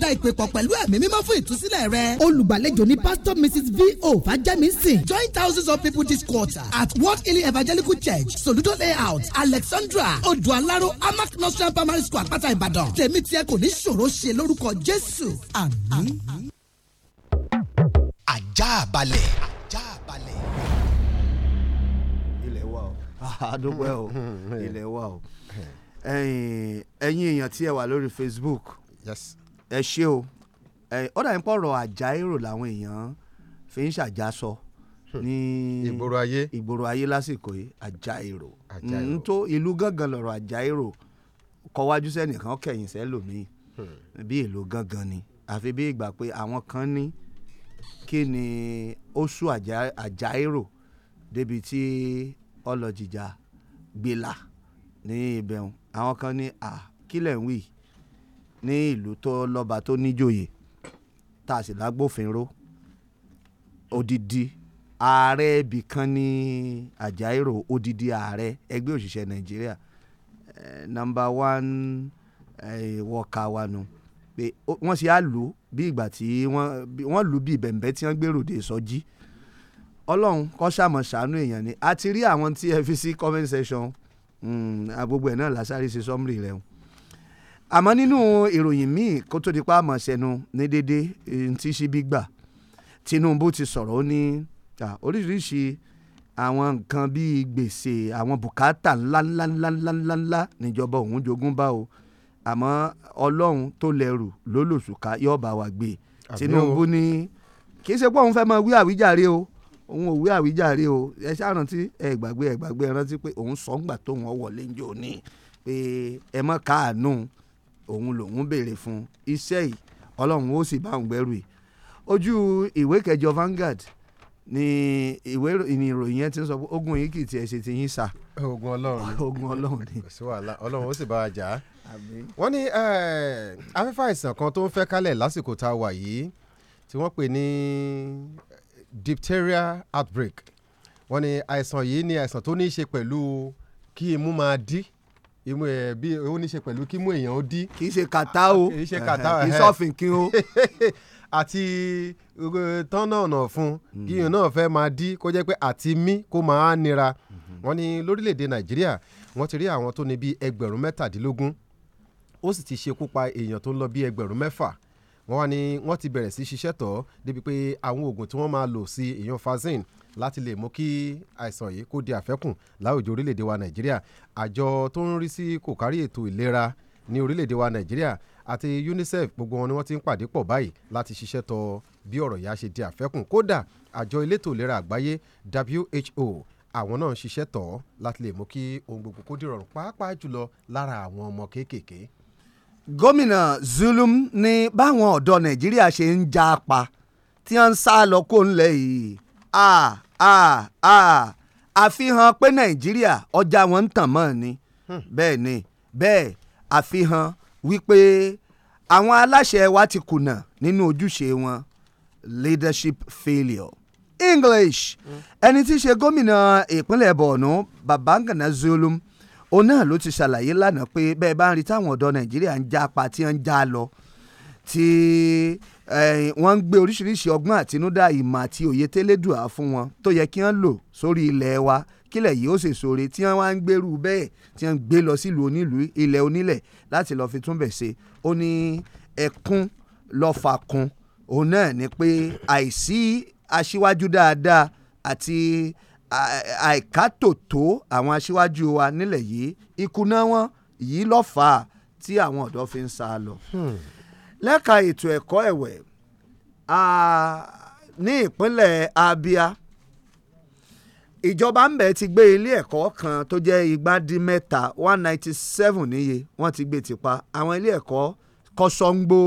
da ìpè pọ̀ pẹ̀lú ẹ̀mí mímọ́ fún ìtúsílẹ̀ rẹ. olùgbàlejò ni pastor mrs v o fàjẹmísìn. join thousands of people this quarter at world healing evangelical church soludo layout alexandra odualaro amak nursery primary school àpáta ìbàdàn tèmi tiẹ̀ kò ní ṣòro ṣe lórúkọ jésù àmín. ajá balẹ̀. ajá wa o àdúpẹ́ ah, o ilé wa o ẹ̀yin èèyàn tí ẹ wà lórí facebook. yes ẹ ṣé o ó dà ní pọ̀rọ̀ àjà èrò làwọn èèyàn fi ń ṣàjàsọ hmm. ní ìgboro ayé ìgboro ayé lásìkò yìí àjà èrò ń tó ìlú gángan lọ̀rọ̀ àjà èrò kọwájú sẹ́nìkan kẹ̀yìn sẹ́lòmíì hmm. bí ìlú gángan ni àfi bí ìgbà pé àwọn kan ní kí ni ó sún àjà èrò débi tí ọlọ́jìjà gbéla ní ibẹ̀ àwọn kan ní à kílẹ̀ ń wí yìí ní ìlú tó lọ́ba tó níjòyè tá a sì lágbófinró odidi ààrẹ ibì kan ní àjàírò odidi ààrẹ ẹgbẹ́ òṣìṣẹ́ nàìjíríà nọ́mbà wán wọ́ọ̀ká wa nu pé wọ́n sì á lù ú bí ìgbà tí wọ́n lù ú bí ìbẹ̀m̀bẹ́ tí wọ́n gbèrò dé sọ́jí ọlọ́run kọ́ sàmọ̀ sàánú èèyàn ni a ti rí àwọn tí ẹ fi sí comment section hmm, gbogbo ẹ̀ náà lásàrí ṣe sọ́mùrì rẹ̀ hùn àmọ́ nínú ìròyìn míì kó tó di pa àmọ̀ ṣẹnu ní dédé tí Síbí gbà Tinubu ti sọ̀rọ̀ ó ní oríṣiríṣi àwọn nǹkan bíi gbèsè àwọn bùkátà ńláńláńláńláńlá níjọba òun jogún bá o àmọ́ ọlọ́run tó lẹ́rù lólòṣùká yóò bá wa gbé Tinubu ní kì í ṣe pé òun fẹ́ máa wí àwíjàre o òun ò wí àwíjàre o ẹ ṣàrántí ẹ gbàgbé ẹ gbàgbé ẹ rántí pé òun sọ ń gbà tóun ọ wọlé ń jò ní pé ẹ mọ káàánú òun lòun béèrè fún iṣẹ́ yìí ọlọ́run ó sì bá òun gbẹ́rù yìí ojú ìwé kẹjọ Vanguard ni ìwé ìròyìn yẹn ti ń sọ pé ogun yìí kì í tiẹ̀ ṣe ti yín sà. ogun ọlọ́run ogun ọlọ́run ni. kò sí wàhálà ọlọ́run ó sì bá wa jà á. wọ́n ní afẹ́fẹ́ àìsàn kan tó ń fẹ́ kálẹ̀ lásìkò tá a wà yìí tí wọ́n pè ní diphtheria outbreak wọ́n ní àìsàn yìí ni àìsàn tó ní í ṣe pẹ̀lú kí imú máa dí imú ẹ bí ó ní ṣe pẹ̀lú kí imú èèyàn ó dí. kì í ṣe kàtá o kì í ṣe kàtá o kì í sọ̀fìn kí o. àti uh, tọ́nà ọ̀nà fún hmm. kí ìyẹn náà fẹ́ máa dí kó jẹ́ pé àti mí kó máa nira hmm. wọ́n ní lórílẹ̀‐èdè nàìjíríà wọ́n ti rí àwọn tó ní bíi ẹgbẹ̀rún mẹ́tàdínlógún ó sì ti ṣekú pa èèyàn tó ń lọ bíi ẹgbẹ̀rún mẹ́fà wọ́n ní wọ́n ti bẹ̀rẹ̀ sí ṣiṣẹ́ tọ̀ débi pé àwọn oògùn tí wọ́n máa lò sí èèyàn fazin láti lè mú kí àìsàn yìí kó di àfẹ́kùn láwùjọ orílẹ̀-èdè wa nàìjíríà àjọ tó ń rí sí kò kárí ètò ìlera ní orílẹ̀-èdè wa nàìjíríà àti UNICEF gbogbo wọn ni wọ́n ti ń pàdé pọ̀ báyìí láti ṣiṣẹ́ tọ bí ọ̀rọ̀ yìí á ṣe di àfẹ́kùn kódà àjọ elétò ìlera àgbáyé WHO àwọn náà ń ṣiṣẹ́ tọ̀ láti lè mú kí ohun gbogbo kó dìrọ̀rùn pàápàá jùlọ lára àwọn ọmọ kéékèèké gómìnà Zulum ní báwọn ọ̀dọ́ Nàìjíríà ṣe ń já pa tí wọ́n ń sá lọ kó ńlẹ̀ yìí a a a àfihàn pé nàìjíríà ọjà wọn ń tàn mọ́ ni hmm. bẹ́ẹ̀ ni bẹ́ẹ̀ àfihàn wípé àwọn aláṣẹ wa ti kùnà nínú ojúṣe wọn leadership failure english hmm. ẹni tí í ṣe gómìnà ìpínlẹ̀ borno babangana zulum òun náà ló ti ṣàlàyé lánàá pé bẹ́ẹ̀ bá ń rí táwọn ọ̀dọ́ nàìjíríà ń já apá tí wọ́n ń já lọ tí Eh, wọ́n ń gbé oríṣiríṣi ọgbọ́n àtinúdá ìmọ̀ àti òye tẹ́lẹ̀dùà fún wọn tó yẹ kí wọ́n lò sórí ilẹ̀ wa kílẹ̀ yìí ó sì sòrè tí wọ́n wá ń gbèrú bẹ́ẹ̀ tí wọ́n ń gbé lọ sílùú onílùú ilẹ̀ onílẹ̀ láti lọ́ọ́ fi túnbẹ̀ ṣe ó ní ẹkún lọ́fà kun òun náà ni pé àìsí aṣíwájú dáadáa àti àìkátòtó àwọn aṣíwájú wa nílẹ̀ yìí ikú náà wọ́n yìí lọ́fà tí àwọn ọ̀dọ́ fi ń sá lọ. Hmm lẹ́ka ètò ẹ̀kọ́ ẹ̀wẹ̀ ní ìpínlẹ̀ Abia ìjọba ń bẹ̀ ti gbé ilé ẹ̀kọ́ kan tó jẹ́ igba dín mẹ́ta one ninety seven níye wọ́n ti gbé ti pa àwọn ilé ẹ̀kọ́ kọ́sọ́ńgbó